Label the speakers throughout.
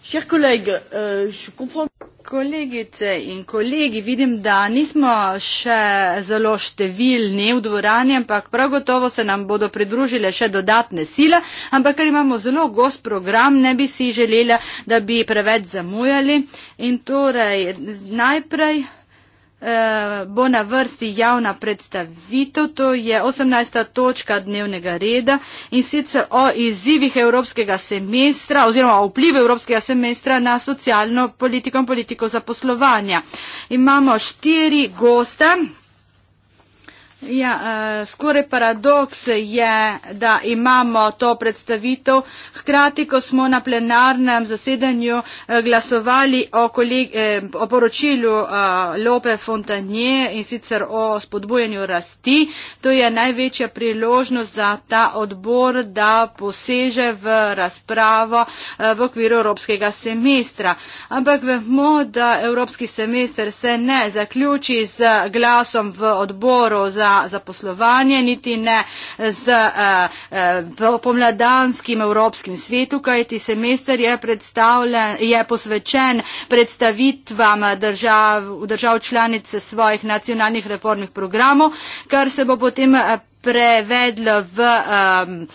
Speaker 1: Chers collègues, euh, je comprends. Kolegice in kolegi, vidim, da nismo še zelo številni v dvorani, ampak prav gotovo se nam bodo pridružile še dodatne sile, ampak ker imamo zelo gost program, ne bi si želela, da bi preveč zamujali. In torej, najprej. Eh, bo na vrsti javna predstavitev, to je 18. točka dnevnega reda in sicer o izzivih evropskega semestra oziroma o vplivu evropskega semestra na socialno politiko in politiko zaposlovanja. Imamo štiri gosta. Ja, eh, skoraj paradoks je, da imamo to predstavitev. Hkrati, ko smo na plenarnem zasedanju eh, glasovali o, koleg, eh, o poročilu Lope Fontanje in sicer o spodbujanju rasti, to je največja priložnost za ta odbor, da poseže v razpravo v okviru Evropskega semestra. Ampak vemo, da Evropski semester se ne zaključi z glasom v odboru za za zaposlovanje, niti ne z eh, eh pomladanskim Evropskim svetu, kajti semester je, je posvečen predstavitvam držav, držav članic svojih nacionalnih reformnih programov, kar se bo potem eh, prevedlo v. Eh,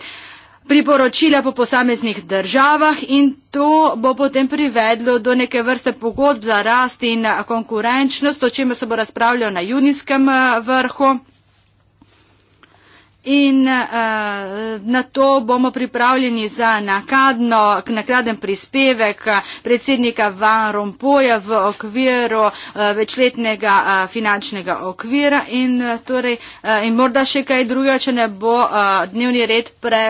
Speaker 1: priporočila po posameznih državah in to bo potem privedlo do neke vrste pogodb za rast in eh, konkurenčnost, o čem se bo razpravljalo na junijskem vrhu. In uh, na to bomo pripravljeni za nakadno, nakladen prispevek eh, predsednika Van Rompoja v okviru uh, večletnega uh, finančnega okvira in, uh, torej, uh, in morda še kaj drugega, če ne bo uh, dnevni red pre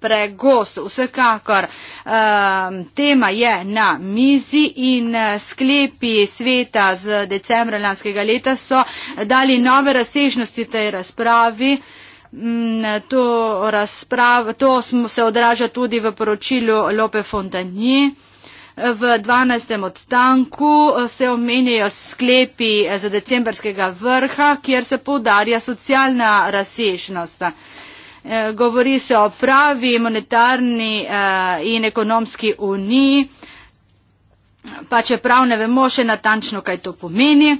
Speaker 1: pregost. Vsekakor um, tema je na mizi in sklepi sveta z decembra lanskega leta so dali nove razsežnosti tej razpravi. Uh, Mm, to, razprav, to se odraža tudi v poročilu Lope Fontani. V 12. odstanku eh, se omenjajo sklepi eh, za decembrskega vrha, kjer se poudarja socialna razsežnost. Eh, govori se o pravi monetarni in ekonomski uniji, pa čeprav ne vemo še natančno, kaj to pomeni.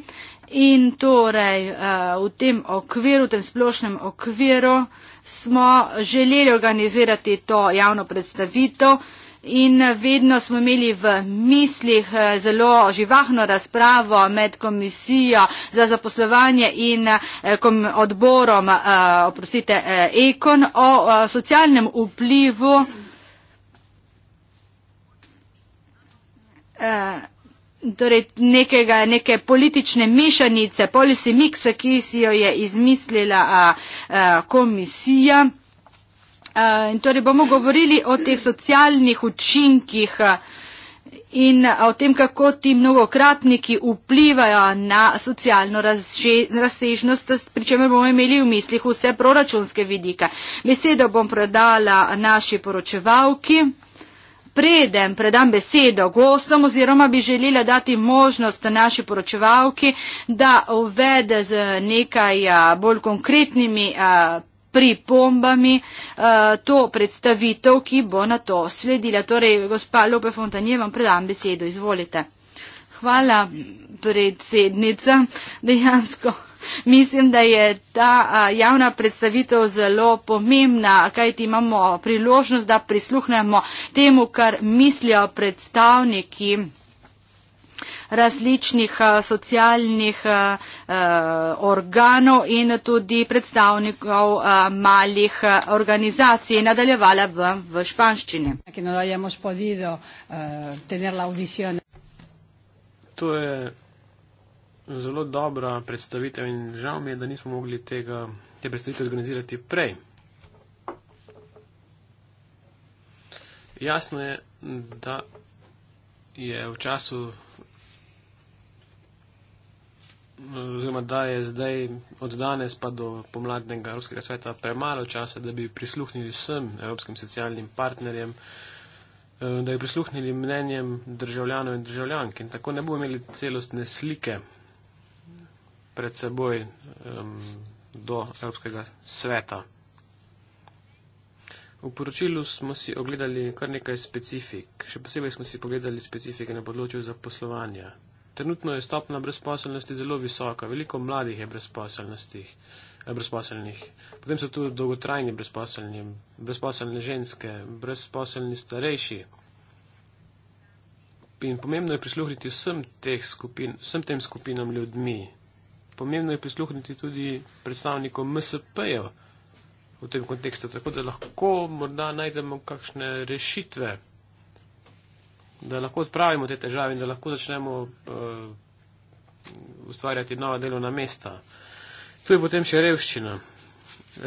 Speaker 1: In torej eh, v tem okviru, v tem splošnem okviru smo želeli organizirati to javno predstavitev in vedno smo imeli v mislih eh, zelo živahno razpravo med komisijo za zaposlovanje in eh, odborom, oprostite, Ekon o socialnem vplivu torej nekega, neke politične mešanice, policy mix, ki si jo je izmislila a, a, komisija. A, in torej bomo govorili o teh socialnih učinkih in o tem, kako ti mnogokratniki vplivajo na socialno razsežnost, pri čemer bomo imeli v mislih vse proračunske vidike. Besedo bom predala naši poročevalki. Preden predam besedo gostom oziroma bi želela dati možnost naši poročevalki, da uvede z nekaj bolj konkretnimi pripombami to predstavitev, ki bo na to sledila. Torej, gospa Lope Fontanje, vam predam besedo. Izvolite. Hvala, predsednica. Dejansko. Mislim, da je ta javna predstavitev zelo pomembna, kajti imamo priložnost, da prisluhnemo temu, kar mislijo predstavniki različnih socialnih uh, organov in tudi predstavnikov uh, malih organizacij. Nadaljevala v, v španščini.
Speaker 2: To je zelo dobra predstavitev in žal mi je, da nismo mogli tega, te predstavitve organizirati prej. Jasno je, da je v času, oziroma da je zdaj od danes pa do pomladnega Evropskega sveta premalo časa, da bi prisluhnili vsem evropskim socialnim partnerjem, eh, da bi prisluhnili mnenjem državljanov in državljank. In tako ne bomo imeli celostne slike pred seboj um, do Evropskega sveta. V poročilu smo si ogledali kar nekaj specifik. Še posebej smo si pogledali specifike na področju zaposlovanja. Trenutno je stopna brezposelnosti zelo visoka, veliko mladih je brezposelnih. Eh, brezposelnih. Potem so tu dolgotrajni brezposelni, brezposelne ženske, brezposelni starejši. In pomembno je prisluhniti vsem, skupin, vsem tem skupinam ljudmi pomembno je prisluhniti tudi predstavnikom MSP-jev v tem kontekstu, tako da lahko morda najdemo kakšne rešitve, da lahko odpravimo te težave in da lahko začnemo uh, ustvarjati nova delovna mesta. Tu je potem še revščina.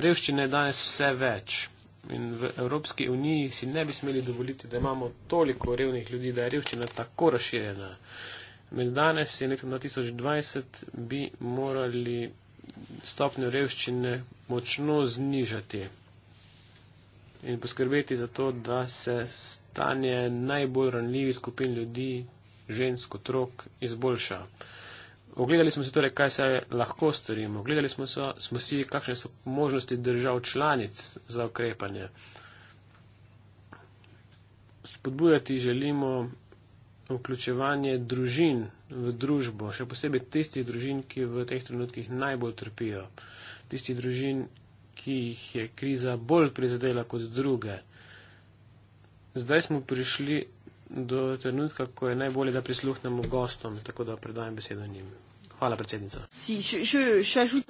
Speaker 2: Revščine je danes vse več. In v Evropski uniji si ne bi smeli dovoliti, da imamo toliko revnih ljudi, da je revščina tako razširjena. Uh, Med danes in letom 2020 bi morali stopnjo revščine močno znižati in poskrbeti za to, da se stanje najbolj ranljivih skupin ljudi, žensk, otrok izboljša. Ogledali smo se torej, kaj se lahko storimo. Ogledali smo, so, smo si, kakšne so možnosti držav članic za ukrepanje. Spodbujati želimo vključevanje družin v družbo, še posebej tistih družin, ki v teh trenutkih najbolj trpijo, tistih družin, ki jih je kriza bolj prizadela kot druge. Zdaj smo prišli do trenutka, ko je najbolje, da prisluhnemo gostom, tako da predajem besedo njim. Hvala, predsednica. Si,
Speaker 1: še, še, še, še,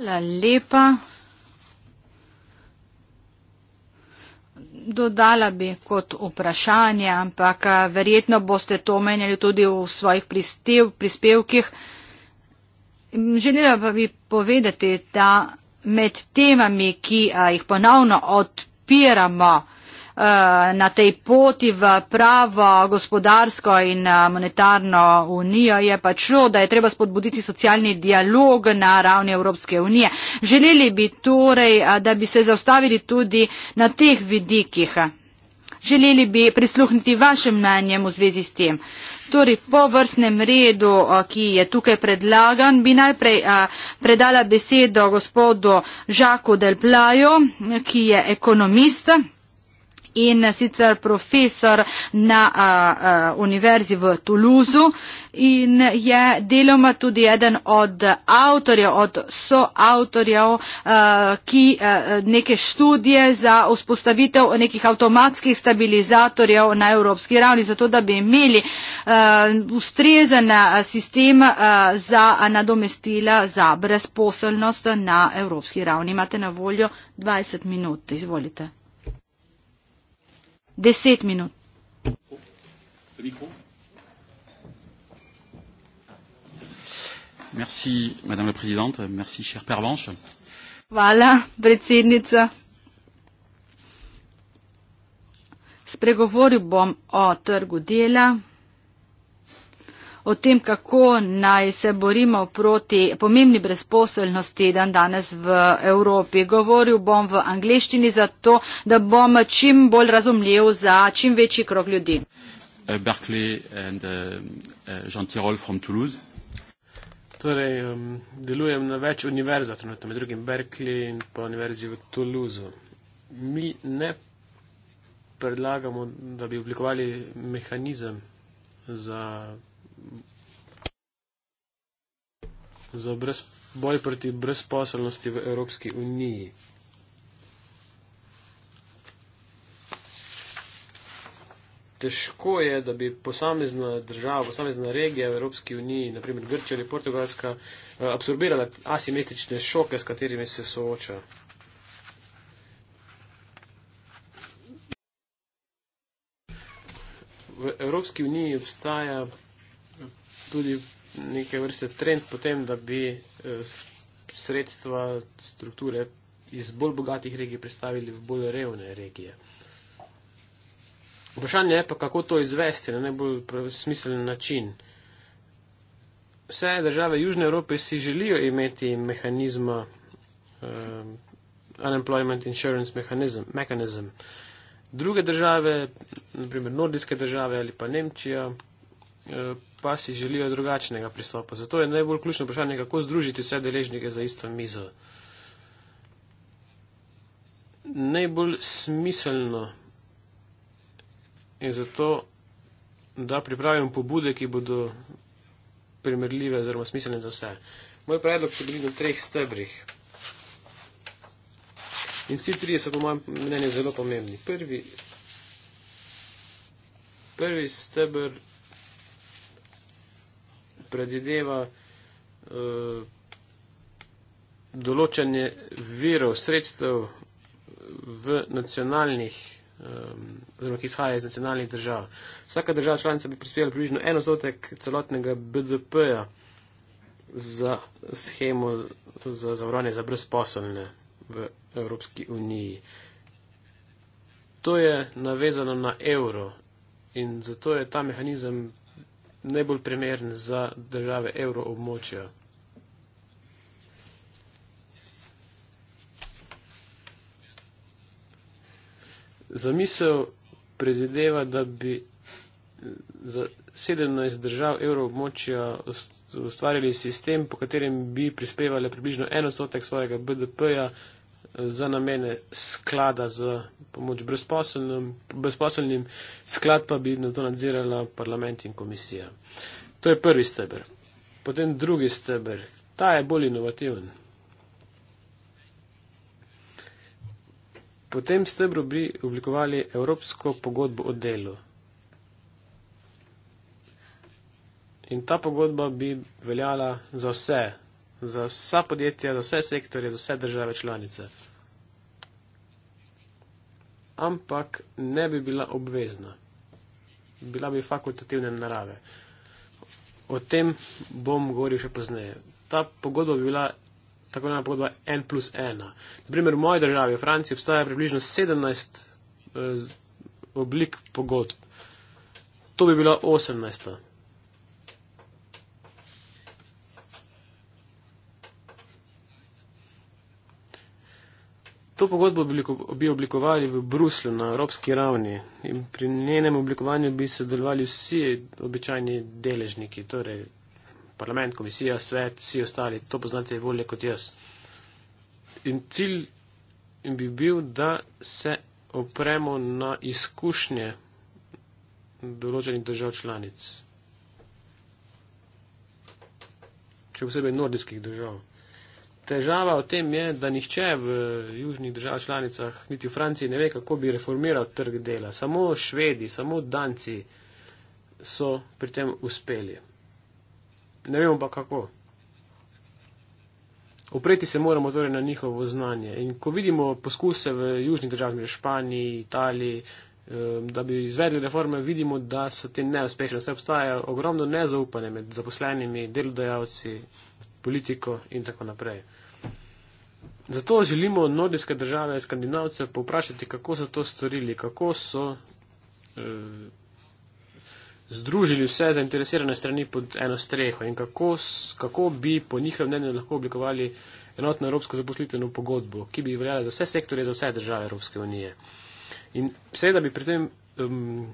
Speaker 1: lepa. Dodala bi kot vprašanje, ampak eh, verjetno boste to menjali tudi v svojih prispevkih. Želela pa bi povedati, da med temami, ki eh, jih ponovno odpiramo, Eh, na tej poti v pravo gospodarsko in eh, monetarno unijo je pa šlo, da je treba spodbuditi socialni dialog na ravni Evropske unije. Želeli bi torej, eh, da bi se zaustavili tudi na teh vidikih. Želeli bi prisluhniti vašem mnenjem v zvezi s tem. Torej, po vrstnem redu, ki je tukaj predlagan, bi najprej a, predala besedo gospodu Žaku Delplaju, ki je ekonomist in sicer profesor na a, a, univerzi v Toulouseu in je deloma tudi eden od avtorjev, od soavtorjev, a, ki a, neke študije za vzpostavitev nekih avtomatskih stabilizatorjev na evropski ravni, zato da bi imeli a, ustrezen sistem a, za nadomestila za brezposelnost na evropski ravni. Imate na voljo 20 minut, izvolite. Deset minut.
Speaker 2: Merci, madame la présidente. Merci, cher Père
Speaker 1: Blanche. Hvala, predsednica. Spregovoril bom o trgu dela o tem, kako naj se borimo proti pomembni brezposelnosti dan danes v Evropi. Govoril bom v angleščini zato, da bom čim bolj razumljiv za čim večji krok ljudi.
Speaker 2: Uh, uh,
Speaker 1: uh,
Speaker 2: torej, um, delujem na več univerzah, trenutno med drugim Berkeley in pa univerzi v Toulouse. Mi ne predlagamo, da bi oblikovali mehanizem za za brez, boj proti brezposelnosti v Evropski uniji. Težko je, da bi posamezna država, posamezna regija v Evropski uniji, naprimer Grčija ali Portugalska, eh, absorbirala asimetrične šoke, s katerimi se sooča. V Evropski uniji obstaja tudi neke vrste trend potem, da bi eh, sredstva strukture iz bolj bogatih regij predstavili v bolj revne regije. Vprašanje je pa, kako to izvesti na najbolj smiselen način. Vse države Južne Evrope si želijo imeti mehanizma uh, Unemployment Insurance mechanism, mechanism. Druge države, naprimer nordijske države ali pa Nemčija, uh, pa si želijo drugačnega pristopa. Zato je najbolj ključno vprašanje, kako združiti vse deležnike za isto mizo. Najbolj smiselno je zato, da pripravim pobude, ki bodo primerljive oziroma smiselne za vse. Moj predlog se bili na treh stebrih. In vsi trije so po mojem mnenju zelo pomembni. Prvi, prvi stebr predvideva uh, določanje virov, sredstev v nacionalnih, eh, oziroma um, ki izhaja iz nacionalnih držav. Vsaka država članica bi prispevala približno en odstotek celotnega BDP-ja za schemo za zavarovanje za brezposelne v Evropski uniji. To je navezano na evro in zato je ta mehanizem najbolj primern za države evroobmočja. Zamisel predvideva, da bi za 17 držav evroobmočja ustvarili sistem, po katerem bi prispevali približno en odstotek svojega BDP-ja za namene sklada za pomoč brezposelnim, brezposelnim, sklad pa bi na to nadzirala parlament in komisija. To je prvi steber. Potem drugi steber. Ta je bolj inovativen. Po tem stebru bi oblikovali Evropsko pogodbo o delu. In ta pogodba bi veljala za vse, za vsa podjetja, za vse sektorje, za vse države članice ampak ne bi bila obvezna. Bila bi fakultativne narave. O tem bom govoril še pozneje. Ta pogodba bi bila tako ena pogodba N plus 1. Naprimer, v moji državi, v Franciji, obstaja približno 17 eh, oblik pogodb. To bi bila 18. To pogodbo bi oblikovali v Bruslu na evropski ravni in pri njenem oblikovanju bi sodelovali vsi običajni deležniki, torej parlament, komisija, svet, vsi ostali, to poznate bolje kot jaz. In cilj bi bil, da se opremo na izkušnje določenih držav članic, še posebej nordijskih držav težava v tem je, da nihče v južnih državah članicah, niti v Franciji, ne ve, kako bi reformiral trg dela. Samo švedi, samo danci so pri tem uspeli. Ne vemo pa kako. Opreti se moramo torej na njihovo znanje. In ko vidimo poskuse v južnih državah, v Španiji, Italiji, da bi izvedli reforme, vidimo, da so te neuspešne. Vse obstaja ogromno nezaupanje med zaposlenimi, delodajalci, politiko in tako naprej. Zato želimo nordijske države, skandinavce, povprašati, kako so to storili, kako so eh, združili vse zainteresirane strani pod eno streho in kako, kako bi po njihovem mnenju lahko oblikovali enotno evropsko zaposlitveno pogodbo, ki bi veljala za vse sektorje, za vse države Evropske unije. In seveda bi pri tem um,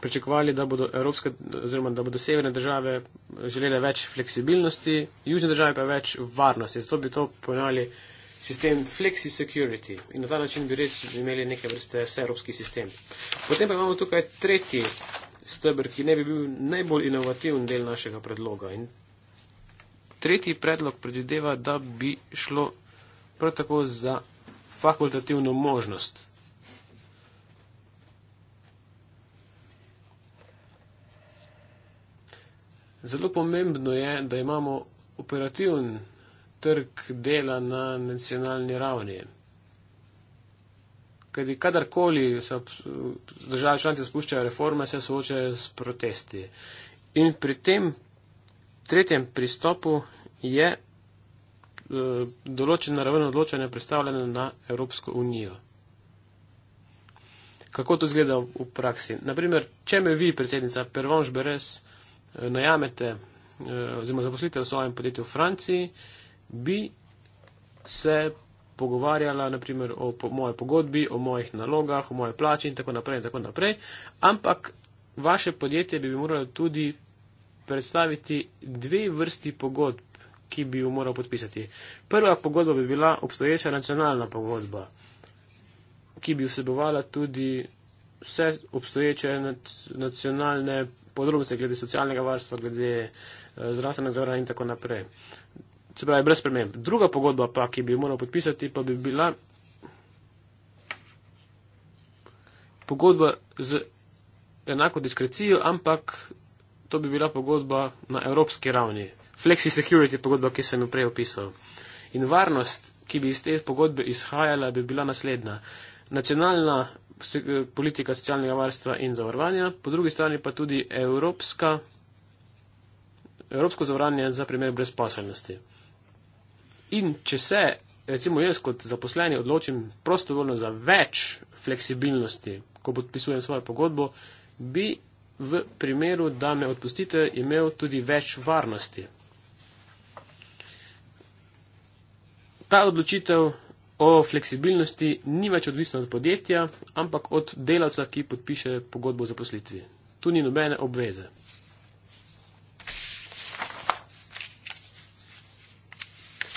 Speaker 2: pričakovali, da bodo evropske oziroma da bodo severne države želele več fleksibilnosti, južne države pa več varnosti. Zato bi to pojavili sistem flexi security in na ta način bi res imeli neke vrste vseevropski sistem. Potem pa imamo tukaj tretji stebr, ki ne bi bil najbolj inovativen del našega predloga. In tretji predlog predvideva, da bi šlo prav tako za fakultativno možnost Zelo pomembno je, da imamo operativen trg dela na nacionalni ravni. Kajti kadarkoli se države članice spuščajo reforme, se soočajo s protesti. In pri tem tretjem pristopu je eh, določena raven odločanja predstavljena na Evropsko unijo. Kako to izgleda v praksi? Naprimer, če me vi, predsednica Pervonš Beres, najamete eh, oziroma zaposlite v svojem podjetju v Franciji, bi se pogovarjala naprimer o moje pogodbi, o mojih nalogah, o moje plači in tako naprej in tako naprej, ampak vaše podjetje bi moralo tudi predstaviti dve vrsti pogodb, ki bi jo moral podpisati. Prva pogodba bi bila obstoječa nacionalna pogodba, ki bi vsebovala tudi vse obstoječe nacionalne podrobnosti, glede socialnega varstva, glede eh, zdravstvenega zavarovanja in tako naprej. Se pravi, brez sprememb. Druga pogodba, pa, ki bi jo moral podpisati, pa bi bila pogodba z enako diskrecijo, ampak to bi bila pogodba na evropski ravni. Flexi security pogodba, ki sem jo prej opisal. In varnost, ki bi iz te pogodbe izhajala, bi bila naslednja. Nacionalna Eh, politika socialnega varstva in zavarovanja, po drugi strani pa tudi evropska, evropsko zavarovanje za primer brezposelnosti. In če se, recimo jaz kot zaposleni, odločim prostovoljno za več fleksibilnosti, ko podpisujem svojo pogodbo, bi v primeru, da me odpustite, imel tudi več varnosti. Ta odločitev o fleksibilnosti ni več odvisno od podjetja, ampak od delavca, ki podpiše pogodbo o zaposlitvi. Tu ni nobene obveze.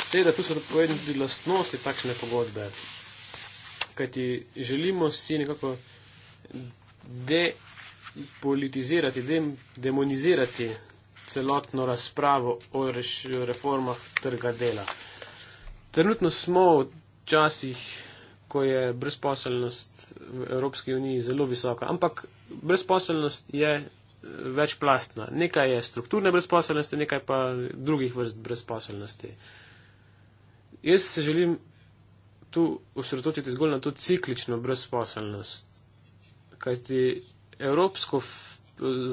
Speaker 2: Seveda, tu so povedali tudi lastnosti takšne pogodbe, kajti želimo si nekako depolitizirati, de demonizirati celotno razpravo o reformah trga dela. Trenutno smo v časih, ko je brezposelnost v Evropski uniji zelo visoka. Ampak brezposelnost je eh, večplastna. Nekaj je strukturne brezposelnosti, nekaj pa drugih vrst brezposelnosti. Jaz se želim tu osredotočiti zgolj na to ciklično brezposelnost, kajti evropsko eh,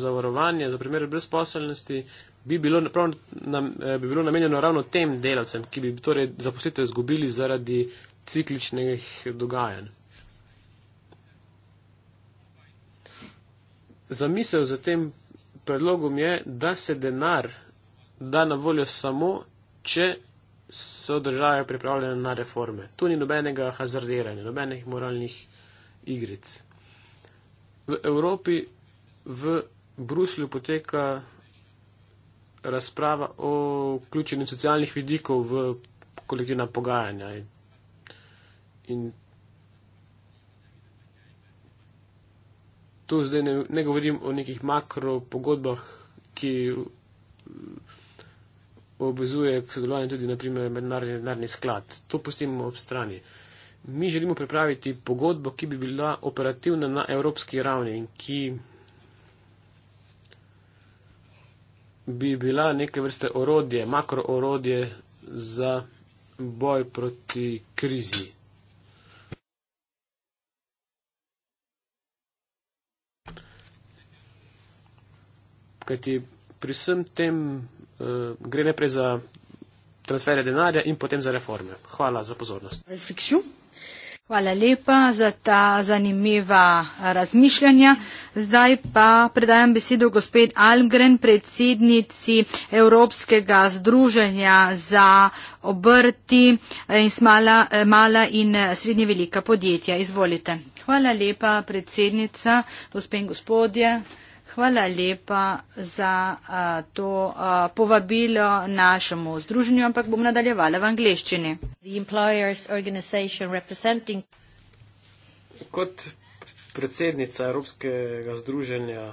Speaker 2: zavarovanje za primer brezposelnosti bi bilo, prav, nam, eh, bi bilo namenjeno ravno tem delavcem, ki bi torej zaposlitev izgubili zaradi cikličnih dogajanj. Zamisel za tem predlogom je, da se denar da na voljo samo, če so države pripravljene na reforme. Tu ni nobenega hazardiranja, nobenih moralnih igric. V Evropi, v Bruslju poteka razprava o vključenju socialnih vidikov v kolektivna pogajanja. In In tu zdaj ne, ne govorim o nekih makro pogodbah, ki mm, obvezuje k sodelovanju tudi naprimer mednarodni sklad. To pustimo ob strani. Mi želimo pripraviti pogodbo, ki bi bila operativna na evropski ravni in ki bi bila neke vrste orodje, makro orodje za boj proti krizi. kajti pri vsem tem uh, gre neprej za transfere denarja in potem za reforme. Hvala za pozornost.
Speaker 1: Hvala lepa za ta zanimiva razmišljanja. Zdaj pa predajam besedo gospod Algren, predsednici Evropskega združenja za obrti eh, in smala, eh, mala in srednje velika podjetja. Izvolite. Hvala lepa, predsednica, gospod in gospodje. Hvala lepa za a, to a, povabilo našemu združenju, ampak bom nadaljevala v angleščini. Representing...
Speaker 2: Kot predsednica Evropskega združenja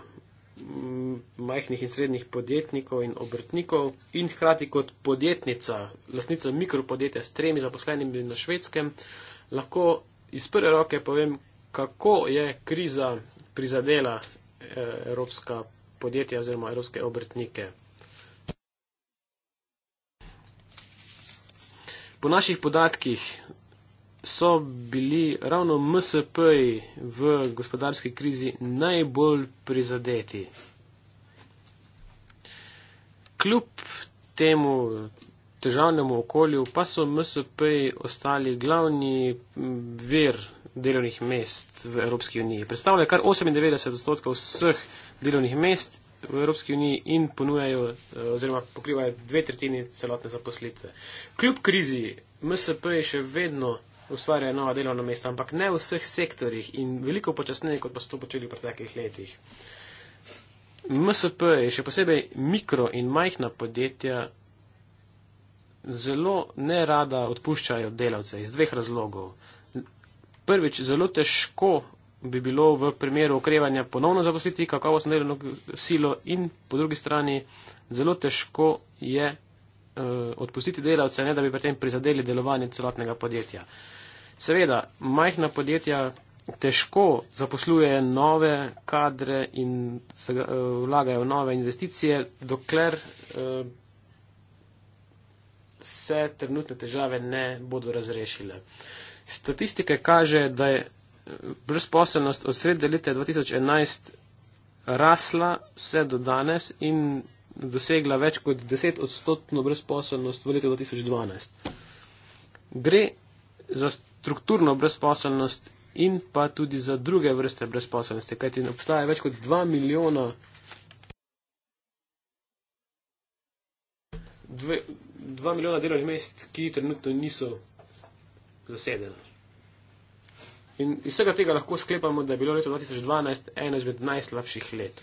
Speaker 2: majhnih in srednjih podjetnikov in obrtnikov in hkrati kot podjetnica, lasnica mikropodjetja s tremi zaposlenimi na švedskem, lahko iz prve roke povem, kako je kriza prizadela Eh, evropska podjetja oziroma evropske obrtnike. Po naših podatkih so bili ravno MSP-ji v gospodarski krizi najbolj prizadeti. Kljub temu težavnemu okolju pa so MSP-ji ostali glavni vir delovnih mest v Evropski uniji. Predstavljajo kar 98 odstotkov vseh delovnih mest v Evropski uniji in ponujajo eh, oziroma pokrivajo dve tretjini celotne zaposlitve. Kljub krizi MSP je še vedno ustvarja nova delovna mesta, ampak ne v vseh sektorjih in veliko počasneje, kot pa so to počeli v preteklih letih. MSP je še posebej mikro in majhna podjetja zelo nerada odpuščajo delavce iz dveh razlogov prvič, zelo težko bi bilo v primeru okrevanja ponovno zaposliti kakovostno delovno silo in po drugi strani zelo težko je uh, odpustiti delavce, ne da bi pri tem prizadeli delovanje celotnega podjetja. Seveda, majhna podjetja težko zaposlujejo nove kadre in se, uh, vlagajo nove investicije, dokler uh, se trenutne težave ne bodo razrešile. Uh, Statistike kaže, da je eh, brezposelnost od srede leta 2011 rasla vse do danes in dosegla več kot 10 odstotno brezposelnost v letu 2012. Gre za strukturno brezposelnost in pa tudi za druge vrste brezposelnosti, kajti obstaja več kot 2 milijona. 2 milijona delovnih mest, ki trenutno niso zasedeno. In iz vsega tega lahko sklepamo, da je bilo leto 2012 eno izmed najslabših let.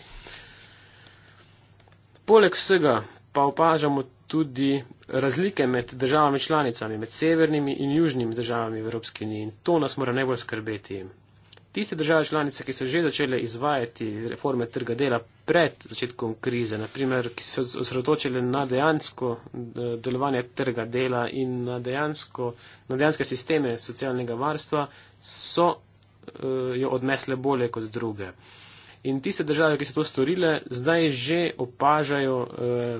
Speaker 2: Poleg vsega pa opažamo tudi razlike med državami članicami, med severnimi in južnimi državami Evropske unije. In to nas mora najbolj skrbeti. Tiste države članice, ki so že začele izvajati reforme trga dela pred začetkom krize, naprimer, ki so osredotočile na dejansko eh, delovanje trga dela in na, dejansko, na dejanske sisteme socialnega varstva, so eh, jo odnesle bolje kot druge. In tiste države, ki so to storile, zdaj že opažajo eh,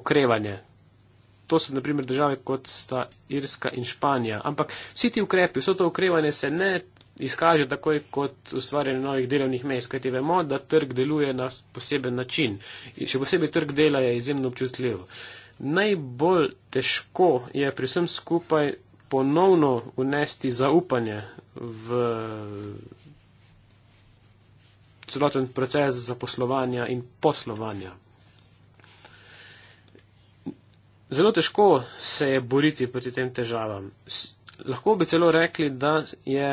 Speaker 2: okrevanje To so, na primer, države kot sta Irska in Španija. Ampak vsi ti ukrepi, vso to ukrevanje se ne izkaže takoj kot ustvarjanje novih delovnih mest, kajti vemo, da trg deluje na poseben način. In še posebej trg dela je izjemno občutljiv. Najbolj težko je pri vsem skupaj ponovno unesti zaupanje v celoten proces zaposlovanja in poslovanja. Zelo težko se je boriti proti tem težavam. Lahko bi celo rekli, da je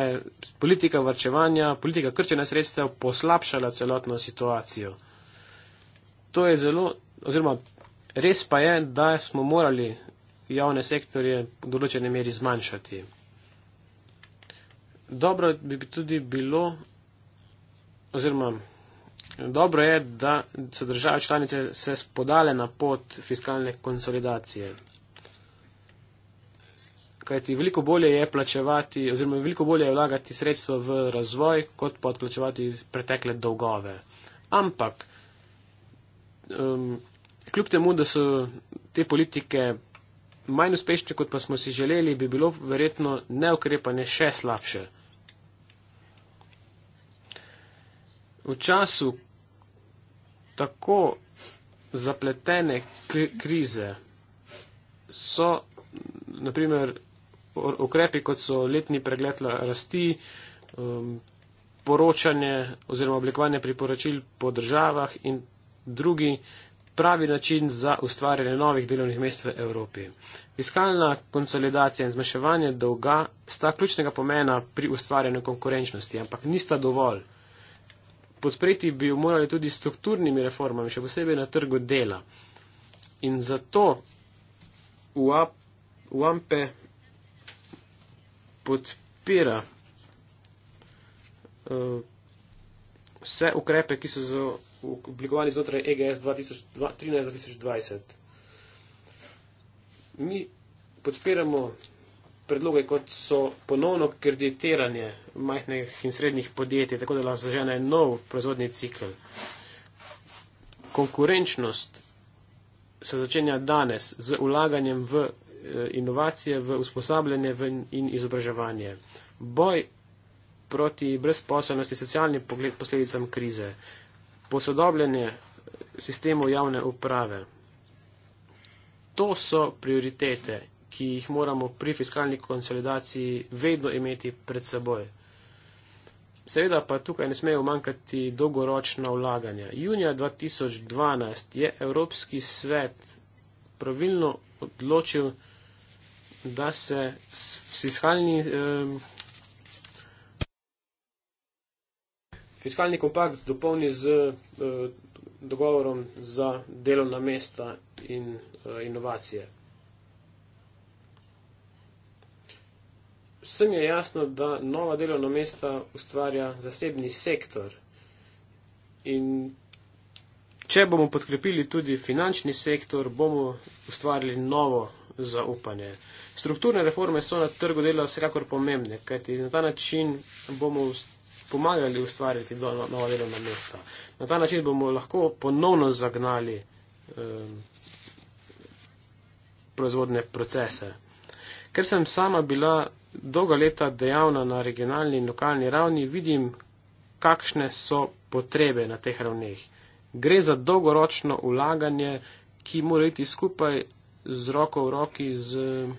Speaker 2: politika vrčevanja, politika krčenja sredstev poslabšala celotno situacijo. To je zelo, oziroma res pa je, da smo morali javne sektorje v določene meri zmanjšati. Dobro bi tudi bilo, oziroma dobro je, da so države članice se spodale na pot fiskalne konsolidacije. Kajti veliko bolje je plačevati, oziroma veliko bolje je vlagati sredstva v razvoj, kot pa odplačevati pretekle dolgove. Ampak, um, kljub temu, da so te politike manj uspešne, kot pa smo si želeli, bi bilo verjetno neukrepanje še slabše. V času tako zapletene krize so, naprimer, ukrepi, kot so letni pregled rasti, um, poročanje oziroma oblikovanje priporočil po državah in drugi pravi način za ustvarjanje novih delovnih mest v Evropi. Fiskalna konsolidacija in zmaševanje dolga sta ključnega pomena pri ustvarjanju konkurenčnosti, ampak nista dovolj podpreti bi jo morali tudi strukturnimi reformami, še posebej na trgu dela. In zato UAMPE podpira uh, vse ukrepe, ki so zo, oblikovani znotraj EGS 2013-2020. Mi podpiramo predloge, kot so ponovno kreditiranje majhnih in srednjih podjetij, tako da lahko zažene nov proizvodni cikl. Konkurenčnost se začenja danes z ulaganjem v eh, inovacije, v usposabljanje in izobraževanje. Boj proti brezposelnosti, socialni pogled posledicam krize, posodobljanje eh, sistemov javne uprave. To so prioritete ki jih moramo pri fiskalni konsolidaciji vedno imeti pred seboj. Seveda pa tukaj ne smejo manjkati dolgoročna vlaganja. Junija 2012 je Evropski svet pravilno odločil, da se fiskalni, eh, fiskalni kompakt dopolni z eh, dogovorom za delovna mesta in eh, inovacije. vsem je jasno, da nova delovna mesta ustvarja zasebni sektor. In če bomo podkrepili tudi finančni sektor, bomo ustvarili novo zaupanje. Strukturne reforme so na trgu dela vsekakor pomembne, kajti na ta način bomo pomagali ustvarjati nova delovna mesta. Na ta način bomo lahko ponovno zagnali eh, proizvodne procese. Ker sem sama bila dolga leta dejavna na regionalni in lokalni ravni, vidim, kakšne so potrebe na teh ravneh. Gre za dolgoročno ulaganje, ki mora iti skupaj z roko v roki z um,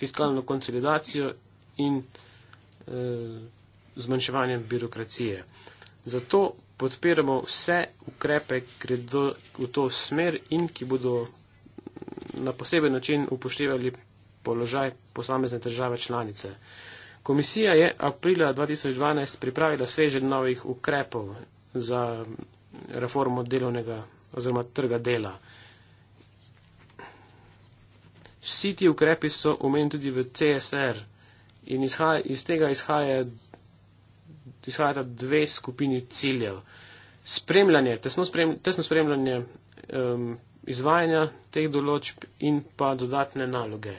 Speaker 2: fiskalno konsolidacijo in uh, zmanjševanjem birokracije. Zato podpiramo vse ukrepe, ki gredo v to smer in ki bodo na poseben način upoštevali položaj posamezne države članice. Komisija je aprila 2012 pripravila svežen novih ukrepov za reformo delovnega oziroma trga dela. Vsi ti ukrepi so omenjeni tudi v CSR in izhaja, iz tega izhaja, izhajata dve skupini ciljev. Spremljanje, tesno spremljanje, tesno spremljanje um, izvajanja teh določb in pa dodatne naloge.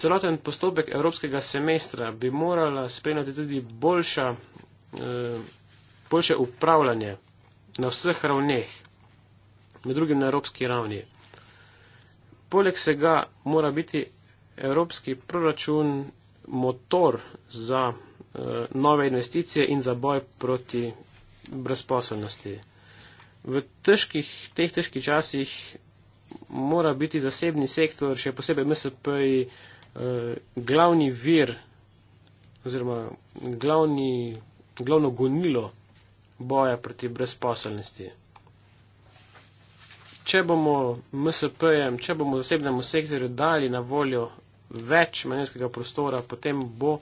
Speaker 2: Celoten postopek evropskega semestra bi morala spremljati tudi boljša, eh, boljše upravljanje na vseh ravneh, med drugim na evropski ravni. Poleg vsega mora biti evropski proračun motor za eh, nove investicije in za boj proti brezposobnosti v težkih, teh težkih časih mora biti zasebni sektor, še posebej MSP, eh, glavni vir oziroma glavni, glavno gonilo boja proti brezposelnosti. Če bomo MSP-jem, če bomo zasebnemu sektorju dali na voljo več manjskega prostora, potem bo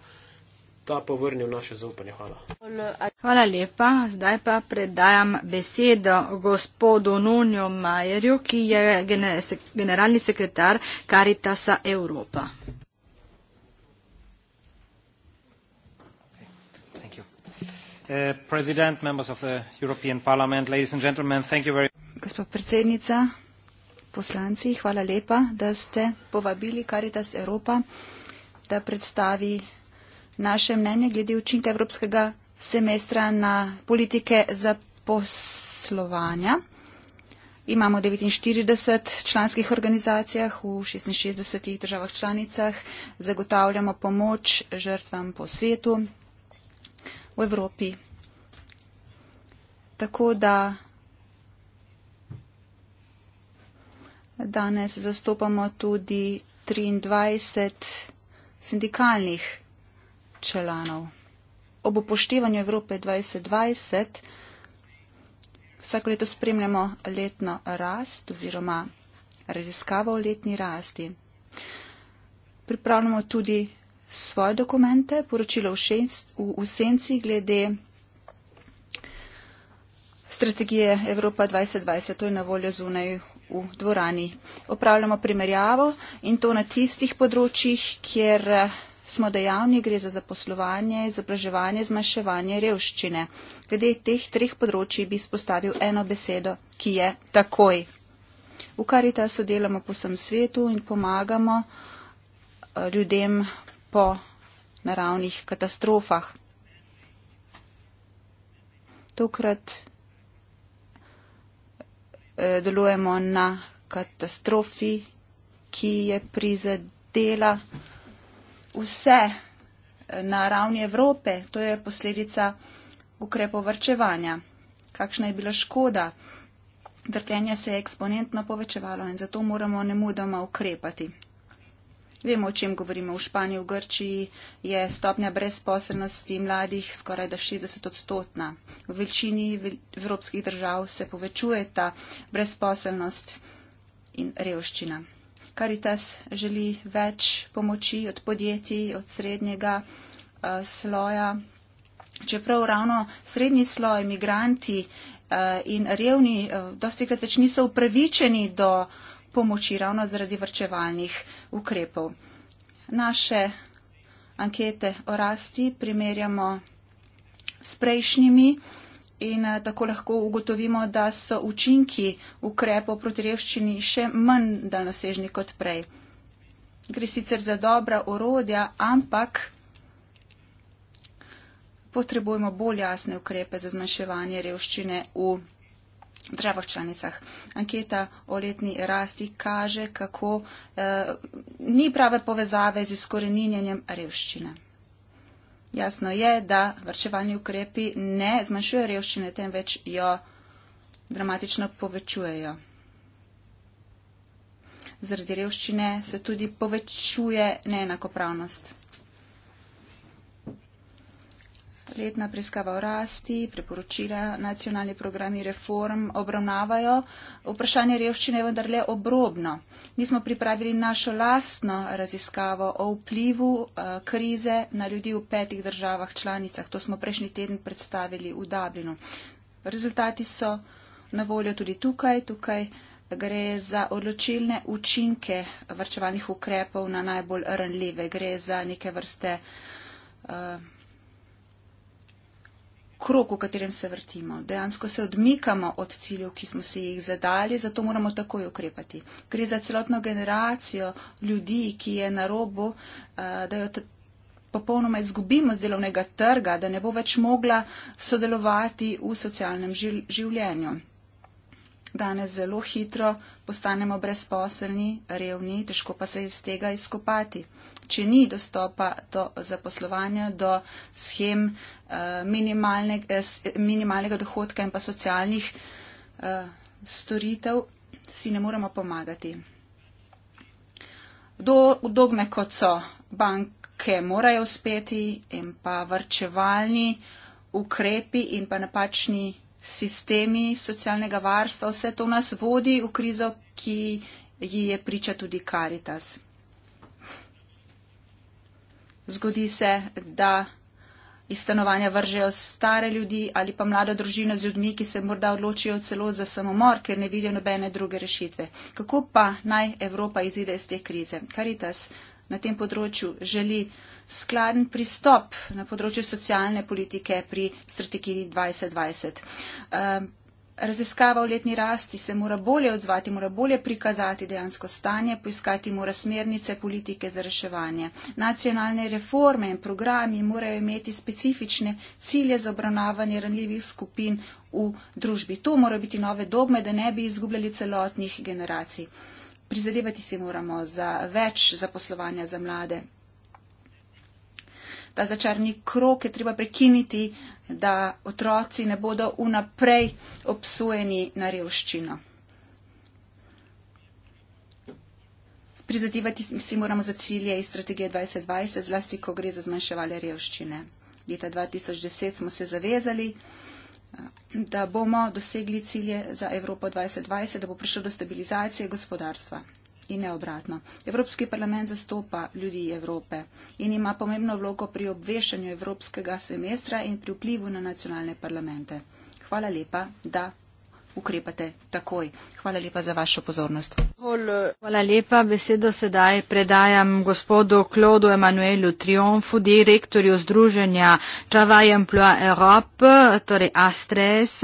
Speaker 2: ta povrnil naše zaupanje. Hvala.
Speaker 1: Hvala lepa. Zdaj pa predajam besedo gospodu Nunjo Majerju, ki je generalni sekretar Karitasa Evropa.
Speaker 2: Uh,
Speaker 3: Gospod predsednica, poslanci, hvala lepa, da ste povabili Karitas Evropa, da predstavi naše mnenje glede učinka evropskega semestra na politike za poslovanja. Imamo 49 članskih organizacijah v 66 državah članicah, zagotavljamo pomoč žrtvam po svetu, v Evropi. Tako da danes zastopamo tudi 23 sindikalnih članov. Ob upoštevanju Evrope 2020 vsako leto spremljamo letno rast oziroma raziskavo o letni rasti. Pripravljamo tudi svoje dokumente, poročilo v, šest, v, v senci glede strategije Evropa 2020, to je na voljo zunaj v dvorani. Opravljamo primerjavo in to na tistih področjih, kjer smo dejavni, gre za zaposlovanje, izobraževanje, zmanjševanje revščine. Glede teh treh področji bi spostavil eno besedo, ki je takoj. V Karitasu delamo po vsem svetu in pomagamo eh, ljudem po naravnih katastrofah. Tokrat eh, delujemo na katastrofi, ki je prizadela vse eh, na ravni Evrope, to je posledica ukrepov vrčevanja. Kakšna je bila škoda? Trpljenje se je eksponentno povečevalo in zato moramo nemudoma ukrepati. Vemo, o čem govorimo. V Španiji, v Grčiji je stopnja brezposelnosti mladih skoraj da 60 odstotna. V večini evropskih držav se povečuje ta brezposelnost in revščina. Karitas želi več pomoči od podjetij, od srednjega uh, sloja. Čeprav ravno srednji sloj, imigranti uh, eh, in revni, uh, eh, dosti krat več niso upravičeni do pomoči ravno zaradi vrčevalnih ukrepov. Naše ankete o rasti primerjamo s prejšnjimi. Uh, in eh, tako lahko ugotovimo, da so učinki ukrepov proti revščini še manj danosežni kot prej. Gre sicer za dobra orodja, ampak potrebujemo bolj jasne ukrepe za zmanjševanje revščine v državah članicah. Anketa o letni rasti kaže, kako eh, ni prave povezave z izkoreninjenjem revščine. Jasno je, da vrševalni ukrepi ne zmanjšujejo revščine, temveč jo dramatično povečujejo. Zaradi revščine se tudi povečuje neenakopravnost. Letna preiskava o rasti, priporočila, nacionalni programi reform obravnavajo vprašanje revščine, vendar le obrobno. Mi smo pripravili našo lastno raziskavo o vplivu eh, krize na ljudi v petih državah članicah. To smo prejšnji teden predstavili v Dublinu. Rezultati so na voljo tudi tukaj. tukaj Gre za odločilne učinke vrčevalnih ukrepov na najbolj rnljive. Gre za neke vrste uh, krog, v katerem se vrtimo. Dejansko se odmikamo od ciljev, ki smo si jih zadali, zato moramo takoj ukrepati. Gre za celotno generacijo ljudi, ki je na robu, eh, da jo popolnoma izgubimo z delovnega trga, da ne bo več mogla sodelovati v socialnem življenju. Danes zelo hitro postanemo brezposelni, revni, težko pa se iz tega izkopati če ni dostopa do zaposlovanja, do schem eh, minimalnega, minimalnega dohodka in pa socialnih eh, storitev, si ne moremo pomagati. Do, dogme, kot so banke, morajo uspeti in pa varčevalni ukrepi in pa napačni sistemi socialnega varstva, vse to nas vodi v krizo, ki ji je priča tudi Karitas. Zgodi se, da iz stanovanja vržejo stare ljudi ali pa mlada družina z ljudmi, ki se morda odločijo celo za samomor, ker ne vidijo nobene druge rešitve. Kako pa naj Evropa izide iz te krize? Karitas na tem področju želi skladen pristop na področju socialne politike pri strategiji 2020 raziskava v letni rasti se mora bolje odzvati, mora bolje prikazati dejansko stanje, poiskati mora smernice politike za reševanje. Nacionalne reforme in programi morajo imeti specifične cilje za obravnavanje ranljivih skupin v družbi. To mora biti nove dogme, da ne bi izgubljali celotnih generacij. Prizadevati si moramo za več zaposlovanja za mlade. Ta začarni krok je treba prekiniti da otroci ne bodo unaprej obsojeni na revščino. Prizadevati si moramo za cilje iz strategije 2020, zlasti, ko gre za zmanjševanje revščine. Leta 2010 smo se zavezali, da bomo dosegli cilje za Evropo 2020, da bo prišlo do stabilizacije gospodarstva in ne obratno. Evropski parlament zastopa ljudi Evrope in ima pomembno vlogo pri obvešanju evropskega semestra in pri vplivu na nacionalne parlamente. Hvala lepa, da ukrepate takoj. Hvala lepa za vašo pozornost. Hvala lepa.
Speaker 1: Besedo sedaj predajam gospodu Klodu Emanuelu Triomfu, direktorju Združenja Travaj Emploi Europe, torej Astres.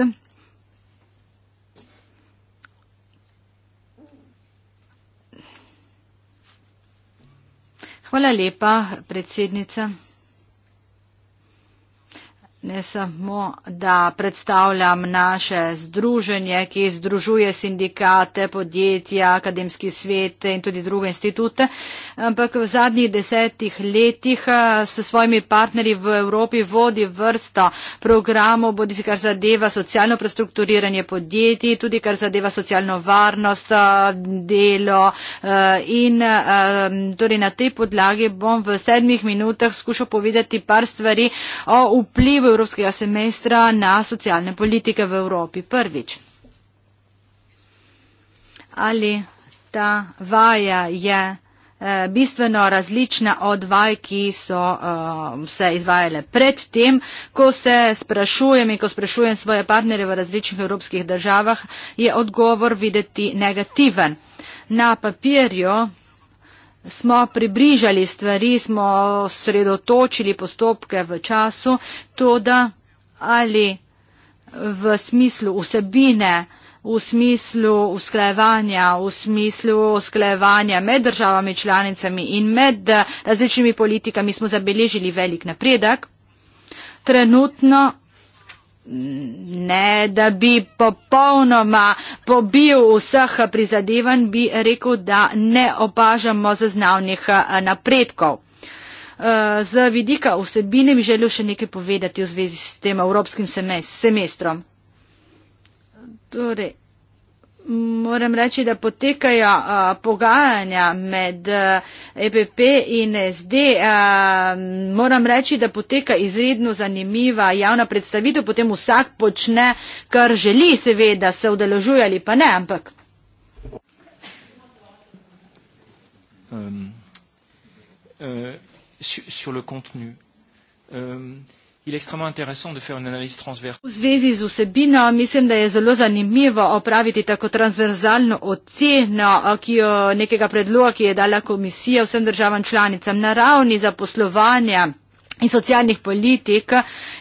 Speaker 1: Hvala lepa, predsednica. Ne samo, da predstavljam naše združenje, ki združuje sindikate, podjetja, akademski svet in tudi druge institute, ampak v zadnjih desetih letih eh, s svojimi partnerji v Evropi vodi vrsto programov, bodi si kar zadeva socialno prestrukturiranje podjetij, tudi kar zadeva socialno varnost, eh, delo eh, in torej na tej podlagi bom v sedmih minutah skušal povedati par stvari o vplivu evropskega semestra na socialne politike v Evropi prvič. Ali ta vaja je eh, bistveno različna od vaj, ki so uh, se izvajale pred tem, ko se sprašujem in ko sprašujem svoje partnere v različnih evropskih državah, je odgovor videti negativen. Na papirju smo približali stvari, smo sredotočili postopke v času, to da ali v smislu vsebine, v smislu usklajevanja, v smislu usklajevanja med državami članicami in med različnimi politikami smo zabeležili velik napredek. Trenutno Ne, da bi popolnoma pobil vseh prizadevanj, bi rekel, da ne opažamo zaznavnih eh, napredkov. Eh, z vidika vsebine bi želel še nekaj povedati v zvezi s tem evropskim semestrom. Torej, Moram reči, da potekajo a, pogajanja med a, EPP in SD. A, moram reči, da poteka izredno zanimiva javna predstavitev, potem vsak počne, kar želi, seveda se udeležuje ali pa ne, ampak.
Speaker 3: Um, uh, sur, sur
Speaker 1: Il est extrêmement intéressant de faire une analyse transverse. V zvezi z vsebino mislim, da je zelo zanimivo opraviti tako transverzalno oceno jo, nekega predloga, ki je dala komisija vsem državam članicam na ravni zaposlovanja in socialnih politik.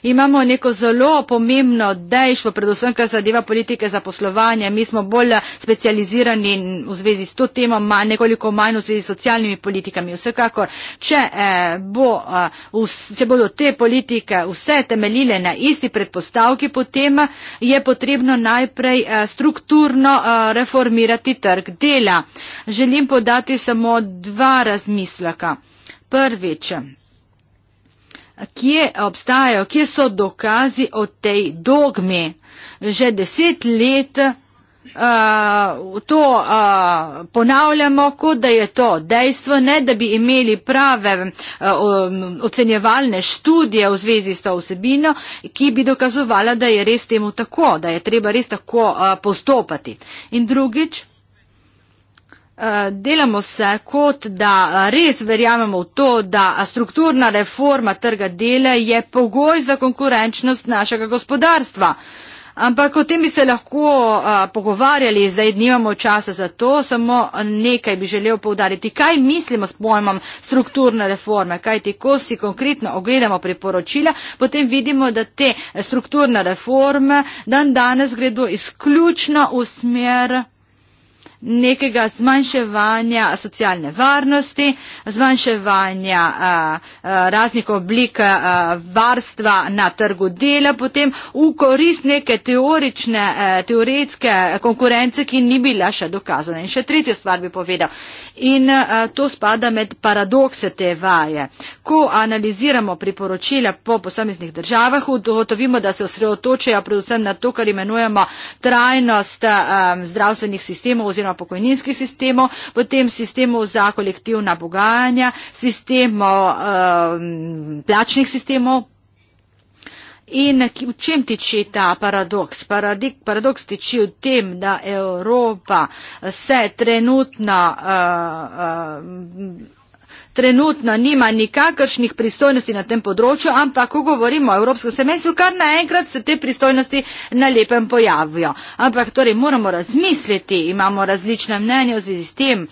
Speaker 1: Imamo neko zelo pomembno dejstvo, predvsem kar zadeva politike za poslovanje. Mi smo bolj specializirani v zvezi s to temo, nekoliko manj v zvezi s socialnimi politikami. Vsekakor, če, eh, bo, eh, če bodo te politike vse temeljile na isti predpostavki, potem eh, je potrebno najprej strukturno reformirati trg dela. Želim podati samo dva razmisleka. Prvič, kje obstajajo, kje so dokazi o tej dogmi. Že deset let uh, to uh, ponavljamo, kot da je to dejstvo, ne da bi imeli prave uh, ocenjevalne študije v zvezi s to vsebino, ki bi dokazovala, da je res temu tako, da je treba res tako uh, postopati. In drugič, Eh, delamo se kot, da eh, res verjamemo v to, da eh, strukturna reforma trga dela je pogoj za konkurenčnost našega gospodarstva. Ampak o tem bi se lahko pogovarjali, zdaj nimamo časa za to, samo nekaj bi želel povdariti. Kaj mislimo s pojmom strukturne reforme? Kaj ti, ko si konkretno ogledamo priporočila, potem vidimo, da te strukturne reforme dan danes gredo izključno v smer nekega zmanjševanja socialne varnosti, zmanjševanja a, a, raznih oblik a, varstva na trgu dela, potem v korist neke teorične, a, teoretske konkurence, ki ni bila še dokazana. In še tretjo stvar bi povedal. In a, to spada med paradokse te vaje. Ko analiziramo priporočila po posameznih državah, ugotovimo, da se osredotočajo predvsem na to, kar imenujemo trajnost a, zdravstvenih sistemov oziroma pokojninskih sistemov, potem sistemov za kolektivna pogajanja, sistemov um, plačnih sistemov. In v čem tiči ta paradoks? Paradik, paradoks tiči v tem, da Evropa se trenutno. Uh, uh, trenutno nima nikakršnih pristojnosti na tem področju, ampak ko govorimo o evropskem semestru, kar naenkrat se te pristojnosti na lepem pojavijo. Ampak torej moramo razmisliti, imamo različne mnenje v zvezi s tem,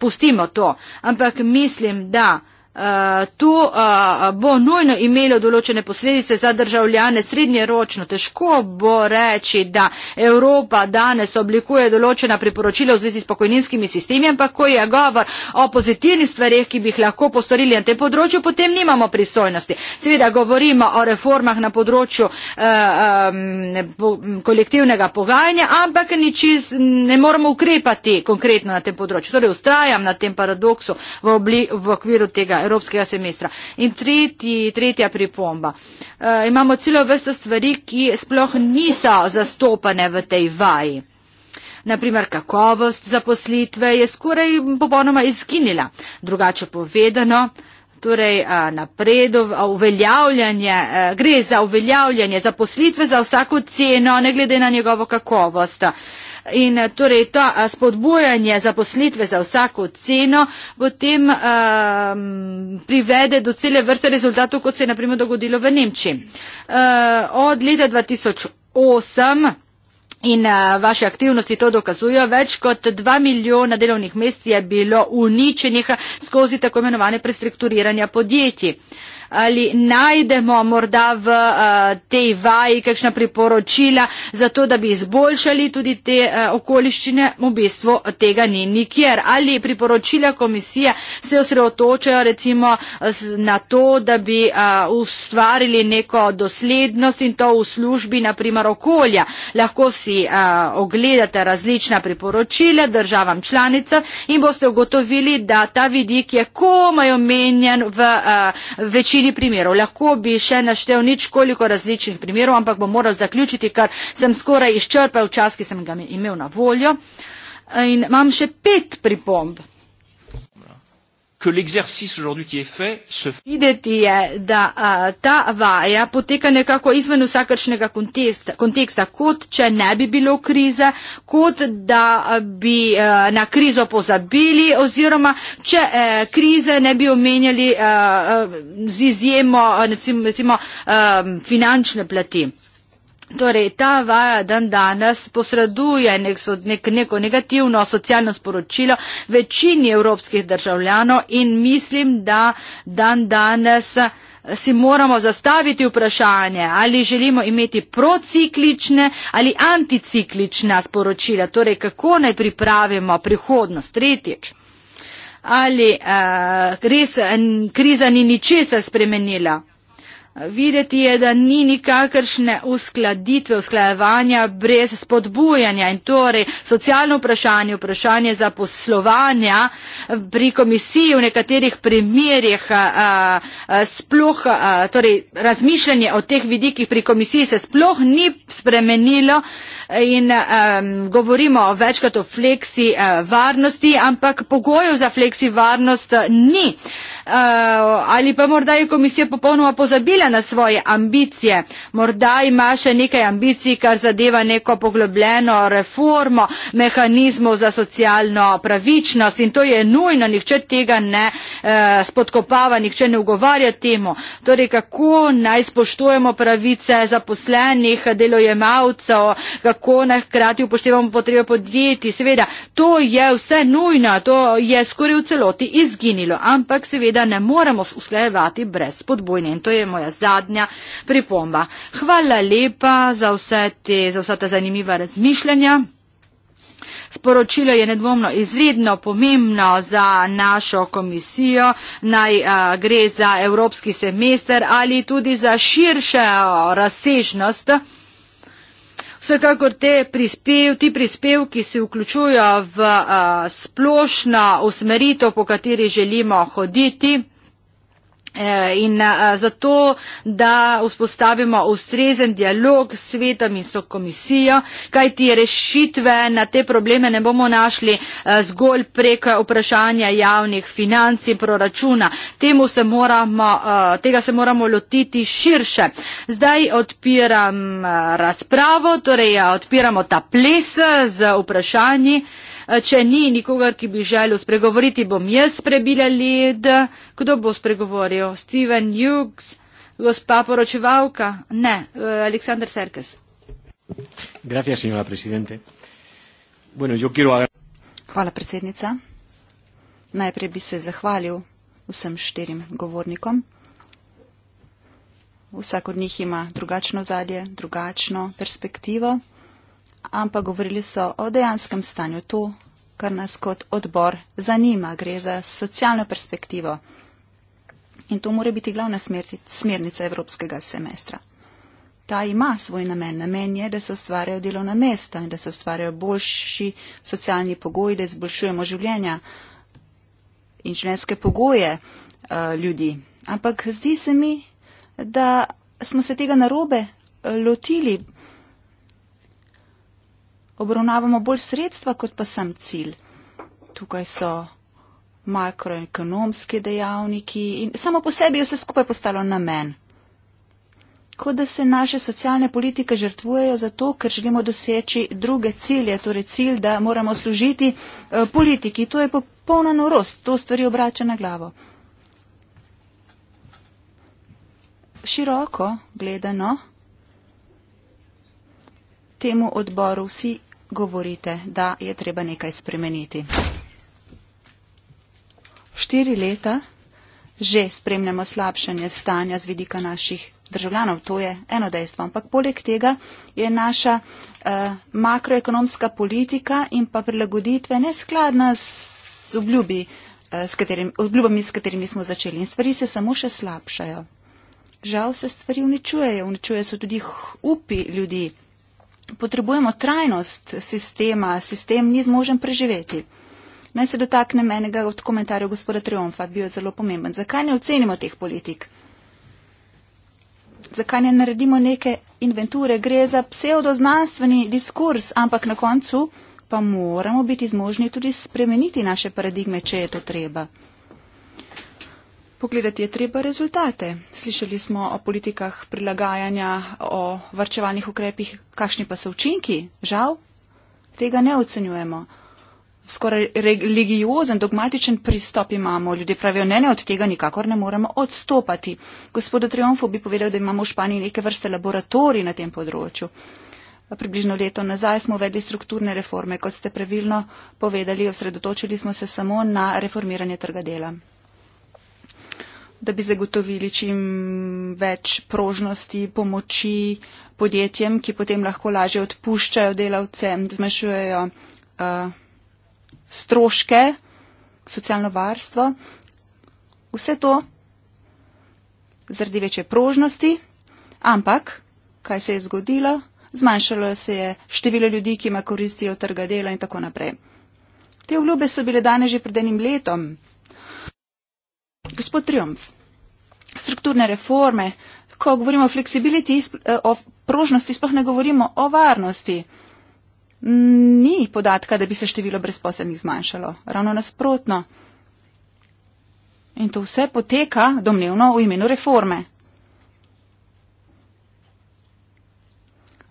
Speaker 1: pustimo to. Ampak mislim, da. Eh, to uh, bo nujno imelo določene posledice za državljane srednjeročno. Težko bo reči, da Evropa danes oblikuje določena priporočila v zvezi s pokojninskimi sistemi, ampak ko je govor o pozitivnih stvarih, ki bi jih lahko postorili na tem področju, potem nimamo pristojnosti. Seveda govorimo o reformah na področju uh, um, po, kolektivnega pogajanja, ampak ničiz, ne moremo ukrepati konkretno na tem področju. Torej ustrajam na tem paradoksu v, obli, v okviru tega evropskega semestra. In tretji, tretja pripomba. E, imamo celo vrsto stvari, ki sploh niso zastopane v tej vaji. Naprimer, kakovost zaposlitve je skoraj popolnoma izginila. Drugače povedano, torej eh, napredov, uveljavljanje, eh, gre za uveljavljanje zaposlitve za vsako ceno, ne glede na njegovo kakovost in eh, torej to eh, spodbujanje zaposlitve za vsako ceno potem um, privede do cele vrste rezultatov, kot se je naprimer dogodilo v Nemčiji. Uh, od leta 2008 in uh, vaše aktivnosti to dokazujejo, več kot 2 milijona delovnih mest je bilo uničenih skozi tako imenovane prestrukturiranja podjetij. Uh, ali najdemo morda v eh, tej vaji kakšna priporočila za to, da bi izboljšali tudi te eh, okoliščine, v bistvu tega ni nikjer. Ali priporočila komisije se osredotočajo recimo eh, na to, da bi ustvarili neko doslednost in to v službi naprimer okolja. Lahko si ogledate različna priporočila državam članica in boste ugotovili, da ta vidik je komaj omenjen v večini večini primerov. Lahko bi še naštel nič koliko različnih primerov, ampak bom moral zaključiti, ker sem skoraj izčrpal čas, ki sem ga imel na voljo. In imam še pet pripomb
Speaker 2: que l'exercice aujourd'hui qui est fait se fait.
Speaker 1: da uh, ta vaja poteka nekako izven vsakršnega konteksta, konteksta, kot če ne bi bilo krize, kot da bi uh, na krizo pozabili oziroma če uh, krize ne bi omenjali uh, uh, z izjemo uh, recimo, recimo uh, finančne plati. Torej, ta vaja dan danes posreduje nek, nek, neko negativno socialno sporočilo večini evropskih državljanov in mislim, da dan danes eh, si moramo zastaviti vprašanje, ali želimo imeti prociklične ali anticiklična sporočila, torej kako naj pripravimo prihodnost tretjič. Ali eh, res, kriza ni ničesar spremenila? Videti je, da ni nikakršne uskladitve, usklajevanja brez spodbujanja in torej socialno vprašanje, vprašanje za poslovanja eh, pri komisiji v nekaterih primerjih, a, eh, a, eh, sploh, a, torej razmišljanje o teh vidikih pri komisiji se sploh ni spremenilo in a, a, govorimo večkrat o fleksi a, varnosti, ampak pogojev za fleksi varnost ni. A, ali pa morda je komisija popolnoma pozabila, na svoje ambicije. Morda ima še nekaj ambicij, kar zadeva neko poglobljeno reformo mehanizmov za socialno pravičnost in to je nujno, nihče tega ne eh, spodkopava, nihče ne ugovarja temu. Torej, kako naj spoštujemo pravice zaposlenih, delojemalcev, kako naj hkrati upoštevamo potrebo podjetij. Seveda, to je vse nujno, to je skoraj v celoti izginilo, ampak seveda ne moremo usklejevati brez podbojne in to je moja zadnja pripomba. Hvala lepa za, te, za vsa ta zanimiva razmišljanja. Sporočilo je nedvomno izredno pomembno za našo komisijo, naj a, eh, gre za evropski semester ali tudi za širšo razsežnost. Vsekakor te prispev, ti prispevki se vključujo v a, eh, splošno usmerito, po kateri želimo hoditi. Eh, in eh, zato, da vzpostavimo ustrezen dialog s svetom in so komisijo, kaj ti rešitve na te probleme ne bomo našli eh, zgolj prek vprašanja javnih financ in proračuna. Se moramo, tega se moramo lotiti širše. Zdaj odpiram razpravo, torej odpiramo ta ples z vprašanji. Eh, če ni nikogar, ki bi želel spregovoriti, bom jaz prebila led. Kdo bo spregovoril? Steven Hughes? Gospa poročevalka? Ne, eh, Aleksandr Serkes.
Speaker 2: Gracias, signora presidente. Bueno, yo quiero...
Speaker 3: Hvala, predsednica. Najprej bi se zahvalil vsem štirim govornikom. Vsak od njih ima drugačno zadje, drugačno perspektivo ampak govorili so o dejanskem stanju, to, kar nas kot odbor zanima. Gre za socialno perspektivo in to mora biti glavna smernica Evropskega semestra. Ta ima svoj namen. Namen je, da se ustvarjajo delovna mesta in da se ustvarjajo boljši socialni pogoji, da izboljšujemo življenja in življenjske pogoje uh, ljudi. Ampak zdi se mi, da smo se tega narobe lotili, obravnavamo bolj sredstva, kot pa sam cilj. Tukaj so makroekonomski dejavniki in samo po sebi je vse skupaj postalo namen. Kot da se naše socialne politike žrtvujejo zato, ker želimo doseči druge cilje, torej cilj, da moramo služiti eh, politiki. To je popolna norost, to stvari obrača na glavo. Široko gledano temu odboru vsi govorite, da je treba nekaj spremeniti. Štiri leta že spremljamo slabšanje stanja z vidika naših državljanov, to je eno dejstvo. Ampak poleg tega je naša uh, makroekonomska politika in pa prilagoditve neskladna s, obljubi, uh, s katerim, obljubami, s katerimi smo začeli. In stvari se samo še slabšajo. Žal se stvari uničujejo, uničujejo se tudi upi ljudi potrebujemo trajnost sistema, sistem ni zmožen preživeti. Naj se dotaknem enega od komentarjev gospoda Triomfa, bil je zelo pomemben. Zakaj ne ocenimo teh politik? Zakaj ne naredimo neke inventure? Gre za pseudoznanstveni diskurs, ampak na koncu pa moramo biti zmožni tudi spremeniti naše paradigme, če je to treba. Pogledati je treba rezultate. Slišali smo o politikah prilagajanja, o varčevalnih ukrepih, kakšni pa so učinki. Žal, tega ne ocenjujemo. Skoraj religiozen, dogmatičen pristop imamo. Ljudje pravijo, ne, ne, od tega nikakor ne moremo odstopati. Gospodo Triomfu bi povedal, da imamo v Španiji neke vrste laboratorij na tem področju. Približno leto nazaj smo uvedli strukturne reforme, kot ste pravilno povedali, osredotočili smo se samo na reformiranje trga dela da bi zagotovili čim več prožnosti, pomoči podjetjem, ki potem lahko lažje odpuščajo delavcem, zmanjšujejo uh, stroške, socialno varstvo. Vse to zaradi večje prožnosti, ampak kaj se je zgodilo? Zmanjšalo se je število ljudi, ki ima koristijo trga dela in tako naprej. Te obljube so bile dane že pred enim letom. Gospod Triumf, strukturne reforme, ko govorimo o fleksibiliti, eh, o prožnosti, sploh ne govorimo o varnosti. Ni podatka, da bi se število brezposelnih zmanjšalo. Ravno nasprotno. In to vse poteka domnevno v imenu reforme.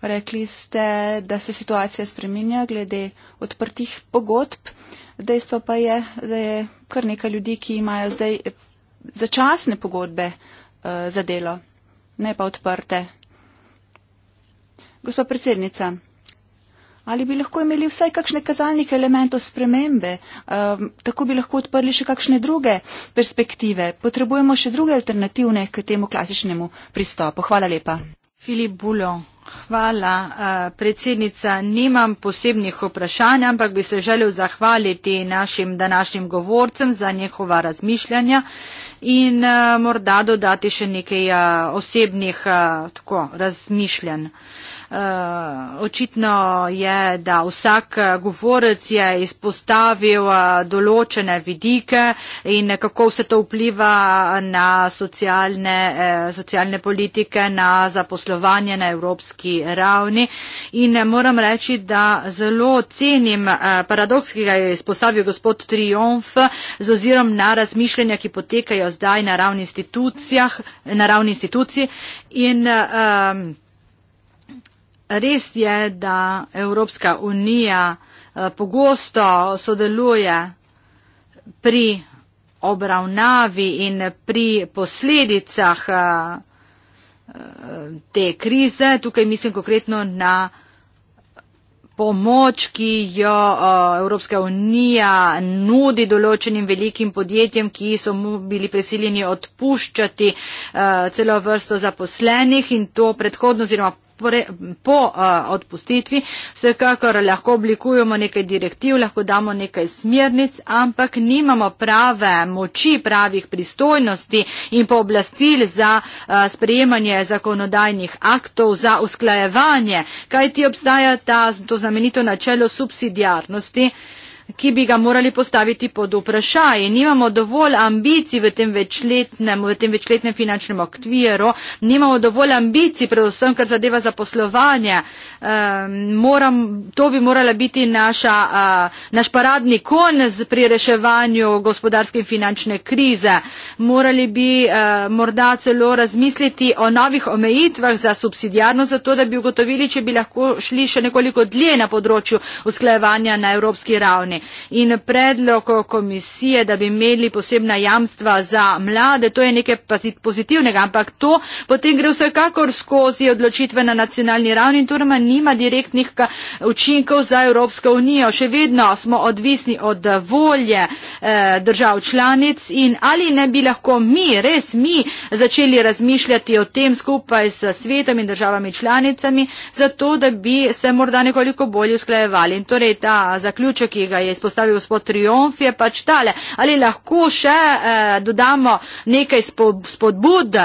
Speaker 3: Rekli ste, da se situacija spreminja glede odprtih pogodb. Dejstvo pa je, da je kar nekaj ljudi, ki imajo zdaj začasne pogodbe eh, za delo, ne pa odprte. Gospa predsednica, ali bi lahko imeli vsaj kakšne kazalnike elementov spremembe, ehm, tako bi lahko odprli še kakšne druge perspektive, potrebujemo še druge alternativne k temu klasičnemu pristopu. Hvala lepa.
Speaker 1: Filip Buljo, Hvala, predsednica. Nimam posebnih vprašanj, ampak bi se želel zahvaliti našim današnjim govorcem za njihova razmišljanja in morda dodati še nekaj osebnih tako, razmišljanj. Eh, očitno je, da vsak eh, govorec je izpostavil eh, določene vidike in kako vse to vpliva na socialne, socialne politike, na zaposlovanje na evropski ravni. In moram reči, da zelo cenim paradoks, ki ga je izpostavil gospod Triomf z ozirom na razmišljanja, ki potekajo zdaj na ravni institucij in um, Res je, da Evropska unija eh, pogosto sodeluje pri obravnavi in pri posledicah eh, te krize. Tukaj mislim konkretno na pomoč, ki jo eh, Evropska unija nudi določenim velikim podjetjem, ki so mu bili prisiljeni odpuščati celo vrsto zaposlenih in to predhodno oziroma pre, torej, po a, eh, odpustitvi, vsekakor lahko oblikujemo nekaj direktiv, lahko damo nekaj smernic, ampak nimamo prave moči, pravih pristojnosti in pooblastil za a, eh, sprejemanje zakonodajnih aktov, za usklajevanje, kaj ti obstaja ta, to znamenito načelo subsidijarnosti ki bi ga morali postaviti pod vprašaj. Nimamo dovolj ambicij v tem večletnem, v tem večletnem finančnem okviru, nimamo dovolj ambicij, predvsem kar zadeva zaposlovanje. Ehm, moram, to bi morala biti naša, naš paradni konec pri reševanju gospodarske in finančne krize. Morali bi e, morda celo razmisliti o novih omejitvah za subsidijarno, zato da bi ugotovili, če bi lahko šli še nekoliko dlje na področju usklajevanja na evropski ravni strani. In predlog komisije, da bi imeli posebna jamstva za mlade, to je nekaj pozitivnega, ampak to potem gre vsekakor skozi odločitve na nacionalni ravni in torej nima direktnih učinkov za Evropsko unijo. Še vedno smo odvisni od volje eh, držav članic in ali ne bi lahko mi, res mi, začeli razmišljati o tem skupaj s svetom in državami članicami, zato da bi se morda nekoliko bolje usklajevali. In torej ta zaključek, ki ga je izpostavil gospod Triumf, je pač tale. Ali lahko še eh, dodamo nekaj spodbud?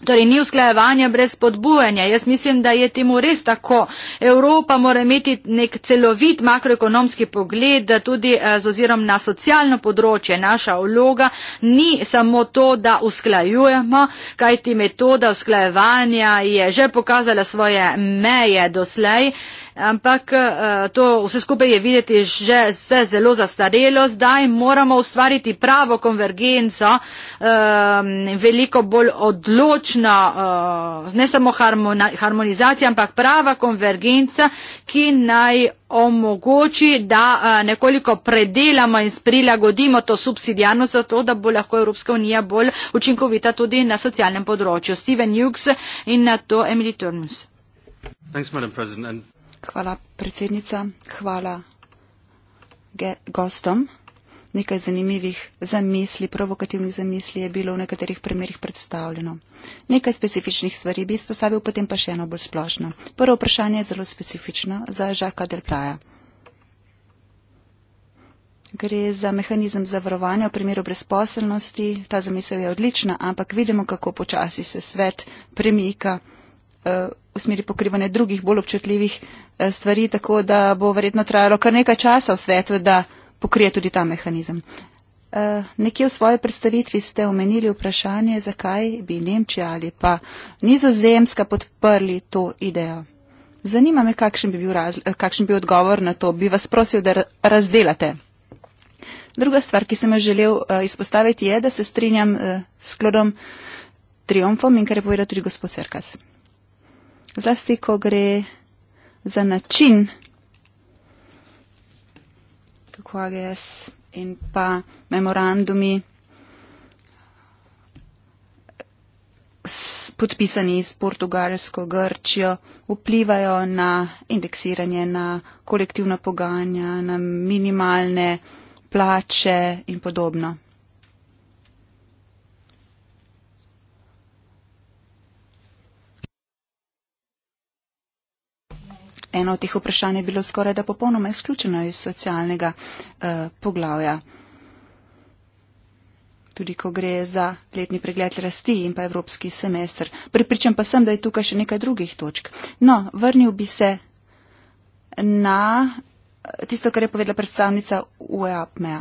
Speaker 1: Torej, ni usklajevanje brez spodbujanja. Jaz mislim, da je temu res tako. Evropa mora imeti nek celovit makroekonomski pogled, da eh, tudi eh, z ozirom na socialno področje naša vloga ni samo to, da usklajujemo, kajti metoda usklajevanja je že pokazala svoje meje doslej ampak eh, to vse skupaj je videti že vse zelo zastarelo. Zdaj moramo ustvariti pravo konvergenco, eh, veliko bolj odločno, eh, ne samo harmonizacija, ampak prava konvergenca, ki naj omogoči, da nekoliko predelamo in sprilagodimo to subsidijarno za to, da bo lahko Evropska unija bolj učinkovita tudi na socialnem področju. Steven Hughes
Speaker 3: in na to Emily Turns.
Speaker 1: Thanks, Madam President. And
Speaker 3: Hvala, predsednica. Hvala gostom. Nekaj zanimivih zamisli, provokativnih zamisli je bilo v nekaterih primerjih predstavljeno. Nekaj specifičnih stvari bi izpostavil, potem pa še eno bolj splošno. Prvo vprašanje je zelo specifično za Žaka Delplaja. Gre za mehanizem zavarovanja v primeru brezposelnosti. Ta zamisel je odlična, ampak vidimo, kako počasi se svet premika eh, v smeri pokrivanja drugih bolj občutljivih eh, stvari, tako da bo verjetno trajalo kar nekaj časa v svetu, da pokrije tudi ta mehanizem. Eh, nekje v svoji predstavitvi ste omenili vprašanje, zakaj bi Nemčija ali pa Nizozemska podprli to idejo. Zanima me, kakšen bi bil, razli, eh, kakšen bi bil odgovor na to. Bi vas prosil, da razdelate. Druga stvar, ki sem jo želel izpostaviti, je, da se strinjam s klodom triumfom in kar je povedal tudi gospod Serkas zlasti ko gre za način, kako AGS in pa memorandumi podpisani s Portugalsko Grčijo vplivajo na indeksiranje, na kolektivna pogajanja, na minimalne plače in podobno. Eno od teh vprašanj je bilo skoraj da popolnoma izključeno iz socialnega eh, poglavja. Tudi ko gre za letni pregled rasti in pa evropski semester. Pripričam pa sem, da je tukaj še nekaj drugih točk. No, vrnil bi se na eh, tisto, kar je povedala predstavnica UEAPMEA.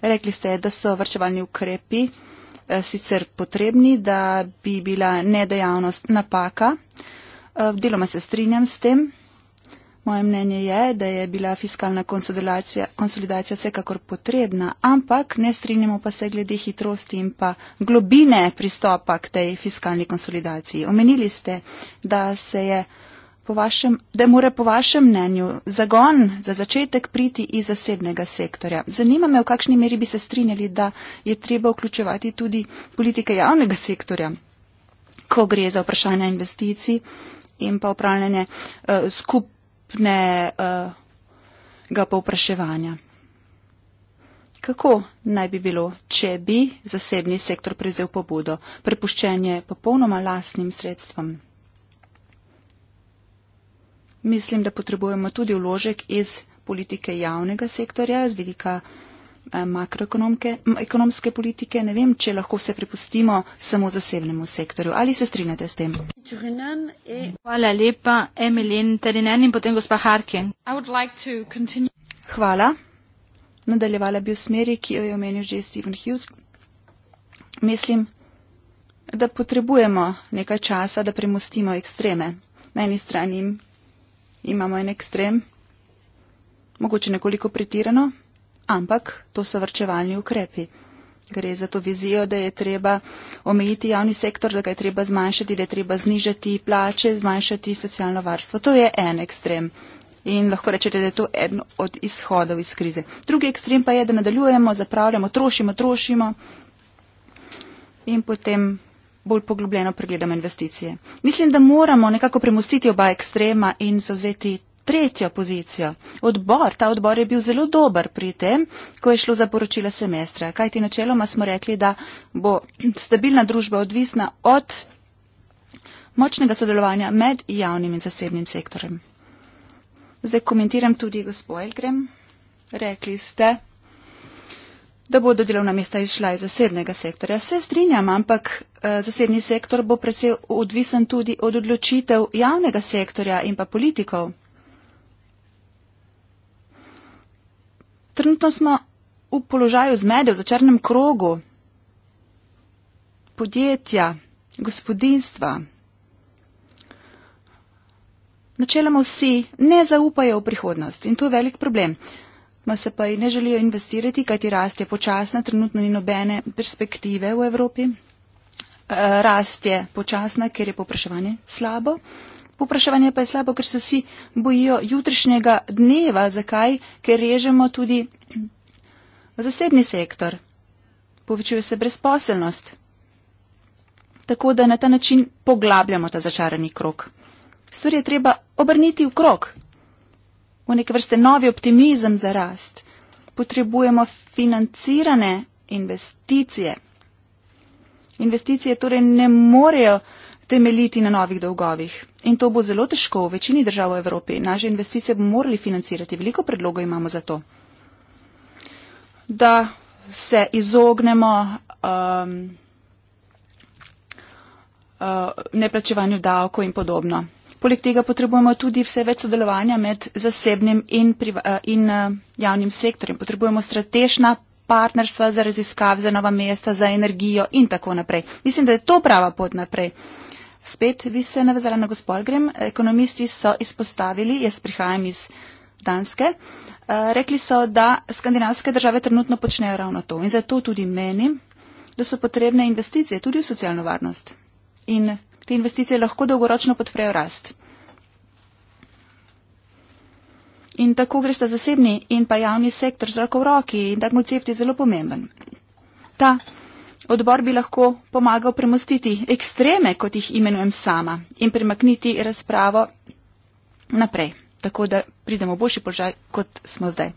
Speaker 3: Rekli ste, da so vrčevalni ukrepi eh, sicer potrebni, da bi bila nedejavnost napaka. Eh, deloma se strinjam s tem. Moje mnenje je, da je bila fiskalna konsolidacija, konsolidacija vsekakor potrebna, ampak ne strinjamo pa se glede hitrosti in pa globine pristopa k tej fiskalni konsolidaciji. Omenili ste, da se je. Po vašem, da mora po vašem mnenju zagon za začetek priti iz zasebnega sektorja. Zanima me, v kakšni meri bi se strinjali, da je treba vključevati tudi politike javnega sektorja, ko gre za vprašanje investicij in pa upravljanje eh, skup, stopne uh, eh, ga povpraševanja. Kako naj bi bilo, če bi zasebni sektor prevzel pobudo, prepuščenje popolnoma lastnim sredstvom? Mislim, da potrebujemo tudi vložek iz politike javnega sektorja, z velika Eh, makroekonomske politike. Ne vem, če lahko vse prepustimo samo zasebnemu sektorju. Ali se strinjate s tem? Hvala lepa, Emilin Terinen in potem gospa Harkin. Like Hvala. Nadaljevala bi v smeri, ki jo je omenil že Stephen Hughes. Mislim, da potrebujemo nekaj časa, da premostimo ekstreme. Na eni strani imamo en ekstrem, mogoče nekoliko pretirano ampak to so vrčevalni ukrepi. Gre za to vizijo, da je treba omejiti javni sektor, da ga je treba zmanjšati, da je treba znižati plače, zmanjšati socialno varstvo. To je en ekstrem. In lahko rečete, da je to eden od izhodov iz krize. Drugi ekstrem pa je, da nadaljujemo, zapravljamo, trošimo, trošimo in potem bolj poglobljeno pregledamo investicije. Mislim, da moramo nekako premustiti oba ekstrema in zauzeti tretjo pozicijo. Odbor, ta odbor je bil zelo dober pri tem, ko je šlo za poročila semestra. Kaj ti načeloma smo rekli, da bo stabilna družba odvisna od močnega sodelovanja med javnim in zasebnim sektorem. Zdaj komentiram tudi gospod Elgrem. Rekli ste, da bodo delovna mesta izšla iz zasebnega sektorja. Se strinjam, ampak eh, zasebni sektor bo predvsej odvisen tudi od odločitev javnega sektorja in pa politikov. trenutno smo v položaju zmede, v začarnem krogu. Podjetja, gospodinstva. Načeloma vsi ne zaupajo v prihodnost in to je velik problem. Ma se pa jih ne želijo investirati, kajti rast je počasna, trenutno ni nobene perspektive v Evropi. Eh, rast je počasna, ker je popraševanje slabo. Popraševanje pa je slabo, ker se vsi bojijo jutrišnjega dneva. Zakaj? Ker režemo tudi zasebni sektor. Povečuje se brezposelnost. Tako da na ta način poglabljamo ta začarani krok. Stvar je treba obrniti v krok. V neke vrste novi optimizem za rast. Potrebujemo financirane investicije. Investicije torej ne morejo temeljiti na novih dolgovih. In to bo zelo težko v večini držav v Evropi. Naše investicije bomo morali financirati. Veliko predlogov imamo za to. Da se izognemo um, uh, neplačevanju davko in podobno. Poleg tega potrebujemo tudi vse več sodelovanja med zasebnim in, uh, in uh, javnim sektorjem. Potrebujemo strateška partnerstva za raziskave, za nova mesta, za energijo in tako naprej. Mislim, da je to prava pot naprej. Spet bi se navezala na gospodgrem. Ekonomisti so izpostavili, jaz prihajam iz Danske, eh, rekli so, da skandinavske države trenutno počnejo ravno to. In zato tudi menim, da so potrebne investicije tudi v socialno varnost. In te investicije lahko dolgoročno podprejo rast. In tako gre sta zasebni in pa javni sektor z roko v roki in ta koncept je zelo pomemben. Ta Odbor bi lahko pomagal premostiti ekstreme, kot jih imenujem sama, in premakniti razpravo naprej, tako da pridemo v boljši položaj, kot smo zdaj.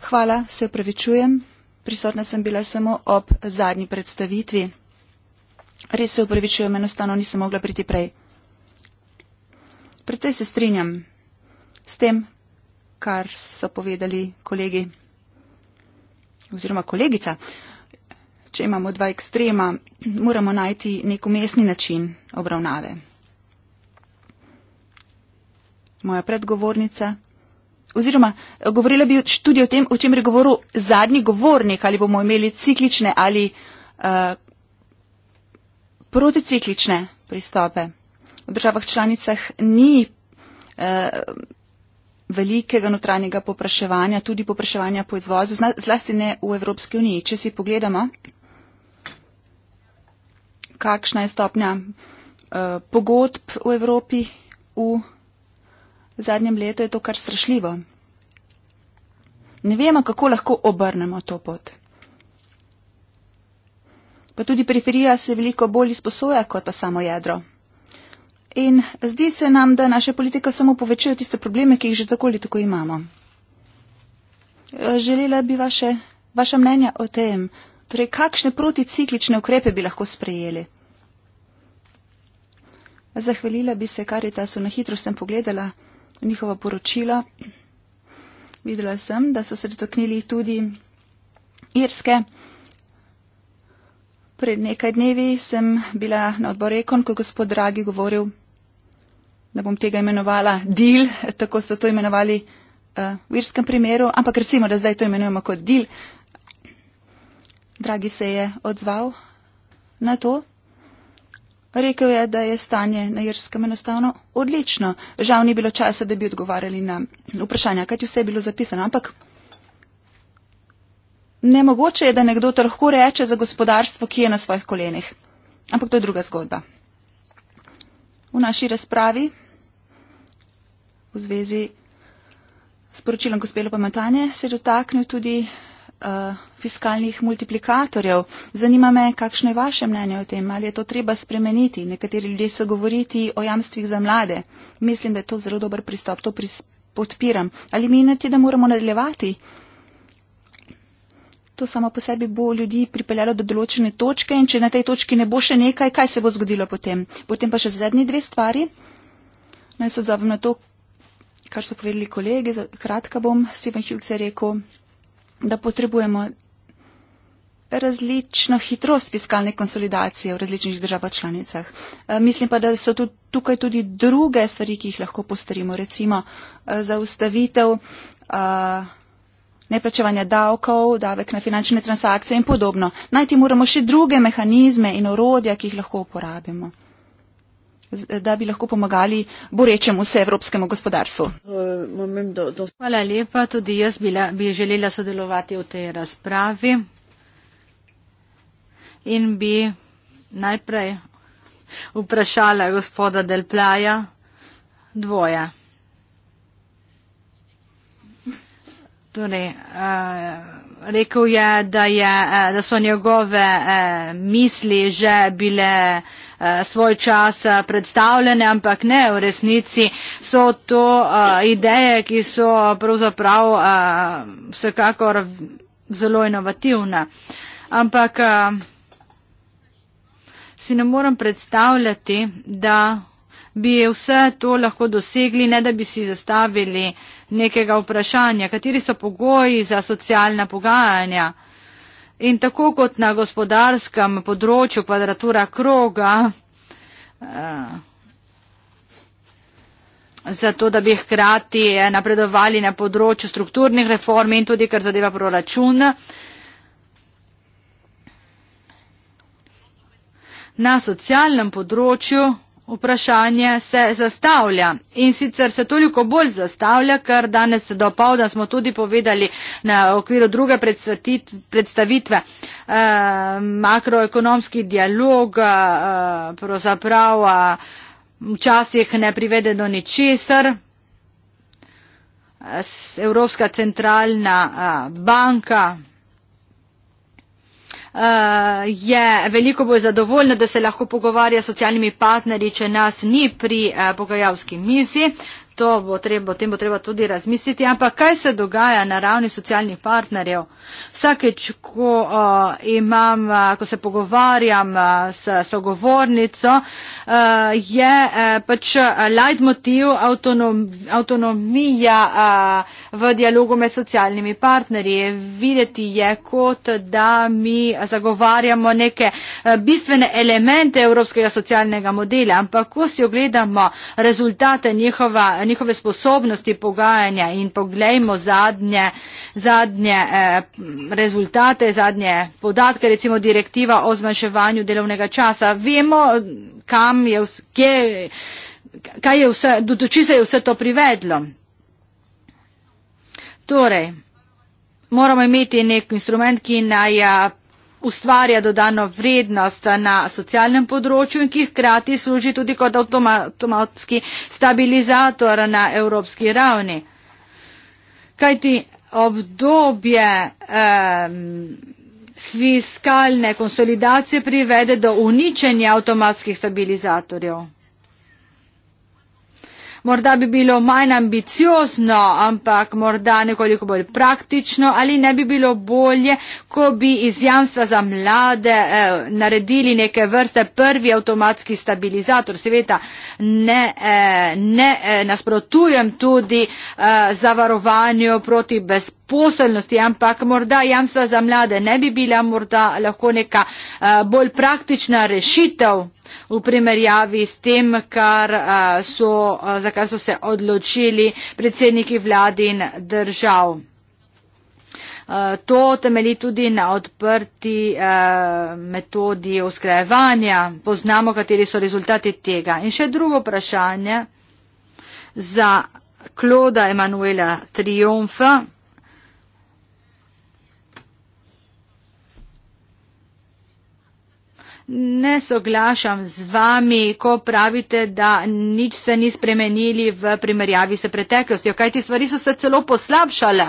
Speaker 3: Hvala, se upravičujem. Prisotna sem bila samo ob zadnji predstavitvi. Res se upravičujem, enostavno nisem mogla priti prej. Predvsej se strinjam s tem, kar so povedali kolegi oziroma kolegica, če imamo dva ekstrema, moramo najti nek umestni način obravnave. Moja predgovornica. Oziroma, govorila bi tudi o tem, o čem je govoril zadnji govornik, ali bomo imeli ciklične ali uh, proticiklične pristope. V državah članicah ni. Uh, velikega notranjega popraševanja, tudi popraševanja po izvozu, zlasti ne v Evropski uniji. Če si pogledamo, kakšna je stopnja eh, pogodb v Evropi v zadnjem letu, je to kar strašljivo. Ne vemo, kako lahko obrnemo to pot. Pa tudi periferija se veliko bolj izposoja kot pa samo jedro. In zdi se nam, da naša politika samo povečuje tiste probleme, ki jih že tako ali tako imamo. E, želela bi vaše, vaša mnenja o tem, torej kakšne proticiklične ukrepe bi lahko sprejeli. Zahvalila bi se Karitasu, na hitro sem pogledala njihova poročila. Videla sem, da so se dotaknili tudi Irske. Pred nekaj dnevi sem bila na odboru Ekon, ko je gospod Dragi govoril da bom tega imenovala deal, tako so to imenovali uh, v irskem primeru, ampak recimo, da zdaj to imenujemo kot deal. Dragi se je odzval na to. Rekel je, da je stanje na irskem enostavno odlično. Žal ni bilo časa, da bi odgovarjali na vprašanja, kajti vse je bilo zapisano, ampak. Nemogoče je, da nekdo to lahko reče za gospodarstvo, ki je na svojih kolenih. Ampak to je druga zgodba v naši razpravi v zvezi s poročilom Gospelo pametanje se dotaknil tudi uh, fiskalnih multiplikatorjev. Zanima me, kakšno je vaše mnenje o tem, ali je to treba spremeniti. Nekateri ljudje so govoriti o jamstvih za mlade. Mislim, da je to zelo dober pristop, to pris podpiram. Ali menite, da moramo nadaljevati to samo po sebi bo ljudi pripeljalo do določene točke in če na tej točki ne bo še nekaj, kaj se bo zgodilo potem. Potem pa še zadnji dve stvari. Naj se odzovem na to, kar so povedali kolege, kratka bom, Steven Hughes je rekel, da potrebujemo različno hitrost fiskalne konsolidacije v različnih državah članicah. E, mislim pa, da so tu, tukaj tudi druge stvari, ki jih lahko postarimo, recimo e, zaustavitev. E, neplačevanja davkov, davek na finančne transakcije in podobno. Najti moramo še druge mehanizme in orodja, ki jih lahko uporabimo, da bi lahko pomagali borečemu se evropskemu gospodarstvu.
Speaker 1: Hvala lepa, tudi jaz bila, bi želela sodelovati v tej razpravi in bi najprej vprašala gospoda Delplaja dvoja. Torej, uh, rekel je, da, je, eh, da so njegove uh, misli že bile uh, svoj čas predstavljene, ampak ne, v resnici so to uh, ideje, ki so pravzaprav uh, vsekakor zelo inovativne. Ampak uh, si ne morem predstavljati, da bi vse to lahko dosegli, ne da bi si zastavili nekega vprašanja, kateri so pogoji za socialna pogajanja. In tako kot na gospodarskem področju kvadratura kroga, eh, zato da bi hkrati eh, napredovali na področju strukturnih reform in tudi kar zadeva proračun. Na socialnem področju vprašanje se zastavlja in sicer se toliko bolj zastavlja, ker danes do povdan smo tudi povedali na okviru druge predstavitve eh, makroekonomski dialog, eh, pravzaprav eh, včasih ne privede do ničesar. Evropska centralna banka Eh, je veliko bolj zadovoljna, da se lahko pogovarja s socialnimi partnerji, če nas ni pri eh, pogajalski misi. To bo treba, tem bo treba tudi razmisliti. Ampak kaj se dogaja na ravni socialnih partnerjev? Vsakeč, ko, uh, imam, uh, ko se pogovarjam uh, s sogovornico, uh, je uh, pač uh, leitmotiv avtonom, avtonomija. Uh, v dialogu med socialnimi partnerji. Videti je kot, da mi zagovarjamo neke eh, bistvene elemente evropskega socialnega modela, ampak ko si ogledamo rezultate njihova, njihove sposobnosti pogajanja in pogledamo zadnje, zadnje eh, rezultate, zadnje podatke, recimo direktiva o zmanjševanju delovnega časa, vemo, kam je, kje, kaj je vse, do, do čisa je vse to privedlo. Torej, moramo imeti nek instrument, ki naj ustvarja dodano vrednost na socialnem področju in ki hkrati služi tudi kot avtomatski stabilizator na evropski ravni. Kajti obdobje eh, fiskalne konsolidacije privede do uničenja avtomatskih stabilizatorjev morda bi bilo manj ambiciozno, ampak morda nekoliko bolj praktično ali ne bi bilo bolje, ko bi iz jamstva za mlade eh, naredili neke vrste prvi avtomatski stabilizator. Seveda ne, eh, ne eh, nasprotujem tudi eh, zavarovanju proti bezpečnosti brezposelnosti, ampak morda jamstva za mlade ne bi bila morda lahko neka eh, bolj praktična rešitev v primerjavi s tem, kar eh, so, eh, za kar so se odločili predsedniki vladi in držav. To temeli tudi na odprti metodi oskrajevanja. Poznamo, kateri so rezultati tega. In še drugo vprašanje za Kloda Emanuela Triumfa. ne soglašam z vami, ko pravite, da nič se ni spremenili v primerjavi s preteklostjo, kajti stvari so se celo poslabšale.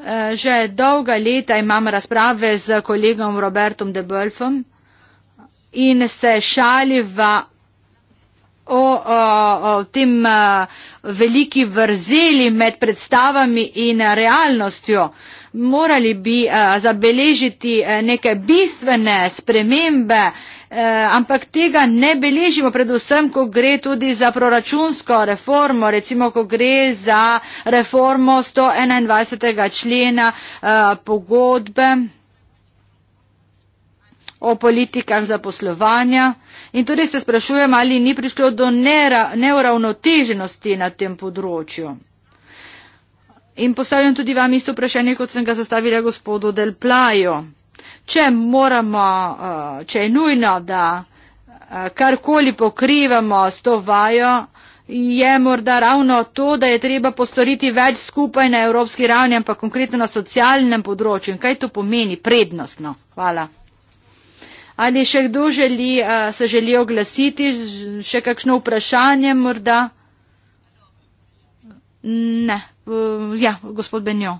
Speaker 1: Eh, že dolga leta imam razprave z kolegom Robertom Debolfom in se šaliva o, o, o tem o, veliki vrzeli med predstavami in realnostjo. Morali bi a, zabeležiti neke bistvene spremembe, a, ampak tega ne beležimo, predvsem, ko gre tudi za proračunsko reformo, recimo, ko gre za reformo 121. člena a, pogodbe o politikah zaposlovanja in tudi se sprašujem, ali ni prišlo do neuravnoteženosti na tem področju. In postavljam tudi vam isto vprašanje, kot sem ga zastavila gospodu Del Plajo. Če, moramo, eh, če je nujno, da eh, karkoli pokrivamo s to vajo, je morda ravno to, da je treba postoriti več skupaj na evropski ravni, ampak konkretno na socialnem področju. In kaj to pomeni prednostno? Hvala. Ali še kdo želi, se želi oglasiti, še kakšno vprašanje morda? Ne, ja, gospod Benjo.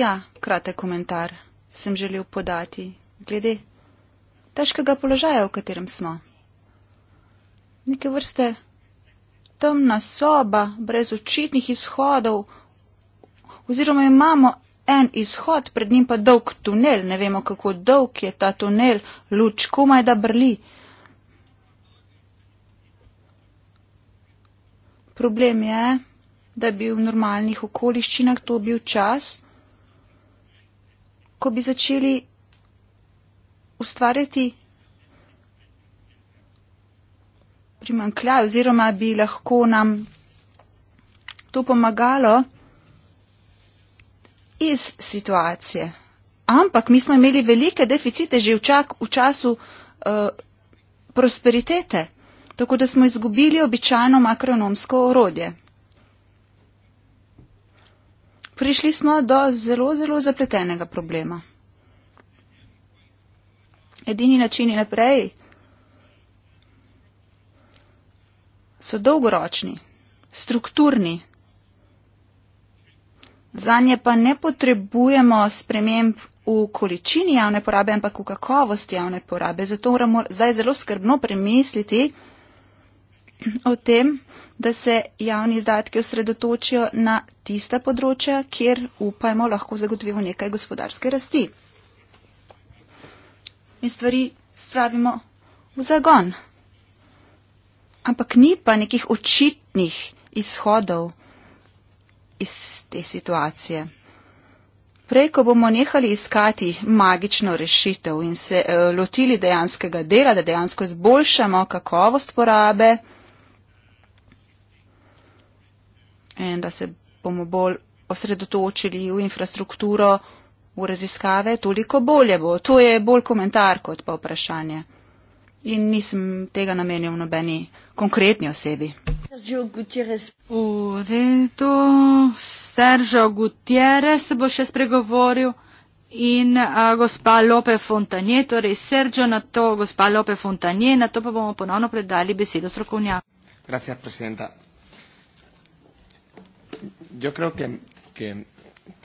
Speaker 3: Ja, kratek komentar sem želel podati glede težkega položaja, v katerem smo. Neke vrste temna soba, brez očitnih izhodov oziroma imamo en izhod, pred njim pa dolg tunel, ne vemo, kako dolg je ta tunel, luč komaj da brli. Problem je, da bi v normalnih okoliščinah to bil čas, ko bi začeli ustvarjati primankljaj oziroma bi lahko nam to pomagalo iz situacije. Ampak mi smo imeli velike deficite že v, čak, v času uh, prosperitete, tako da smo izgubili običajno makronomsko orodje. Prišli smo do zelo, zelo zapletenega problema. Edini načini naprej so dolgoročni, strukturni, za nje pa ne potrebujemo sprememb v količini javne porabe, ampak v kakovosti javne porabe. Zato moramo zdaj zelo skrbno premisliti o tem, da se javni izdatki osredotočijo na tista področja, kjer upajmo lahko zagotovimo nekaj gospodarske rasti. In stvari spravimo v zagon. Ampak ni pa nekih očitnih izhodov iz te situacije. Prej, ko bomo nehali iskati magično rešitev in se e, lotili dejanskega dela, da dejansko izboljšamo kakovost porabe in da se bomo bolj osredotočili v infrastrukturo, v raziskave, toliko bolje bo. To je bolj komentar kot pa vprašanje. In nisem tega namenil nobeni konkretni osebi. V redu, Seržo Gutjere se bo
Speaker 1: še spregovoril in a, gospa Lope Fontanje, torej Seržo na to, gospa Lope Fontanje, na to pa bomo ponovno predali besedo strokovnja.
Speaker 2: Gracias, presidenta. Yo creo que, que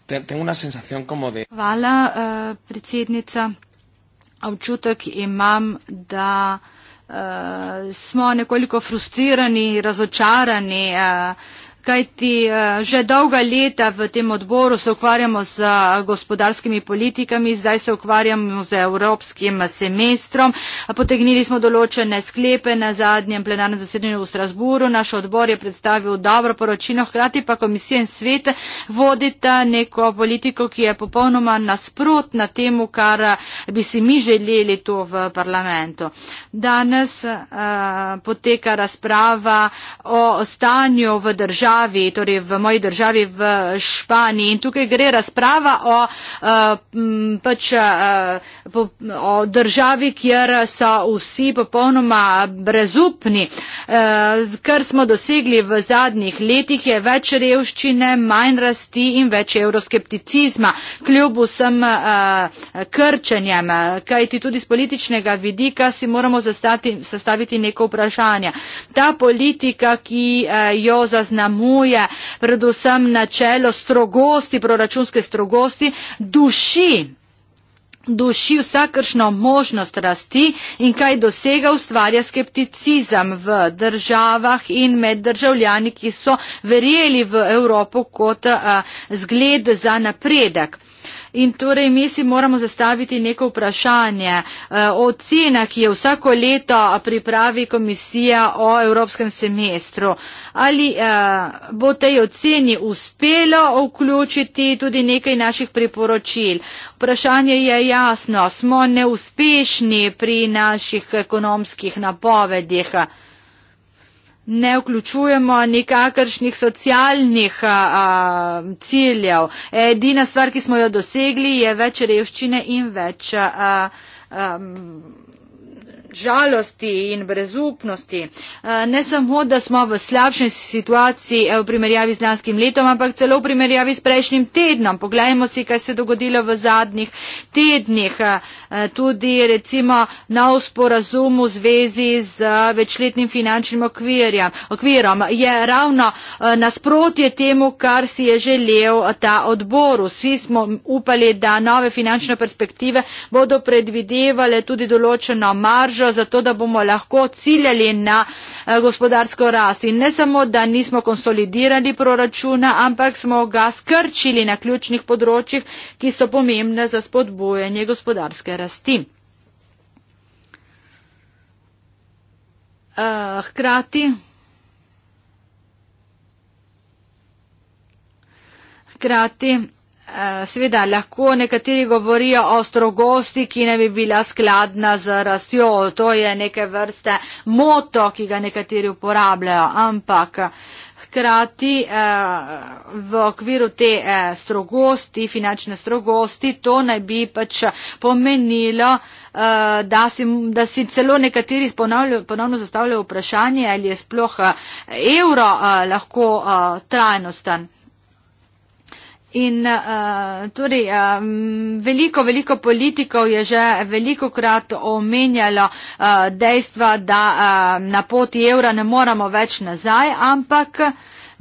Speaker 2: tengo una sensación como de...
Speaker 1: Hvala, uh, predsednica. Občutek imam, da uh, smo nekoliko frustrirani, razočarani. Uh, kajti eh, že dolga leta v tem odboru se ukvarjamo z eh, gospodarskimi politikami, zdaj se ukvarjamo z evropskim eh, semestrom. Potegnili smo določene sklepe na zadnjem plenarnem zasedanju v Strasburu. Naš odbor je predstavil dobro poročilo, hkrati pa komisija in svet vodita neko politiko, ki je popolnoma nasprotna temu, kar bi si mi želeli to v parlamentu. Danes uh, poteka razprava o stanju v državi državi, torej v moji državi v Španiji. In tukaj gre razprava o, uh, pač, uh, po, o državi, kjer so vsi popolnoma brezupni. Uh, kar smo dosegli v zadnjih letih je več revščine, manj rasti in več euroskepticizma. Kljub vsem uh, krčenjem, kajti tudi z političnega vidika si moramo zastati, sestaviti neko vprašanje. Ta politika, ki uh, jo zaznamo, zaznamuje predvsem načelo strogosti, proračunske strogosti, duši duši vsakršno možnost rasti in kaj dosega ustvarja skepticizem v državah in med državljani, ki so verjeli v Evropo kot a, zgled za napredek. In torej mi si moramo zastaviti neko vprašanje. Eh, Ocena, ki je vsako leto pripravi komisija o evropskem semestru. Ali eh, bo tej oceni uspelo vključiti tudi nekaj naših priporočil? Vprašanje je jasno. Smo neuspešni pri naših ekonomskih napovedih ne vključujemo nikakršnih socialnih a, ciljev. Edina stvar, ki smo jo dosegli, je več revščine in več a, a, žalosti in brezupnosti. Eh, ne samo, da smo v slabšem situaciji eh, v primerjavi z lanskim letom, ampak celo v primerjavi s prejšnjim tednom. Poglejmo si, kaj se je dogodilo v zadnjih tednih. Eh, tudi recimo nov sporazum v zvezi z večletnim finančnim okvirom je ravno nasprotje temu, kar si je želel ta odbor. Vsi smo upali, da nove finančne perspektive bodo predvidevale tudi določeno maržo, držo, zato da bomo lahko ciljali na eh, gospodarsko rast. In ne samo, da nismo konsolidirali proračuna, ampak smo ga skrčili na ključnih področjih, ki so pomembne za spodbojanje gospodarske rasti. Uh, hkrati, hkrati, Eh, seveda lahko nekateri govorijo o strogosti, ki ne bi bila skladna z rastjo. To je neke vrste moto, ki ga nekateri uporabljajo, ampak. Hkrati eh, v okviru te eh, strogosti, finančne strogosti, to naj bi pač pomenilo, eh, da, si, da si celo nekateri ponovno zastavljajo vprašanje, ali je sploh eh, evro eh, lahko eh, trajnostan. In uh, tudi um, veliko, veliko politikov je že veliko krat omenjalo uh, dejstva, da uh, na poti evra ne moramo več nazaj, ampak uh,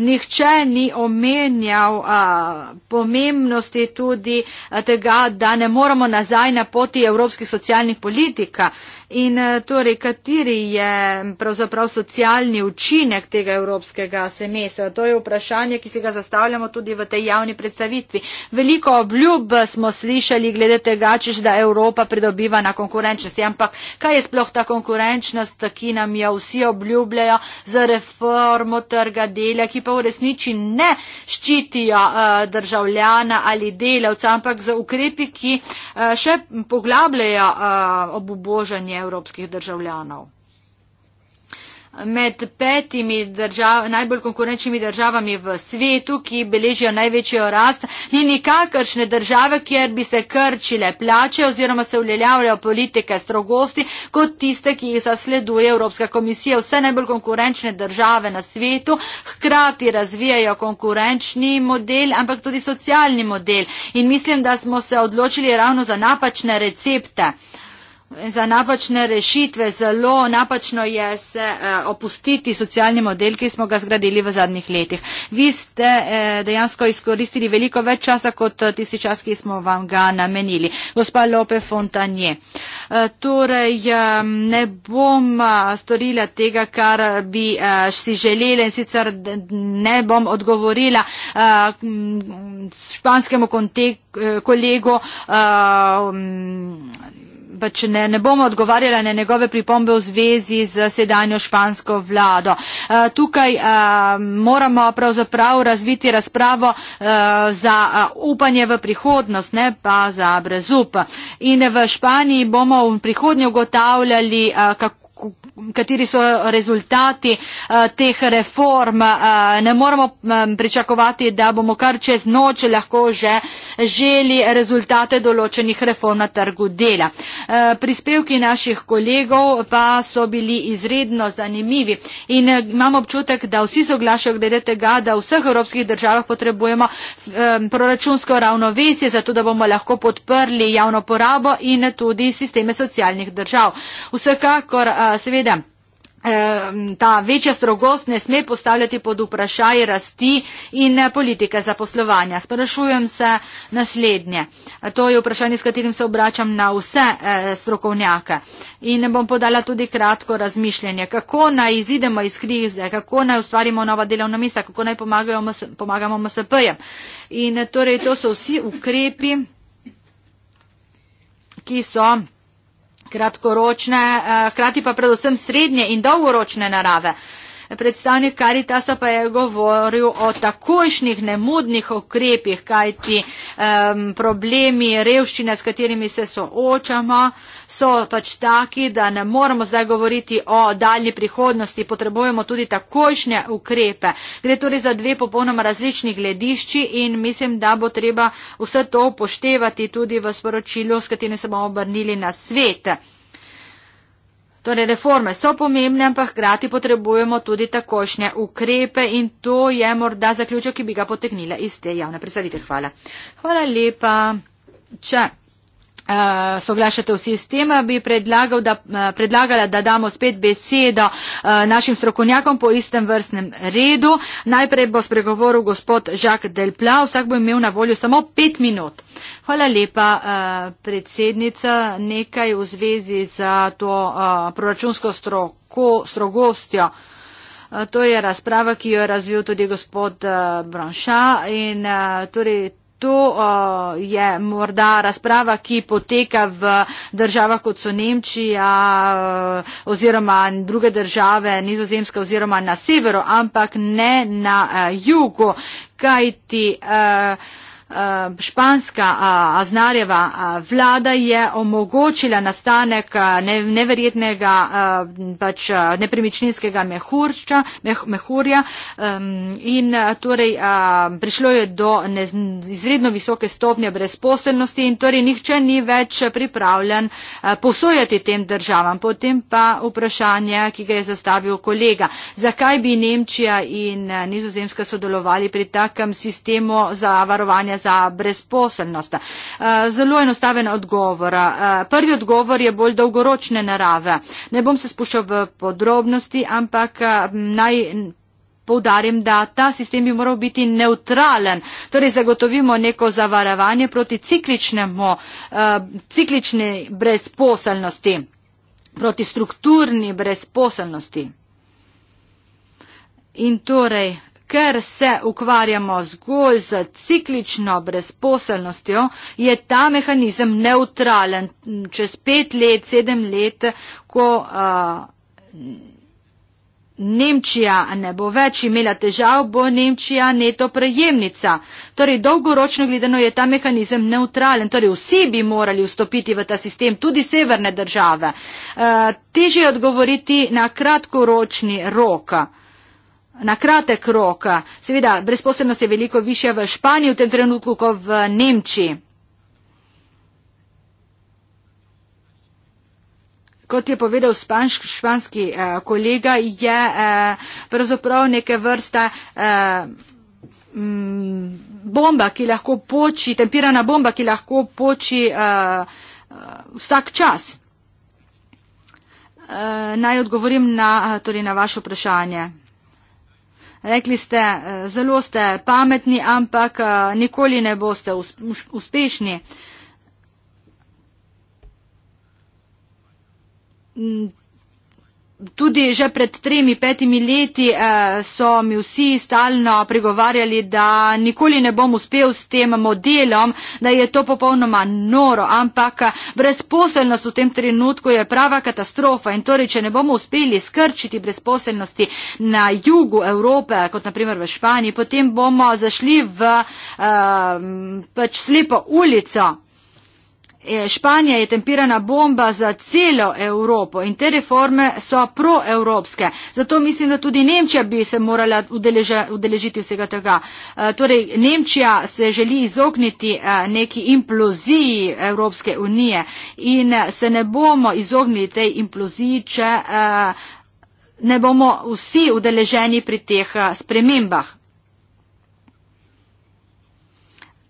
Speaker 1: nihče ni omenjal a, pomembnosti tudi tega, da ne moramo nazaj na poti evropskih socialnih politika. In torej, kateri je pravzaprav socialni učinek tega evropskega semestra? To je vprašanje, ki si ga zastavljamo tudi v tej javni predstavitvi. Veliko obljub smo slišali glede tega, češ da Evropa pridobiva na konkurenčnosti. Ampak kaj je sploh ta konkurenčnost, ki nam jo vsi obljubljajo za reformo trga dela, ki pa pravzaprav v resnici ne ščitijo eh, državljana ali delavca, ampak za ukrepi, ki eh, še poglabljajo eh, obubožanje evropskih državljanov med petimi držav, najbolj konkurenčnimi državami v svetu, ki beležijo največjo rast, ni nikakršne države, kjer bi se krčile plače oziroma se uljeljavljajo politike strogosti kot tiste, ki jih zasleduje Evropska komisija. Vse najbolj konkurenčne države na svetu hkrati razvijajo konkurenčni model, ampak tudi socialni model. In mislim, da smo se odločili ravno za napačne recepte za napačne rešitve, zelo napačno je se eh, opustiti socialni model, ki smo ga zgradili v zadnjih letih. Vi ste eh, dejansko izkoristili veliko več časa kot eh, tisti čas, ki smo vam ga namenili. Gospa Lope Fontanje, torej ne bom storila tega, kar bi si želela in sicer ne bom odgovorila španskemu kolegu pač ne, ne bomo odgovarjali na njegove pripombe v zvezi z sedanjo špansko vlado. Uh, tukaj uh, moramo pravzaprav razviti razpravo uh, za uh, upanje v prihodnost, ne pa za brezup. In v Španiji bomo v prihodnje ugotavljali, uh, kako kateri so rezultati eh, teh reform. Eh, ne moramo eh, pričakovati, da bomo kar čez noč lahko že želi rezultate določenih reform na trgu dela. Prispevki naših kolegov pa so bili izredno zanimivi in imamo občutek, da vsi soglašajo glede tega, da v vseh evropskih državah potrebujemo proračunsko ravnovesje, zato da bomo lahko podprli javno porabo in tudi sisteme socialnih držav. Vsekakor seveda ta večja strogost ne sme postavljati pod vprašaj rasti in eh, politike zaposlovanja. Sprašujem se naslednje. To je vprašanje, s katerim se obračam na vse eh, strokovnjake. In bom podala tudi kratko razmišljanje, kako naj izidemo iz krize, kako naj ustvarimo nova delovna mesta, kako naj pomagamo MSP-jem. In torej to so vsi ukrepi, ki so kratkoročne, eh, hkrati pa predvsem srednje in dolgoročne narave. Predstavnik Karitasa pa je govoril o takošnih nemudnih okrepih, kajti um, problemi revščine, s katerimi se soočamo, so pač taki, da ne moremo zdaj govoriti o daljni prihodnosti, potrebujemo tudi takošnje ukrepe. Gre torej za dve popolnoma različni gledišči in mislim, da bo treba vse to upoštevati tudi v sporočilu, s katerim se bomo obrnili na svet. Torej, reforme so pomembne, ampak hkrati potrebujemo tudi takošnje ukrepe in to je morda zaključek, ki bi ga potegnila iz te javne predstavitve. Hvala. Hvala lepa. Čak. Eh, soglašate vsi s tem, eh, bi predlagal, da, eh, predlagala, da damo spet besedo našim strokovnjakom po istem vrstnem redu. Najprej bo spregovoril gospod Jacques Delpla, vsak bo imel na voljo samo pet minut. Hvala lepa, predsednica, nekaj v zvezi z to proračunsko stroko, strogostjo. To je razprava, ki jo je razvil tudi gospod Branša in torej to je morda razprava, ki poteka v državah, kot so Nemčija oziroma druge države, nizozemska oziroma na severu, ampak ne na eh, jugu, kajti. Uh, Eh, španska Aznarjeva vlada je omogočila nastanek eh, neverjetnega eh, pač nepremičninskega mehurča, mehurja in torej prišlo je do izredno visoke stopnje brezposelnosti in torej nihče ni več pripravljen posojati tem državam. Potem pa vprašanje, ki ga je zastavil kolega, zakaj bi Nemčija in Nizozemska sodelovali pri takem sistemu za varovanje za brezposelnost? Eh, zelo enostaven odgovor. Eh, prvi odgovor je bolj dolgoročne narave. Ne bom se spuščal v podrobnosti, ampak eh, naj. Poudarjam, da ta sistem bi moral biti neutralen, torej zagotovimo neko zavarovanje proti cikličnemu, uh, ciklični brezposelnosti, proti strukturni brezposelnosti. In torej, ker se ukvarjamo zgolj z ciklično brezposelnostjo, je ta mehanizem neutralen. Čez pet let, sedem let, ko a, Nemčija ne bo več imela težav, bo Nemčija neto prejemnica. Torej, dolgoročno gledano je ta mehanizem neutralen. Torej, vsi bi morali vstopiti v ta sistem, tudi severne države. E, Težje je odgovoriti na kratkoročni rok na kratek rok. Seveda, brezposobnost je veliko više v Španiji v tem trenutku kot v Nemčiji. Kot je povedal španš, španski uh, kolega, je uh, pravzaprav neke vrsta uh, eh, m, bomba, ki lahko poči, tempirana bomba, ki lahko poči uh, uh, vsak čas. Uh, naj odgovorim na, torej na vaše vprašanje. Rekli ste, eh, zelo ste pametni, ampak eh, nikoli ne boste uspešni. Mm, Tudi že pred tremi, petimi leti eh, so mi vsi stalno pregovarjali, da nikoli ne bom uspel s tem modelom, da je to popolnoma noro, ampak eh, brezposelnost v tem trenutku je prava katastrofa in torej, če ne bomo uspeli skrčiti brezposelnosti na jugu Evrope, kot naprimer v Španiji, potem bomo zašli v eh, pač slepo ulico. E, Španija je tempirana bomba za celo Evropo in te reforme so proevropske. Zato mislim, da tudi Nemčija bi se morala udeleža, udeležiti vsega tega. E, torej, Nemčija se želi izogniti e, neki imploziji Evropske unije in e, se ne bomo izognili tej imploziji, če e, ne bomo vsi udeleženi pri teh e, spremembah.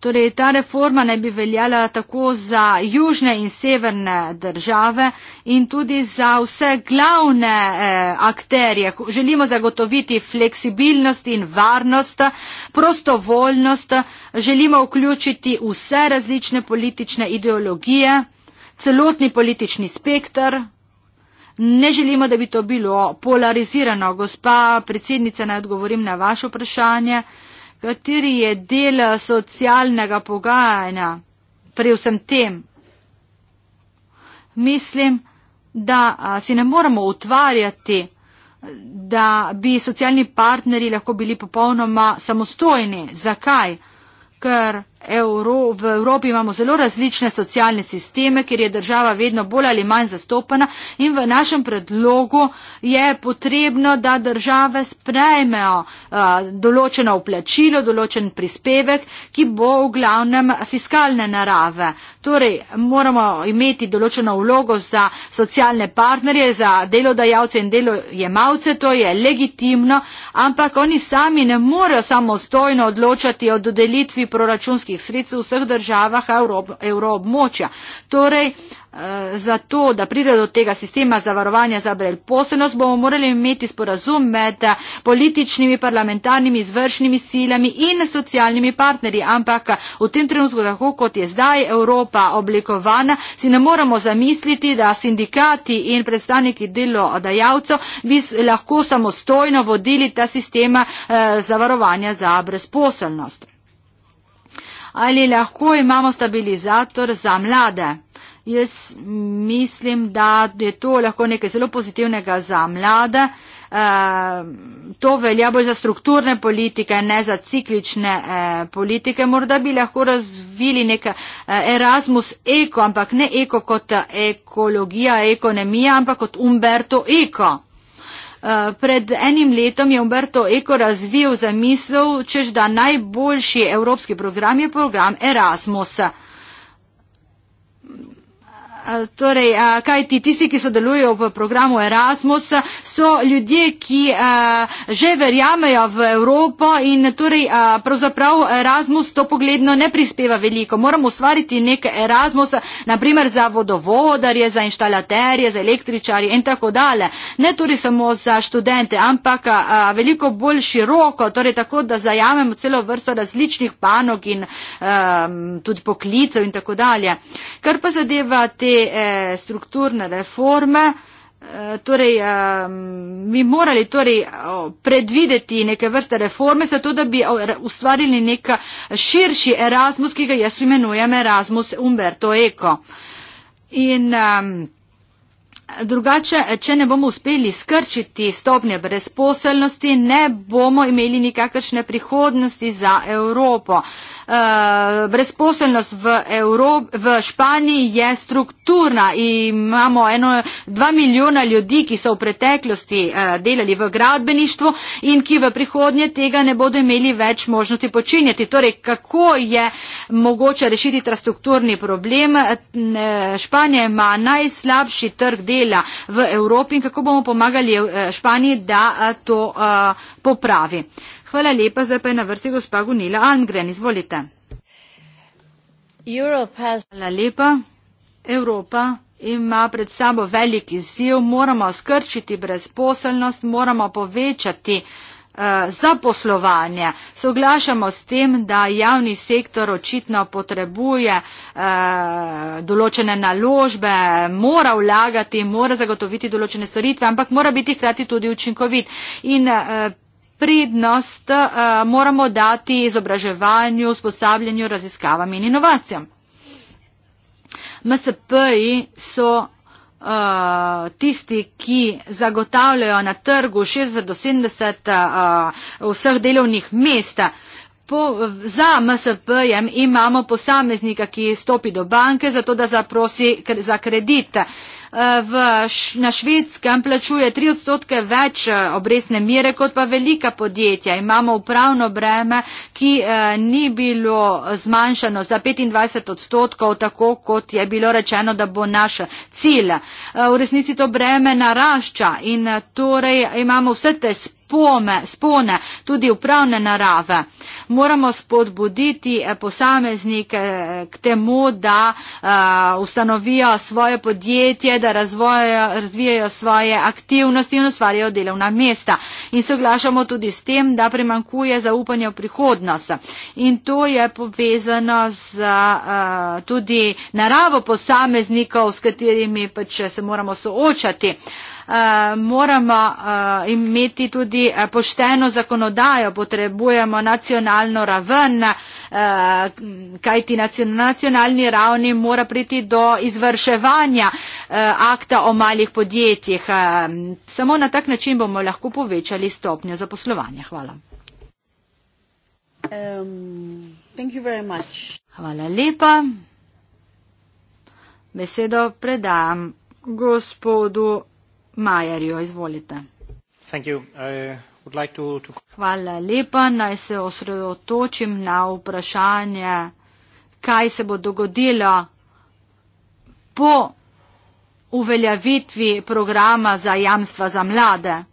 Speaker 1: Torej, ta reforma naj bi veljala tako za južne in severne države in tudi za vse glavne eh, akterje. Želimo zagotoviti fleksibilnost in varnost, prostovoljnost, želimo vključiti vse različne politične ideologije, celotni politični spektr. Ne želimo, da bi to bilo polarizirano. Gospa predsednica, naj odgovorim na vaše vprašanje kateri je del eh, socialnega pogajanja pri vsem tem. Mislim, da a, eh, si ne moramo utvarjati, da bi socialni partneri lahko bili popolnoma samostojni. Zakaj? Ker Euro, v Evropi imamo zelo različne socialne sisteme, kjer je država vedno bolj ali manj zastopana in v našem predlogu je potrebno, da države sprejmejo uh, določeno vplačilo, določen prispevek, ki bo v glavnem fiskalne narave. Torej, moramo imeti določeno vlogo za socialne partnerje, za delodajalce in delojemalce, to je legitimno, ampak oni sami ne morejo samostojno odločati o dodelitvi proračunskih evropskih sredstev v vseh državah evroobmočja. Torej, eh, zato, da pride do tega sistema zavarovanja za brezposelnost, bomo morali imeti sporazum med eh, političnimi, parlamentarnimi, izvršnimi silami in socialnimi partnerji. Ampak eh, v tem trenutku, tako kot je zdaj Evropa oblikovana, si ne moramo zamisliti, da sindikati in predstavniki delodajalcev bi lahko samostojno vodili ta sistema zavarovanja za brezposelnost ali lahko imamo stabilizator za mlade. Jaz mislim, da je to lahko nekaj zelo pozitivnega za mlade. E, to velja bolj za strukturne politike, ne za ciklične e, politike. Morda bi lahko razvili nek e, eh, Erasmus eko, ampak ne eko kot ekologija, ekonomija, ampak kot Umberto eko. Eh, pred enim letom je Umberto Eko razvil zamisel, čež da najboljši evropski program je program Erasmus. Torej, kaj ti tisti, ki sodelujejo v programu Erasmus, so ljudje, ki že verjamejo v Evropo in torej pravzaprav Erasmus to pogledno ne prispeva veliko. Moramo ustvariti nek Erasmus, naprimer za vodovodarje, za inštalaterje, za električarje in tako dalje. Ne torej samo za študente, ampak veliko bolj široko, torej tako, da zajamemo celo vrsto različnih panog in tudi poklicev in tako dalje. Kar pa zadeva te je eh, strukturna reforma. Eh, torej, mi eh, morali torej predvideti neke vrste reforme, zato da bi ustvarili nek širši Erasmus, ki ga jaz imenujem Erasmus Umberto Eco. In, um, Drugače, če ne bomo uspeli skrčiti stopnje brezposelnosti, ne bomo imeli nikakršne prihodnosti za Evropo. E, brezposelnost v, Evrop, v Španiji je strukturna. Imamo eno, dva milijona ljudi, ki so v preteklosti e, delali v gradbeništvu in ki v prihodnje tega ne bodo imeli več možnosti počinjati. Torej, kako je mogoče rešiti ta strukturni problem? E, Španija ima najslabši trg dela dela v Evropi in kako bomo pomagali eh, Španiji, da eh, to eh, popravi. Hvala lepa, zdaj pa je na vrsti gospa Gunila Angren, izvolite. Has... Hvala lepa. Evropa ima pred sabo veliki ziv, moramo skrčiti brezposelnost, moramo povečati uh, Eh, zaposlovanje. Soglašamo s tem, da javni sektor očitno potrebuje eh, določene naložbe, mora vlagati, mora zagotoviti določene storitve, ampak mora biti hkrati tudi učinkovit. In eh, prednost moramo dati izobraževanju, usposabljanju, raziskavam in inovacijam. MSP-ji so uh, tisti, ki zagotavljajo na trgu 60 do 70 uh, eh, vseh delovnih mest. Po, za MSP-jem imamo posameznika, ki stopi do banke, zato da zaprosi za kredit. Uh, Eh, v, na Švedskem plačuje tri odstotke več eh, obresne mere kot pa velika podjetja. Imamo upravno breme, ki eh, ni bilo zmanjšano za 25 odstotkov, tako kot je bilo rečeno, da bo naš cilj. V resnici to breme narašča in torej imamo vse te spremembe spome, spone, tudi upravne narave. Moramo spodbuditi eh, posameznike eh, k temu, da eh, ustanovijo svoje podjetje, da razvojo, razvijajo svoje aktivnosti in ustvarjajo delovna mesta. In soglašamo tudi s tem, da premankuje zaupanje v prihodnost. In to je povezano z tudi naravo posameznikov, s katerimi pač se moramo soočati. Eh, moramo eh, imeti tudi eh, pošteno zakonodajo, potrebujemo nacionalno raven, kajti na nacionalni ravni mora priti do izvrševanja akta o malih podjetjih. Samo na tak način bomo lahko povečali stopnjo zaposlovanja. Hvala.
Speaker 3: Um,
Speaker 1: Hvala lepa. Besedo predam gospodu Majerjo. Izvolite.
Speaker 2: Thank you. I would like to, to...
Speaker 1: Hvala lepa. Naj se osredotočim na vprašanje, kaj se bo dogodilo po uveljavitvi programa za jamstva za mlade.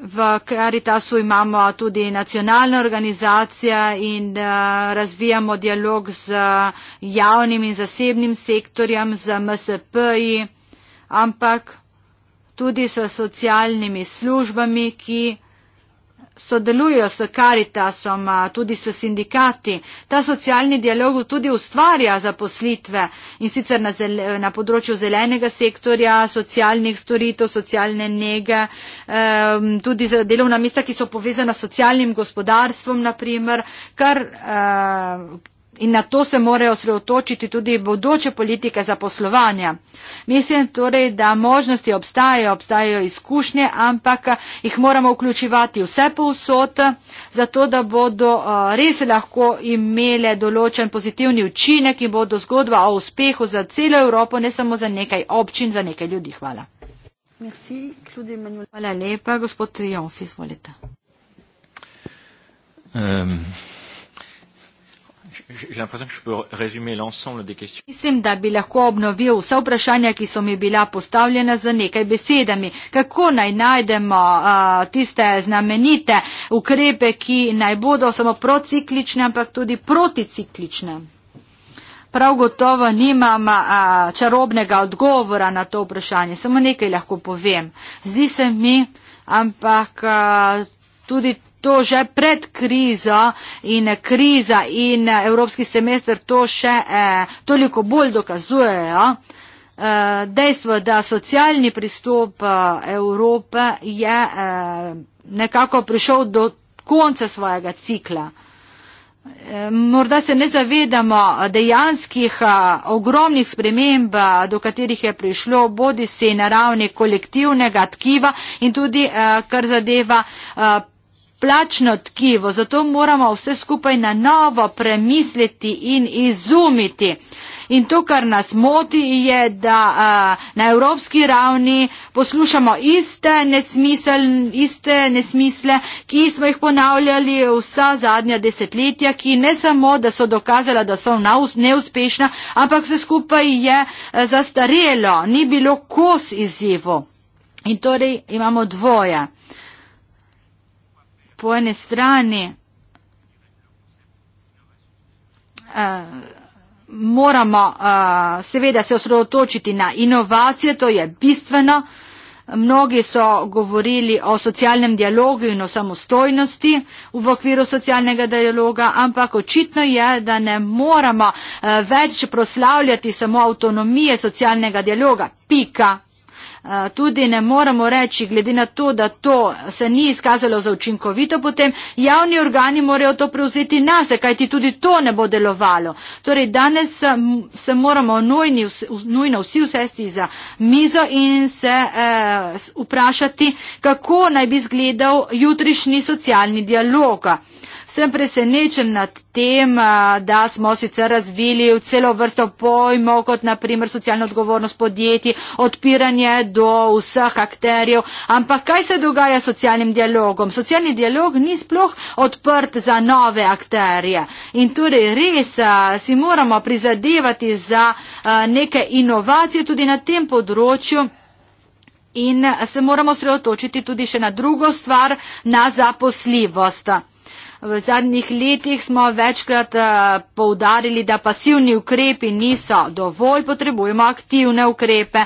Speaker 1: V Karitasu imamo tudi nacionalno organizacijo in uh, razvijamo dialog z uh, javnim in zasebnim sektorjem, z MSP-ji, ampak tudi s socialnimi službami, ki sodelujejo s Karitasom, tudi s sindikati. Ta socialni dialog tudi ustvarja zaposlitve in sicer na, zel, na področju zelenega sektorja, socialnih storitev, socialne nege, tudi za delovna mesta, ki so povezana s socialnim gospodarstvom, naprimer, kar in na to se morajo osredotočiti tudi bodoče politike zaposlovanja. Mislim torej, da možnosti obstajajo, obstajajo izkušnje, ampak jih moramo vključivati vse povsod, zato da bodo eh, res lahko imele določen pozitivni učinek in bodo zgodba o uspehu za celo Evropo, ne samo za nekaj občin, za nekaj ljudi. Hvala. Merci, Hvala lepa, gospod Jonfi, izvolite.
Speaker 3: Um.
Speaker 2: J'ai l'impression que je peux résumer l'ensemble des questions.
Speaker 1: Mislim, da bi lahko obnovil vsa vprašanja, ki so mi bila postavljena za nekaj besedami. Kako naj najdemo uh, tiste znamenite ukrepe, ki naj bodo samo prociklične, ampak tudi proticiklične? Prav gotovo nimam a, čarobnega odgovora na to vprašanje, samo nekaj lahko povem. Zdi se mi, ampak a, tudi to že pred krizo in kriza in eh, evropski semester to še eh, toliko bolj dokazujejo. Eh, dejstvo, da socialni pristop eh, Evrope je eh, nekako prišel do konca svojega cikla. Eh, morda se ne zavedamo dejanskih ogromnih sprememb, do katerih je prišlo, bodi se na ravni kolektivnega tkiva in tudi kar zadeva plačno tkivo, zato moramo vse skupaj na novo premisliti in izumiti. In to, kar nas moti, je, da a, na evropski ravni poslušamo iste, nesmisel, iste nesmisle, ki smo jih ponavljali vsa zadnja desetletja, ki ne samo, da so dokazala, da so naus, neuspešna, ampak vse skupaj je a, zastarelo, ni bilo kos izzivu. In torej imamo dvoja. A, po ene strani eh, moramo eh, seveda se osredotočiti na inovacije, to je bistveno. Mnogi so govorili o socialnem dialogu in o samostojnosti v okviru socialnega dialoga, ampak očitno je, da ne moramo eh, več proslavljati samo avtonomije socialnega dialoga. Pika. Eh, tudi ne moremo reči, glede na to, da to se ni izkazalo za učinkovito, potem javni organi morajo to prevzeti nase, kajti tudi to ne bo delovalo. Torej, danes se moramo nujni, nujno vsi usesti za mizo in se eh, vprašati, kako naj bi izgledal jutrišnji socialni dialog. Eh, Sem presenečen nad tem, da smo sicer razvili celo vrsto pojmov, kot naprimer socialna odgovornost podjetij, odpiranje do vseh akterjev, ampak kaj se dogaja s socialnim dialogom? Socialni dialog ni sploh odprt za nove akterje in torej res si moramo prizadevati za neke inovacije tudi na tem področju. In se moramo sredotočiti tudi še na drugo stvar, na zaposljivost. V zadnjih letih smo večkrat eh, poudarili, da pasivni ukrepi niso dovolj, potrebujemo aktivne ukrepe.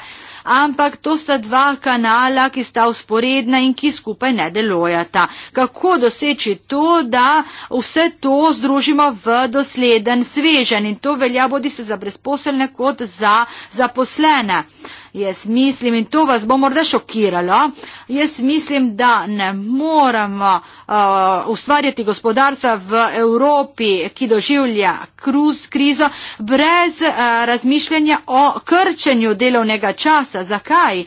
Speaker 1: Ampak to sta dva kanala, ki sta usporedna in ki skupaj ne delojata. Kako doseči to, da vse to združimo v dosleden svežen in to velja bodi se za brezposelne kot za zaposlene. Uh, Jaz mislim, in to vas bo morda šokiralo, jaz mislim, da ne moramo uh, eh, ustvarjati gospodarstva v Evropi, ki doživlja kruz, krizo, brez uh, razmišljanja o krčenju delovnega časa. Zakaj?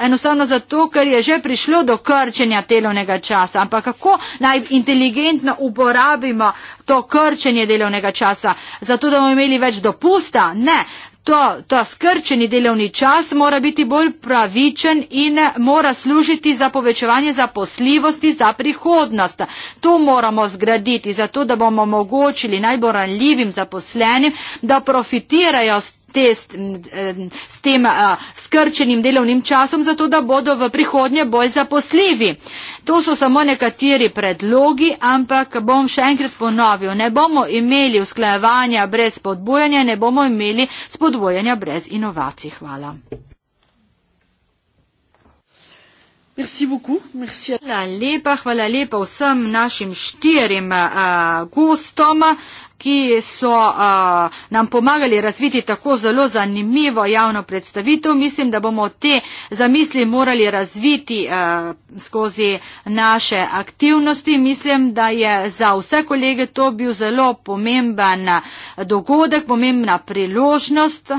Speaker 1: Enostavno zato, ker je že prišlo do krčenja delovnega časa. Ampak kako naj inteligentno uporabimo to krčenje delovnega časa? Zato, da bomo imeli več dopusta? Ne to, ta skrčeni delovni čas mora biti bolj pravičen in mora služiti za povečevanje zaposljivosti za prihodnost. To moramo zgraditi, zato da bomo omogočili najbolj ranljivim zaposlenim, da profitirajo s te, s, s tem skrčenim delovnim časom, zato da bodo v prihodnje bolj zaposljivi. To so samo nekateri predlogi, ampak bom še enkrat ponovil, ne bomo imeli usklajevanja brez spodbujanja, ne bomo imeli spodbujanja brez inovacij. Hvala. Merci beaucoup, merci. Hvala lepa, hvala lepa vsem našim štirim uh, gostom. Uh, ki so a, nam pomagali razviti tako zelo zanimivo javno predstavitev. Mislim, da bomo te zamisli morali razviti a, skozi naše aktivnosti. Mislim, da je za vse kolege to bil zelo pomemben dogodek, pomembna priložnost.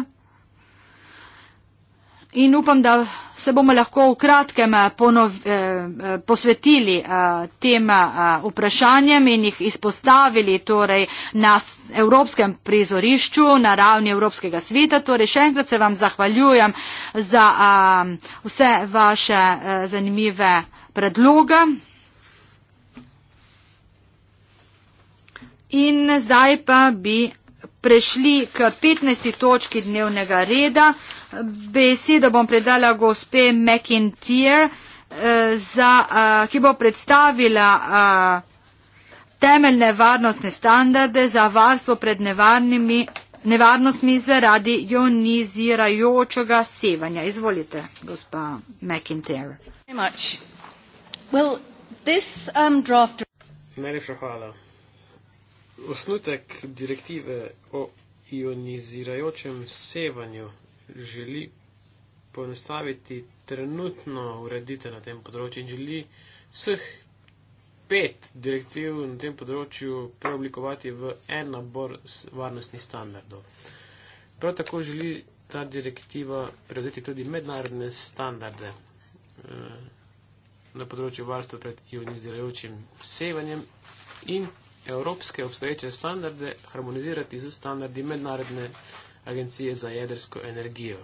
Speaker 1: In upam, da se bomo lahko v kratkem eh, ponov, eh, eh, posvetili eh, tem eh, vprašanjem in jih izpostavili torej, na evropskem prizorišču, na ravni Evropskega sveta. Torej, še enkrat se vam zahvaljujem za eh, vse vaše eh, zanimive predloge. In zdaj pa bi prešli k 15. točki dnevnega reda. Besedo bom predala gospe McIntyre, eh, eh, ki bo predstavila eh, temeljne varnostne standarde za varstvo pred nevarnimi, nevarnostmi zaradi ionizirajočega sevanja. Izvolite, gospa McIntyre. Um,
Speaker 2: Najlepša hvala. Osnutek direktive o ionizirajočem sevanju želi poenostaviti trenutno ureditev na tem področju in želi vseh pet direktiv na tem področju preoblikovati v en nabor varnostnih standardov. Prav tako želi ta direktiva prevzeti tudi mednarodne standarde eh, na področju varstva pred ionizirajočim sevanjem in evropske obstoječe standarde harmonizirati z standardi mednarodne agencije za jedrsko energijo.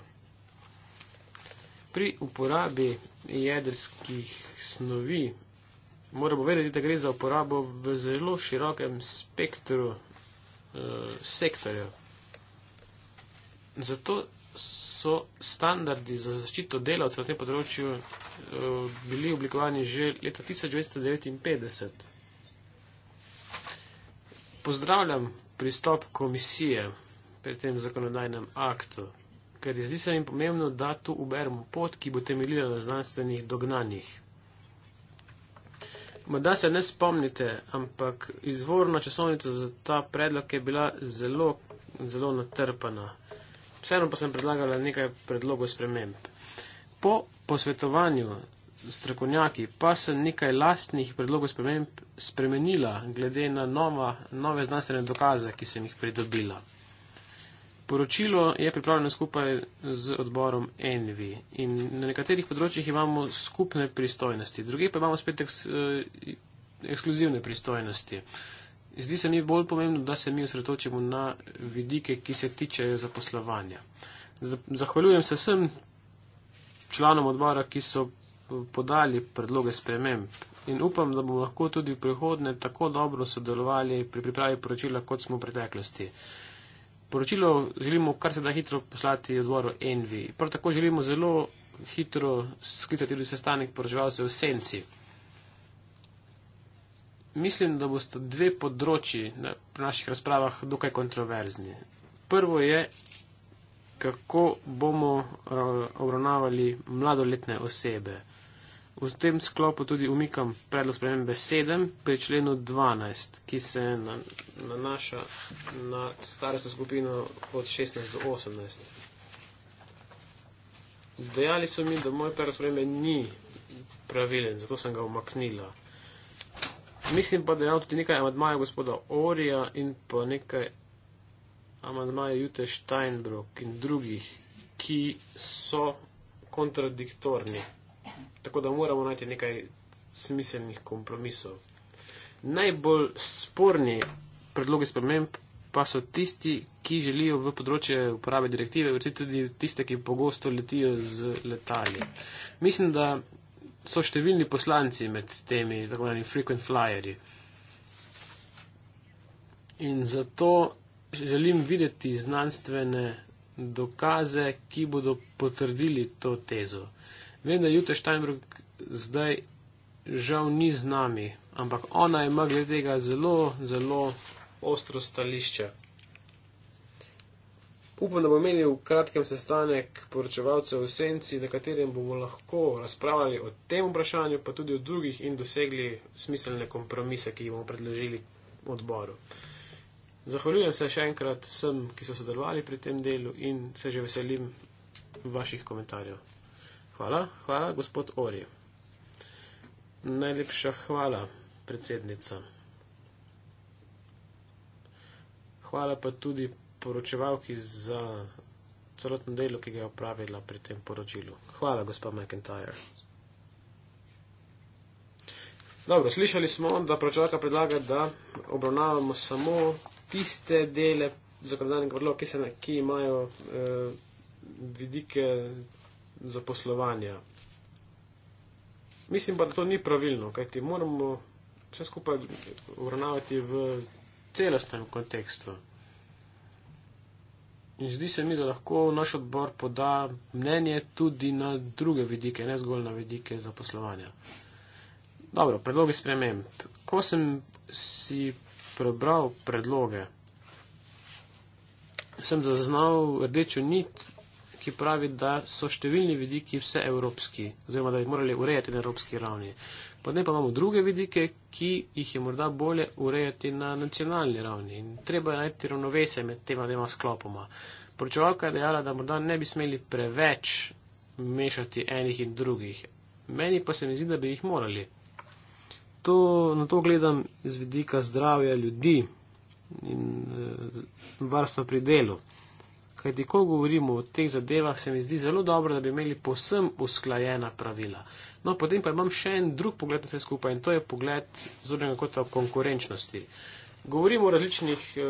Speaker 2: Pri uporabi jedrskih snovi moramo vedeti, da gre za uporabo v zelo širokem spektru e, sektorja. Zato so standardi za zaščito delavcev na tem področju e, bili oblikovani že leta 1959 pozdravljam pristop komisije pri tem zakonodajnem aktu, ker je zdi se mi pomembno, da tu uberemo pot, ki bo temeljila na znanstvenih dognanjih. Morda se ne spomnite, ampak izvorna časovnica za ta predlog je bila zelo, zelo natrpana. Vseeno pa sem predlagala nekaj predlogov sprememb. Po posvetovanju strokovnjaki, pa sem nekaj lastnih predlogov spremenila glede na nova, nove znanstvene dokaze, ki sem jih pridobila. Poročilo je pripravljeno skupaj z odborom ENVI in na nekaterih področjih imamo skupne pristojnosti, druge pa imamo spet eks, eh, ekskluzivne pristojnosti. Zdi se mi bolj pomembno, da se mi osredotočimo na vidike, ki se tičejo zaposlovanja. Zahvaljujem se vsem članom odbora, ki so podali predloge sprememb. In upam, da bomo lahko tudi v prihodnje tako dobro sodelovali pri pripravi poročila, kot smo v preteklosti. Poročilo želimo kar se da hitro poslati odboru Envi. Prav tako želimo zelo hitro sklicati tudi sestanek poročevalcev v Senci. Mislim, da boste dve področji na, pri naših razpravah dokaj kontroverzni. Prvo je, kako bomo obravnavali mladoletne osebe. V tem sklopu tudi umikam predlog spremembe 7 pri členu 12, ki se nanaša na starostno skupino od 16 do 18. Dejali so mi, da moj predlog spremembe ni pravilen, zato sem ga umaknila. Mislim pa, da je tudi nekaj amadmaja gospoda Orija in pa nekaj amadmaja Jute Steinbrook in drugih, ki so kontradiktorni. Tako da moramo najti nekaj smiselnih kompromisov. Najbolj sporni predlogi sprememb pa so tisti, ki želijo v področje uporabe direktive, vsi tudi tiste, ki pogosto letijo z letali. Mislim, da so številni poslanci med temi tako imenovanimi frequent flyerji. In zato želim videti znanstvene dokaze, ki bodo potrdili to tezo. Uh, Vem, da Jute Steinbrück zdaj žal ni z nami, ampak ona ima glede tega zelo, zelo ostro stališče. Upam, da bomo imeli v kratkem sestanek poročevalcev v senci, na katerem bomo lahko razpravljali o tem vprašanju, pa tudi o drugih in dosegli smiselne kompromise, ki jih bomo predložili odboru. Zahvaljujem se še enkrat vsem, ki so sodelovali pri tem delu in se že veselim vaših komentarjev. Hvala, hvala, gospod Ori. Najlepša hvala, predsednica. Hvala pa tudi poročevalki za celotno delo, ki ga je opravila pri tem poročilu. Hvala, gospod McIntyre. Dobro, slišali smo, da pročelaka predlaga, da obravnavamo samo tiste dele zakonodajnega vrlo, ki, ki imajo eh, vidike zaposlovanja. Mislim pa, da to ni pravilno, kajti moramo vse skupaj obravnavati v celostnem kontekstu. In zdi se mi, da lahko naš odbor poda mnenje tudi na druge vidike, ne zgolj na vidike zaposlovanja. Dobro, predlogi sprememb. Ko sem si prebral predloge, sem zaznal rdečo nit ki pravi, da so številni vidiki vse evropski, oziroma da bi morali urejati na evropski ravni. Potem pa imamo druge vidike, ki jih je morda bolje urejati na nacionalni ravni. In treba je najti ravnovesje med tema dvema sklopoma. Poročevalka je dejala, da morda ne bi smeli preveč mešati enih in drugih. Meni pa se mi zdi, da bi jih morali. To, na to gledam z vidika zdravja ljudi in eh, varstva pri delu. Kajti, ko govorimo o teh zadevah, se mi zdi zelo dobro, da bi imeli posem usklajena pravila. No, potem pa imam še en drug pogled na vse skupaj in to je pogled z urnega kota konkurenčnosti. Govorimo o različnih eh,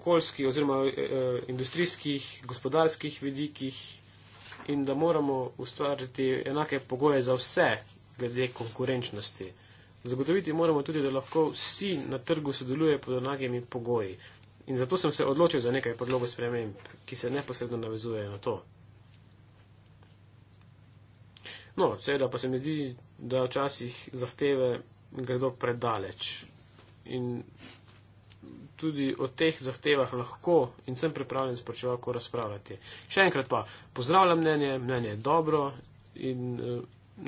Speaker 2: okoljskih oziroma eh, eh, industrijskih, gospodarskih vidikih in da moramo ustvariti enake pogoje za vse glede konkurenčnosti. Zagotoviti moramo tudi, da lahko vsi na trgu sodelujejo pod enakimi pogoji. In zato sem se odločil za nekaj podlogo sprememb, ki se neposredno navezujejo na to. No, seveda pa se mi zdi, da včasih zahteve gredo predaleč. In tudi o teh zahtevah lahko in sem pripravljen spočevalko razpravljati. Še enkrat pa, pozdravljam mnenje, mnenje je dobro in eh,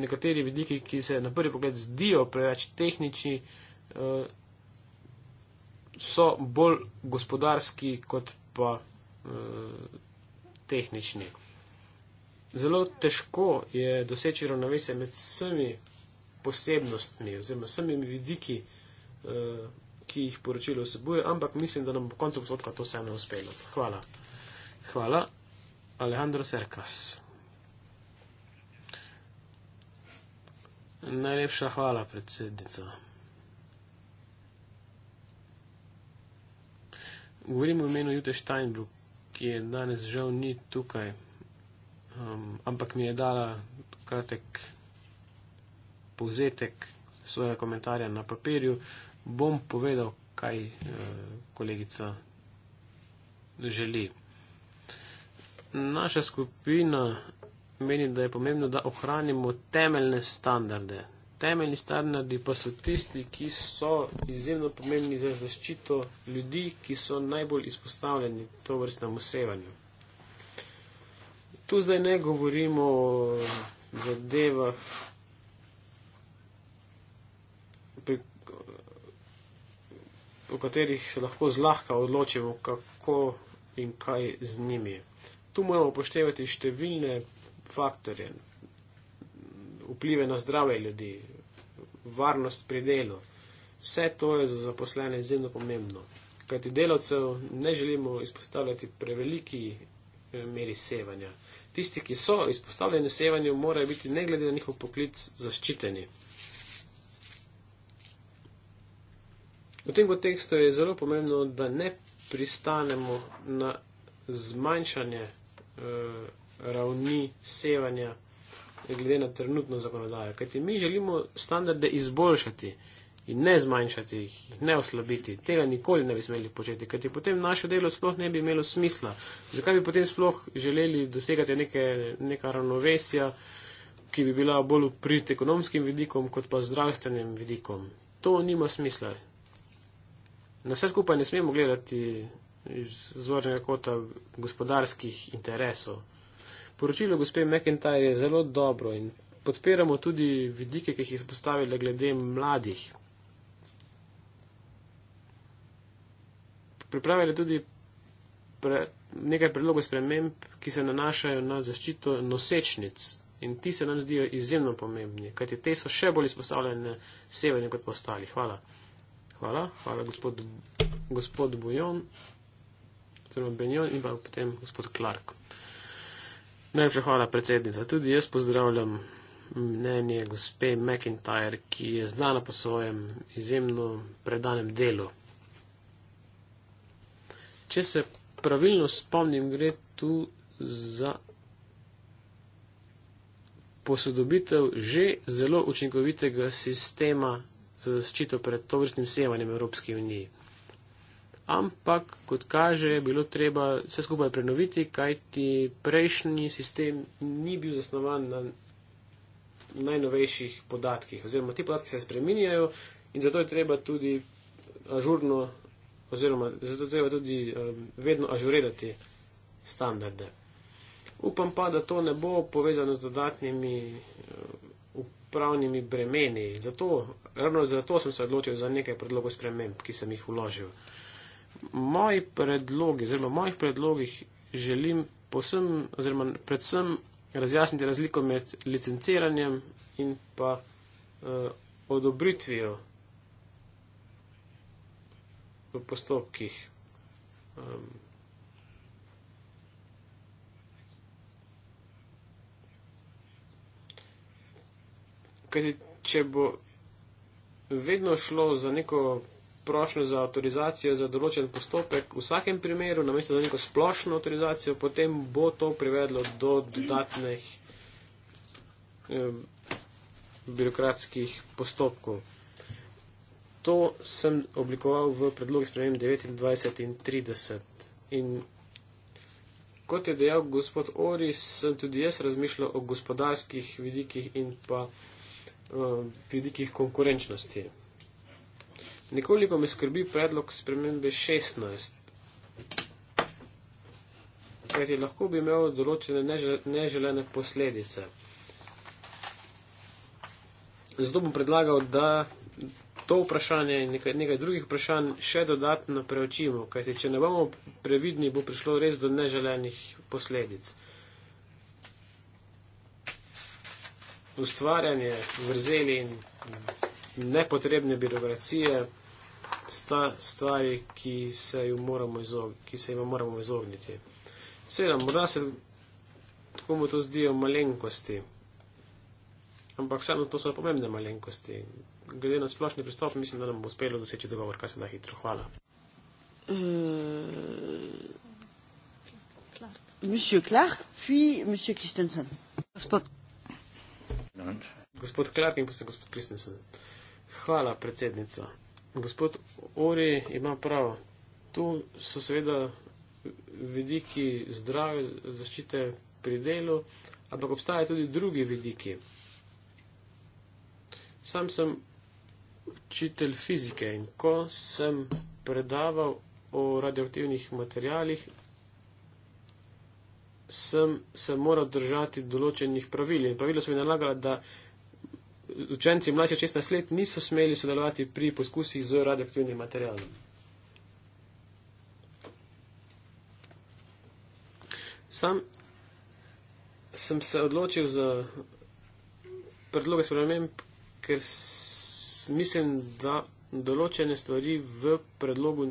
Speaker 2: nekateri vidiki, ki se na prvi pogled zdijo preveč tehnični, eh, so bolj gospodarski kot pa eh, tehnični. Zelo težko je doseči ravnovesje med vsemi posebnostmi oziroma vsemi vidiki, eh, ki jih poročilo vsebuje, ampak mislim, da nam bo koncu postopka to vseeno uspelo. Hvala. Hvala. Alejandro Serkas. Najlepša hvala, predsednica. Govorim o imenu Jute Steinbrück, ki je danes žal ni tukaj, um, ampak mi je dala kratek povzetek svojega komentarja na papirju. Bom povedal, kaj uh, kolegica želi. Naša skupina meni, da je pomembno, da ohranimo temeljne standarde temeljni standardi pa so tisti, ki so izjemno pomembni za zaščito ljudi, ki so najbolj izpostavljeni to vrstnemu sevanju. Tu zdaj ne govorimo o zadevah, pri, o katerih lahko zlahka odločimo, kako in kaj z njimi. Tu moramo poštevati številne faktorje, vplive na zdrave ljudi, varnost pri delu. Vse to je za zaposlene izjemno pomembno, kajti delavcev ne želimo izpostavljati preveliki eh, meri sevanja. Tisti, ki so izpostavljeni sevanju, morajo biti ne glede na njihov poklic zaščiteni. V tem kontekstu je zelo pomembno, da ne pristanemo na zmanjšanje eh, ravni sevanja glede na trenutno zakonodajo. Kajti mi želimo standarde izboljšati in ne zmanjšati jih, ne oslabiti. Tega nikoli ne bi smeli početi, kajti potem naše delo sploh ne bi imelo smisla. Zakaj bi potem sploh želeli dosegati neke, neka ravnovesja, ki bi bila bolj prid ekonomskim vidikom, kot pa zdravstvenim vidikom? To nima smisla. Na vse skupaj ne smemo gledati iz zornega kota gospodarskih interesov. Poročilo gospe McIntyre je zelo dobro in podpiramo tudi vidike, ki jih izpostavila glede mladih. Pripravili tudi pre, nekaj predlogov sprememb, ki se nanašajo na zaščito nosečnic in ti se nam zdijo izjemno pomembni, kajti te so še bolj izpostavljene severne kot postali. Hvala. Hvala, hvala gospod, gospod Bujon, oziroma Benjon in pa potem gospod Clark. Najlepša hvala, predsednica. Tudi jaz pozdravljam mnenje gospe McIntyre, ki je znana po svojem izjemno predanem delu. Če se pravilno spomnim, gre tu za posodobitev že zelo učinkovitega sistema za zaščito pred tovrstnim sevanjem Evropske unije ampak kot kaže, je bilo treba vse skupaj prenoviti, kajti prejšnji sistem ni bil zasnovan na najnovejših podatkih. Oziroma, ti podatki se spreminjajo in zato je treba tudi ažurno, oziroma zato je treba tudi um, vedno ažuredati standarde. Upam pa, da to ne bo povezano z dodatnimi uh, upravnimi bremeni. Zato, ravno zato sem se odločil za nekaj predlogov sprememb, ki sem jih vložil moji predlogi, oziroma v mojih predlogih želim posem, oziroma predvsem razjasniti razliko med licenciranjem in pa uh, odobritvijo v postopkih. Um, Kaj, če bo vedno šlo za neko prošlo za avtorizacijo za določen postopek v vsakem primeru, namesto za neko splošno avtorizacijo, potem bo to privedlo do dodatnih eh, birokratskih postopkov. To sem oblikoval v predlogu spremem 29 in 30. In kot je dejal gospod Ori, sem tudi jaz razmišljal o gospodarskih vidikih in pa eh, vidikih konkurenčnosti. Nekoliko me skrbi predlog spremembe 16, ker je lahko bi imel določene neželene posledice. Zato bom predlagal, da to vprašanje in nekaj, nekaj drugih vprašanj še dodatno preučimo, kajti če ne bomo previdni, bo prišlo res do neželenih posledic. Ustvarjanje vrzeli in nepotrebne birokracije sta, stvari, ki se, izog, ki se jima moramo izogniti. Seveda, morda se tako mu to zdijo malenkosti, ampak vseeno to so pomembne malenkosti. Glede na splošni pristop, mislim, da nam bo uspelo doseči dogovor, kar se da hitro. Hvala.
Speaker 1: Eh,
Speaker 2: gospod Clark in potem gospod Kristensen. Hvala, predsednica gospod Ori ima prav. Tu so seveda vidiki zdrave zaščite pri delu, ampak obstajajo tudi drugi vidiki. Sam sem učitelj fizike in ko sem predaval o radioaktivnih materijalih, sem se moral držati določenih pravil. In pravila so mi nalagala, da učenci mlajši 16 let niso smeli sodelovati pri poskusih z radioaktivnim materialom. Sam sem se odločil za predloge sprememb, ker mislim, da določene stvari v predlogu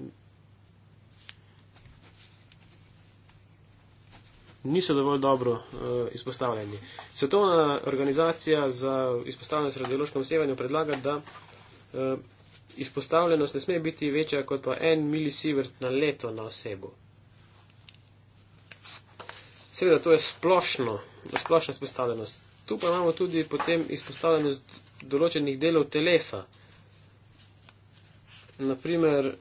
Speaker 2: niso dovolj dobro uh, izpostavljeni. Svetovna organizacija za izpostavljenost radiološkem sevanju predlaga, da uh, izpostavljenost ne sme biti večja kot pa en milisivert na leto na osebo. Seveda, to je splošno, splošna izpostavljenost. Tu pa imamo tudi potem izpostavljenost določenih delov telesa. Naprimer,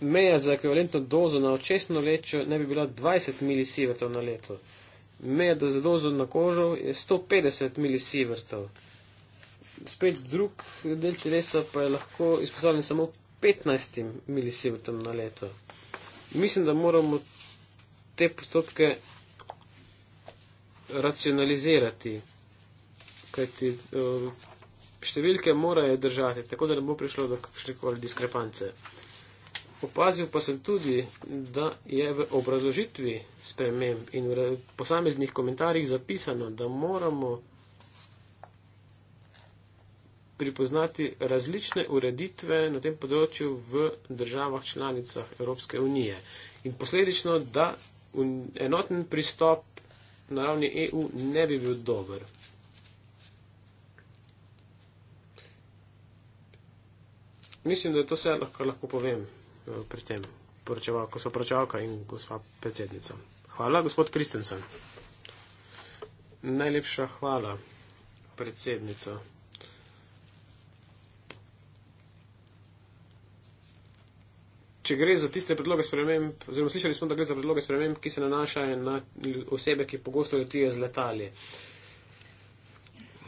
Speaker 2: meja za ekvivalentno dozo na očesno lečo ne bi bila 20 mSv na leto. Meja za dozo na kožo je 150 mSv. Spet drug del telesa pa je lahko izpostavljen samo 15 mSv na leto. Mislim, da moramo te postopke racionalizirati, kajti eh, številke morajo držati, tako da ne bo prišlo do kakšne koli diskrepance opazil pa sem tudi, da je v obrazložitvi sprememb in v posameznih komentarjih zapisano, da moramo pripoznati različne ureditve na tem področju v državah članicah Evropske unije. In posledično, da enoten pristop na ravni EU ne bi bil dober. Mislim, da je to vse, kar lahko povem. Eh, pri tem, ko so poročevalka in gospa predsednica. Hvala, gospod Kristensen. Najlepša hvala, predsednica. Če gre za tiste predloge sprememb, oziroma slišali smo, da gre za predloge sprememb, ki se nanašajo na osebe, ki pogosto letijo z letali.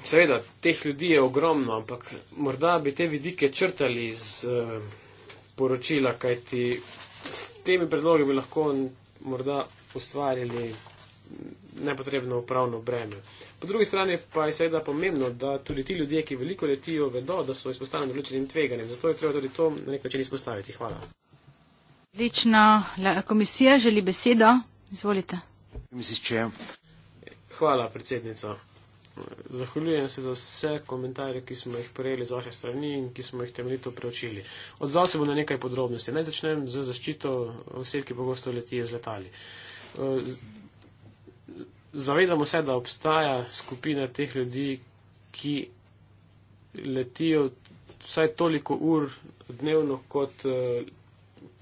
Speaker 2: Seveda, teh ljudi je ogromno, ampak morda bi te vidike črtali z. Uh, poročila, kajti s temi predlogi bi lahko morda ustvarili nepotrebno upravno breme. Po drugi strani pa je seveda pomembno, da tudi ti ljudje, ki veliko letijo, vedo, da so izpostavljeni določenim tveganjem. Zato je treba tudi to na nek način izpostaviti. Hvala.
Speaker 1: Lična komisija želi besedo. Izvolite.
Speaker 2: Hvala, predsednica. Zahvaljujem se za vse komentarje, ki smo jih prejeli z vaše strani in ki smo jih temeljito preučili. Odzval se bom na nekaj podrobnosti. Naj začnem z zaščito oseb, ki pogosto letijo z letali. E, zavedamo se, da obstaja skupina teh ljudi, ki letijo vsaj toliko ur dnevno kot e,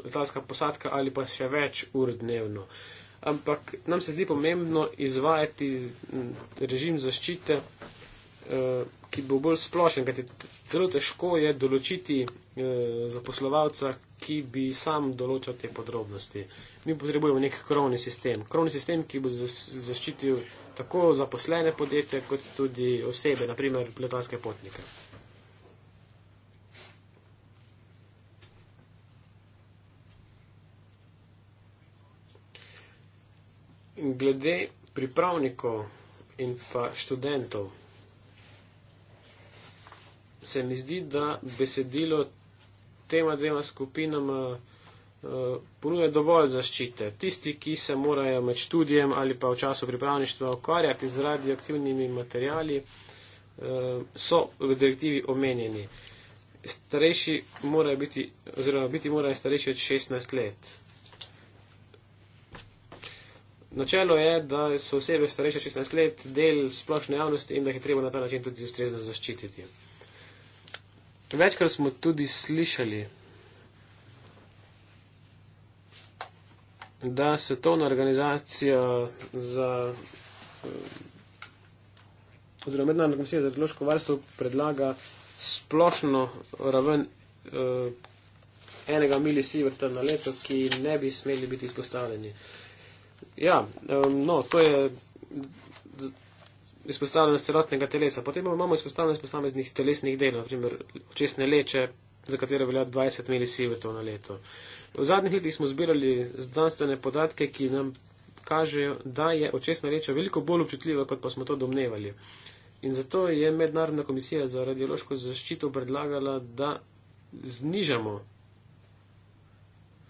Speaker 2: letalska posadka ali pa še več ur dnevno. Uh, ampak nam se zdi pomembno izvajati mm, režim zaščite, eh, ki bo bolj splošen, kajti zelo težko je določiti eh, zaposlovalca, ki bi sam določal te podrobnosti. Mi potrebujemo nek krovni sistem. Krovni sistem, ki bo zaščitil tako zaposlene podjetja, kot tudi osebe, naprimer letalske potnike. glede pripravnikov in pa študentov, se mi zdi, da besedilo tema dvema skupinama eh, ponuja dovolj zaščite. Tisti, ki se morajo med študijem ali pa v času pripravništva okvarjati z radioaktivnimi materijali, eh, so v direktivi omenjeni. Starejši morajo biti, oziroma biti morajo starejši od 16 let. Načelo je, da so osebe starejše 16 let del splošne javnosti in da jih je treba na ta način tudi ustrezno zaščititi. Večkrat smo tudi slišali, da svetovna organizacija za oziroma mednarodna organizacija za ekološko varstvo predlaga splošno raven eh, enega milisiverta na leto, ki ne bi smeli biti izpostavljeni. Eh, Ja, um, no, to je izpostavljenost celotnega telesa. Potem imamo izpostavljenost posameznih telesnih delov, naprimer očesne leče, za katere velja 20 mSv na leto. V zadnjih letih smo zbirali znanstvene podatke, ki nam kažejo, da je očesna leča veliko bolj občutljiva, kot pa smo to domnevali. In zato je Mednarodna komisija za radiološko zaščito predlagala, da znižamo,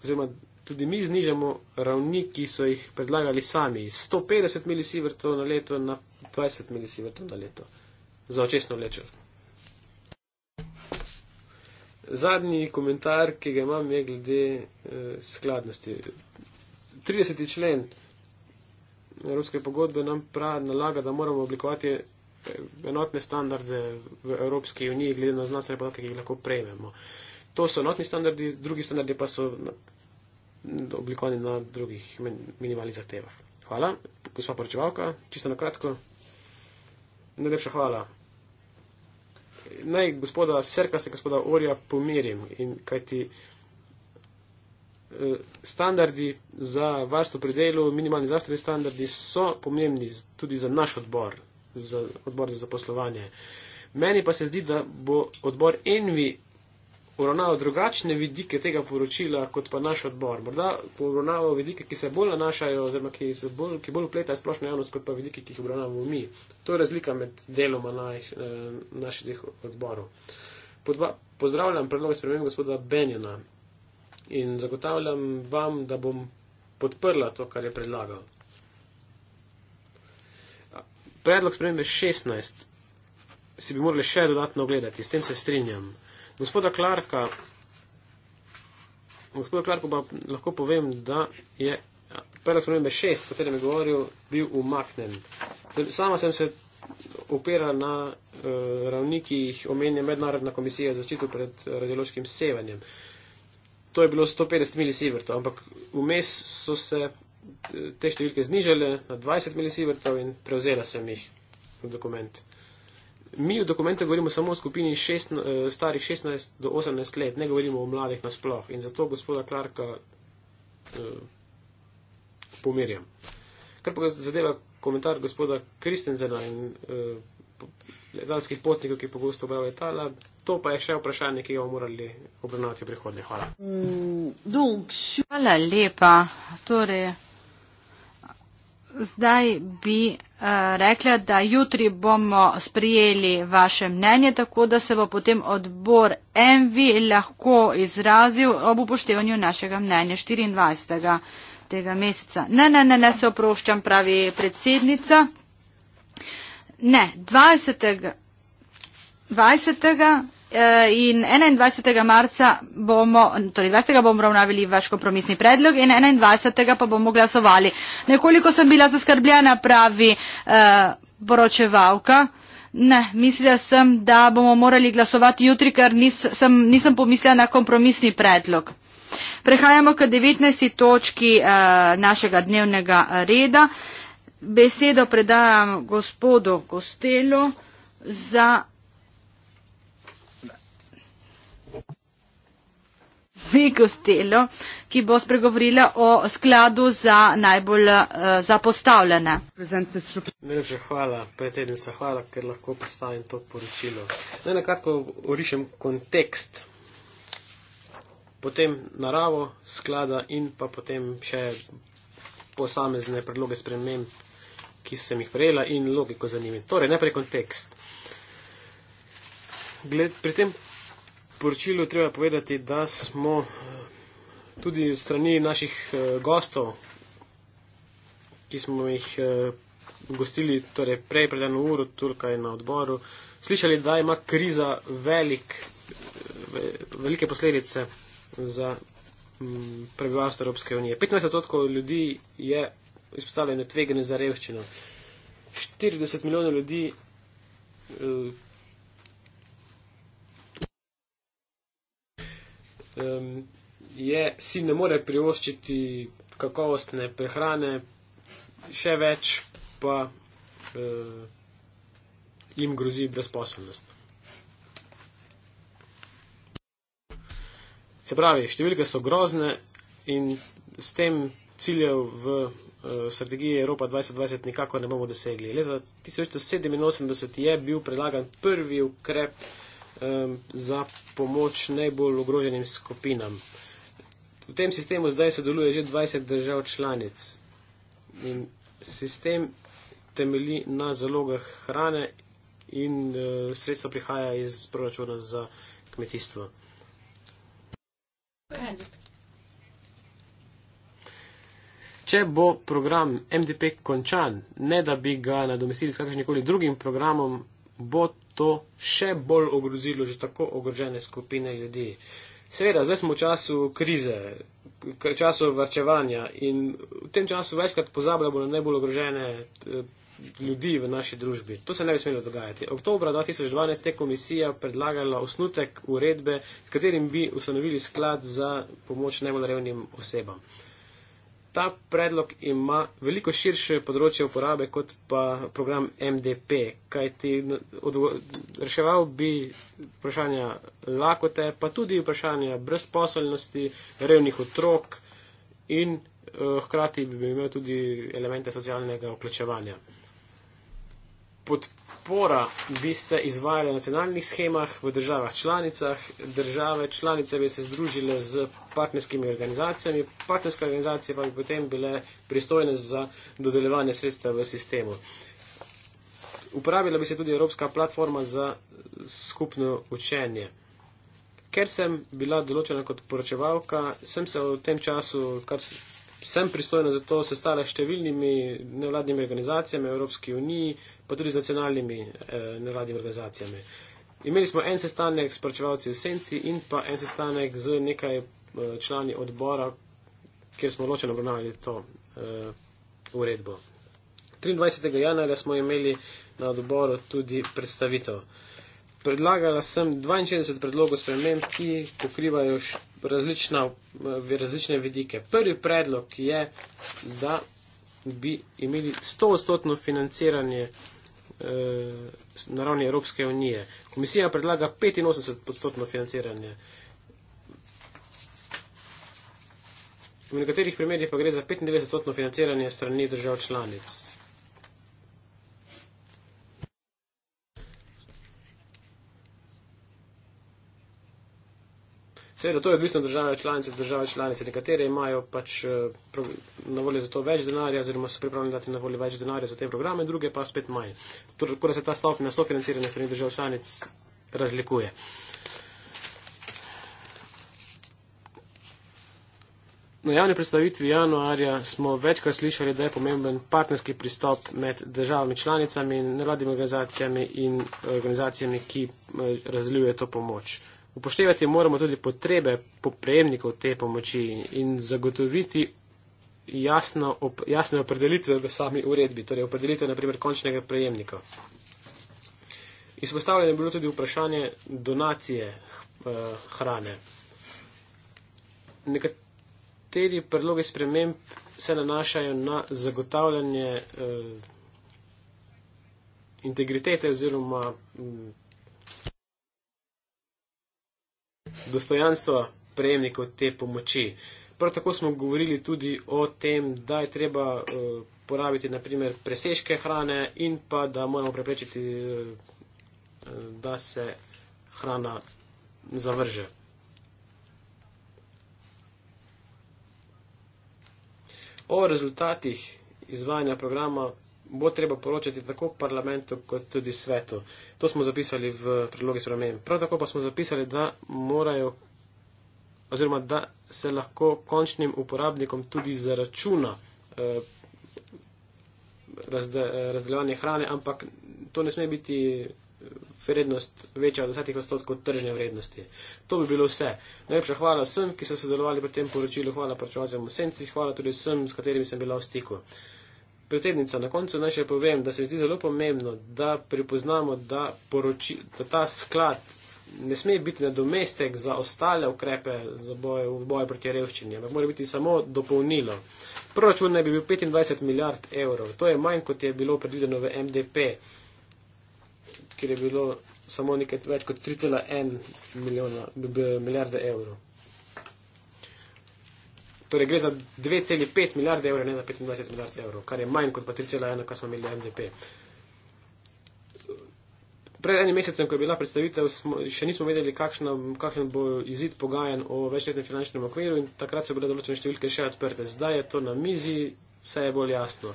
Speaker 2: oziroma tudi mi znižamo ravni, ki so jih predlagali sami, iz 150 milisivrtov na leto na 20 milisivrtov na leto za očesno lečo. Zadnji komentar, ki ga imam, je glede eh, skladnosti. 30. člen Evropske pogodbe nam pravi nalaga, da moramo oblikovati eh, enotne standarde v Evropski uniji, glede na znanstvene podatke, ki jih lahko prejmemo. To so enotni standardi, drugi standardi pa so oblikovani na drugih minimalnih zahtevah. Hvala, gospa poročevalka, čisto na kratko. Najlepša hvala. Naj gospoda Serka se gospoda Orja pomirim, in, kajti eh, standardi za varstvo pri delu, minimalni zdravstveni standardi so pomembni tudi za naš odbor, za odbor za zaposlovanje. Meni pa se zdi, da bo odbor Envi uravnavajo drugačne vidike tega poročila, kot pa naš odbor. Morda uravnavajo vidike, ki se bolj nanašajo, oziroma ki, bolj, ki bolj upletajo splošno javnost, kot pa vidike, ki jih obravnavamo mi. To je razlika med deloma na, eh, naših odborov. Podba, pozdravljam predloge spremem gospoda Benjana in zagotavljam vam, da bom podprla to, kar je predlagal. Predlog spremembe 16 si bi morali še dodatno ogledati, s tem se strinjam gospoda Clarka, gospoda Clarka pa lahko povem, da je prva sprememba šest, o katerem je govoril, bil umaknen. Sama sem se opira na uh, ravni, ki jih omenja Mednarodna komisija za zaščito pred eh, radiološkim sevanjem. To je bilo 150 mSv, ampak vmes so se eh, te številke znižale na 20 mSv in prevzela sem jih v dokument mi v dokumentu govorimo samo o skupini šest, eh, starih 16 do 18 let, ne govorimo o mladih nasploh. In zato gospoda Klarka eh, pomirjam. Kar pa zadeva komentar gospoda Kristensena in eh, letalskih potnikov, ki pogosto obravajo letala, to pa je še vprašanje, ki ga bomo morali obravnavati v prihodnje. Hvala.
Speaker 1: Mm, Hvala lepa. Torej. Zdaj bi uh, rekla, da jutri bomo sprijeli vaše mnenje, tako da se bo potem odbor MV lahko izrazil ob upoštevanju našega mnenja 24. tega meseca. Ne, ne, ne, ne se oproščam, pravi predsednica. Ne, 20. 20. Eh, in 21. marca bomo, torej 20. bomo ravnavili vaš kompromisni predlog in 21. pa bomo glasovali. Nekoliko sem bila zaskrbljena, pravi eh, poročevalka. Uh, Ne, mislila sem, da bomo morali glasovati jutri, ker nisem, nisem pomislila na kompromisni predlog. Prehajamo k 19. točki eh, našega dnevnega reda. Besedo predajam gospodu Kostelu za. Mi Gostelo, ki bo spregovorila o skladu za najbolj uh, zapostavljene.
Speaker 2: Najlepša hvala, predsednica, hvala, ker lahko predstavim to poročilo. Naj nakratko orišem kontekst, potem naravo sklada in pa potem še posamezne predloge sprememb, ki sem jih prejela in logiko zanimim. Torej, najprej kontekst. Gled, pri tem poročilu treba povedati, da smo eh, tudi strani naših eh, gostov, ki smo jih eh, gostili torej prej pred eno uro tukaj na odboru, slišali, da ima kriza velik, velike posledice za mm, prebivalstvo Evropske unije. 15% ljudi je izpostavljeno tvegane za revščino. 40 milijonov ljudi um, je, si ne more privoščiti kakovostne prehrane, še več pa uh, jim grozi brezposobnost. Se pravi, številke so grozne in s tem ciljev v uh, strategiji Evropa 2020 nikako ne bomo dosegli. Leta 1987 je bil predlagan prvi ukrep uh, za pomoč najbolj ogroženim skupinam. V tem sistemu zdaj sodeluje že 20 držav članic. In sistem temeli na zalogah hrane in uh, sredstva prihaja iz proračuna za kmetijstvo. Če bo program MDP končan, ne da bi ga nadomestili s kakršnikoli drugim programom, bo to še bolj ogrozilo že tako ogrožene skupine ljudi. Seveda, zdaj smo v času krize, v času vrčevanja in v tem času večkrat pozabljamo na najbolj ogrožene eh, ljudi v naši družbi. To se ne bi smelo dogajati. Oktobra 2012 je komisija predlagala osnutek uredbe, s katerim bi ustanovili sklad za pomoč najbolj revnim osebam ta predlog ima veliko širše področje uporabe kot pa program MDP, kajti reševal bi vprašanja lakote, pa tudi vprašanja brezposobnosti, revnih otrok in uh, hkrati bi imel tudi elemente socialnega vključevanja podpora bi se izvajala na nacionalnih schemah v državah članicah, države članice bi se združile z partnerskimi organizacijami, partnerske organizacije pa bi potem bile pristojne za dodeljevanje sredstev v sistemu. Uporabila bi se tudi Evropska platforma za skupno učenje. Ker sem bila določena kot poročevalka, sem se v tem času, kar sem pristojna za to, se stala številnimi nevladnimi organizacijami Evropske unije, pa tudi z nacionalnimi eh, nevladnimi organizacijami. Imeli smo en sestanek s pračevalci v Senci in pa en sestanek z nekaj eh, člani odbora, kjer smo ločeno obravnavali to eh, uredbo. 23. januarja smo imeli na odboru tudi predstavitev. Predlagala sem 62 predlogov sprememb, ki pokrivajo različna, eh, različne vidike. Prvi predlog je, da bi imeli 100-odstotno financiranje e, na ravni Evropske unije. Komisija predlaga 85-odstotno financiranje. V nekaterih primerjih pa gre za 95-odstotno financiranje strani držav članic. Seveda, to je odvisno od države članice, države članice. Nekatere imajo pač eh, na voljo za to več denarja, oziroma so pripravljene dati na voljo več denarja za te programe, druge pa spet manj. Torej, tako da se ta stopnja sofinanciranja strani držav članic razlikuje. Na javni predstavitvi januarja smo večkrat slišali, da je pomemben partnerski pristop med državami članicami, nevladnimi organizacijami in eh, organizacijami, ki eh, razdeljuje to pomoč. Upoštevati moramo tudi potrebe poprejemnikov te pomoči in zagotoviti jasno, op, jasne opredelitve v sami uredbi, torej opredelitve naprimer končnega prejemnika. Izpostavljeno je bilo tudi vprašanje donacije eh, hrane. Nekateri predlogi sprememb se nanašajo na zagotavljanje eh, integritete oziroma. Hm, dostojanstvo prejemnikov te pomoči. Prav tako smo govorili tudi o tem, da je treba eh, porabiti naprimer preseške hrane in pa da moramo preprečiti, eh, da se hrana zavrže. O rezultatih izvajanja programa bo treba poročati tako parlamentu kot tudi svetu. To smo zapisali v predlogi spremenjen. Prav tako pa smo zapisali, da morajo oziroma da se lahko končnim uporabnikom tudi zaračuna eh, razde, razdeljevanje hrane, ampak to ne sme biti vrednost večja od 10 odstotkov tržne vrednosti. To bi bilo vse. Najlepša hvala vsem, ki so sodelovali pri tem poročilu, hvala pračovalcem v Senci, hvala tudi vsem, s katerimi sem bila v stiku predsednica, na koncu naj še povem, da se mi zdi zelo pomembno, da pripoznamo, da, poroči, da ta sklad ne sme biti nadomestek za ostale ukrepe za boj, v boju proti revščini, ampak mora biti samo dopolnilo. Proračun naj bi bil 25 milijard evrov, to je manj, kot je bilo predvideno v MDP, kjer je bilo samo nekaj več kot 3,1 milijarde evrov. Torej gre za 2,5 milijarde evrov, ne za 25 milijard evrov, kar je manj kot pa 3,1, kar smo imeli MDP. Pred enim mesecem, ko je bila predstavitev, smo, še nismo vedeli, kakšna, kakšen bo izid pogajanj o večletnem finančnem okviru in takrat so bile določene številke še odprte. Zdaj je to na mizi, vse je bolj jasno.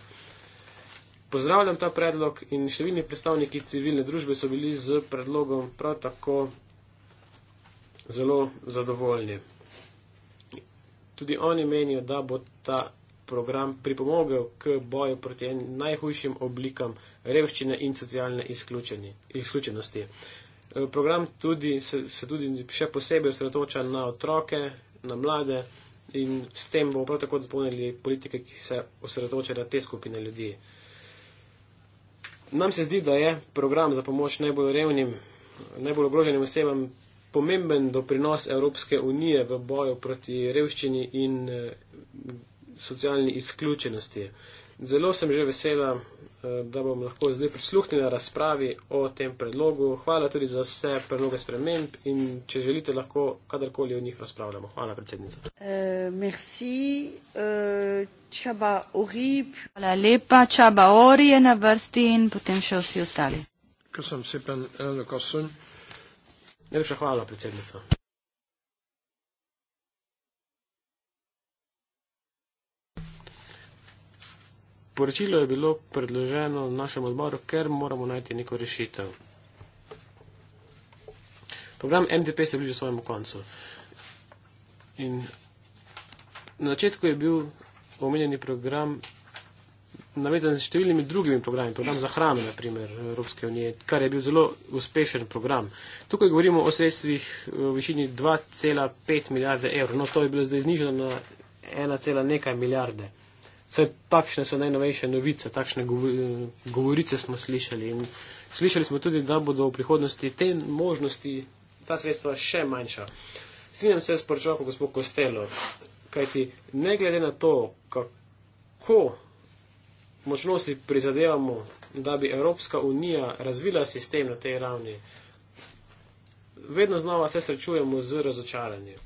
Speaker 2: Pozdravljam ta predlog in številni predstavniki civilne družbe so bili z predlogom prav tako zelo zadovoljni tudi oni menijo, da bo ta program pripomogel k boju proti enim najhujšim oblikam revščine in socialne izključenosti. E, program tudi, se, se tudi še posebej osredotoča na otroke, na mlade in s tem bomo prav tako zapolnili politike, ki se osredotočajo na te skupine ljudi. Nam se zdi, da je program za pomoč najbolj revnim, najbolj ogroženim osebam pomemben doprinos Evropske unije v boju proti revščini in eh, socialni izključenosti. Zelo sem že vesela, eh, da bom lahko zdaj prisluhnila razpravi o tem predlogu. Hvala tudi za vse predloge sprememb in če želite, lahko kadarkoli o njih razpravljamo. Hvala, predsednica.
Speaker 1: Eh, Hvala lepa. Čaba Ori je na vrsti in potem še vsi ostali.
Speaker 2: Ker sem sepen, eno kosem. Najlepša hvala, predsednica. Poročilo je bilo predloženo na našem odboru, ker moramo najti neko rešitev. Program MDP se bliža svojemu koncu. In na začetku je bil omenjeni program MDP navezan z številnimi drugimi programi, program za hrano, naprimer Evropske unije, kar je bil zelo uspešen program. Tukaj govorimo o sredstvih eh, v višini 2,5 milijarde evrov, no to je bilo zdaj znižano na 1, nekaj milijarde. Vse takšne so najnovejše novice, takšne eh, govorice smo slišali in slišali smo tudi, da bodo v prihodnosti te možnosti, ta sredstva še manjša. Strinjam se s poročavko gospod Kostelo, kajti ne glede na to, kako Močno si prizadevamo, da bi Evropska unija razvila sistem na tej ravni. Vedno znova se srečujemo z razočaranjem.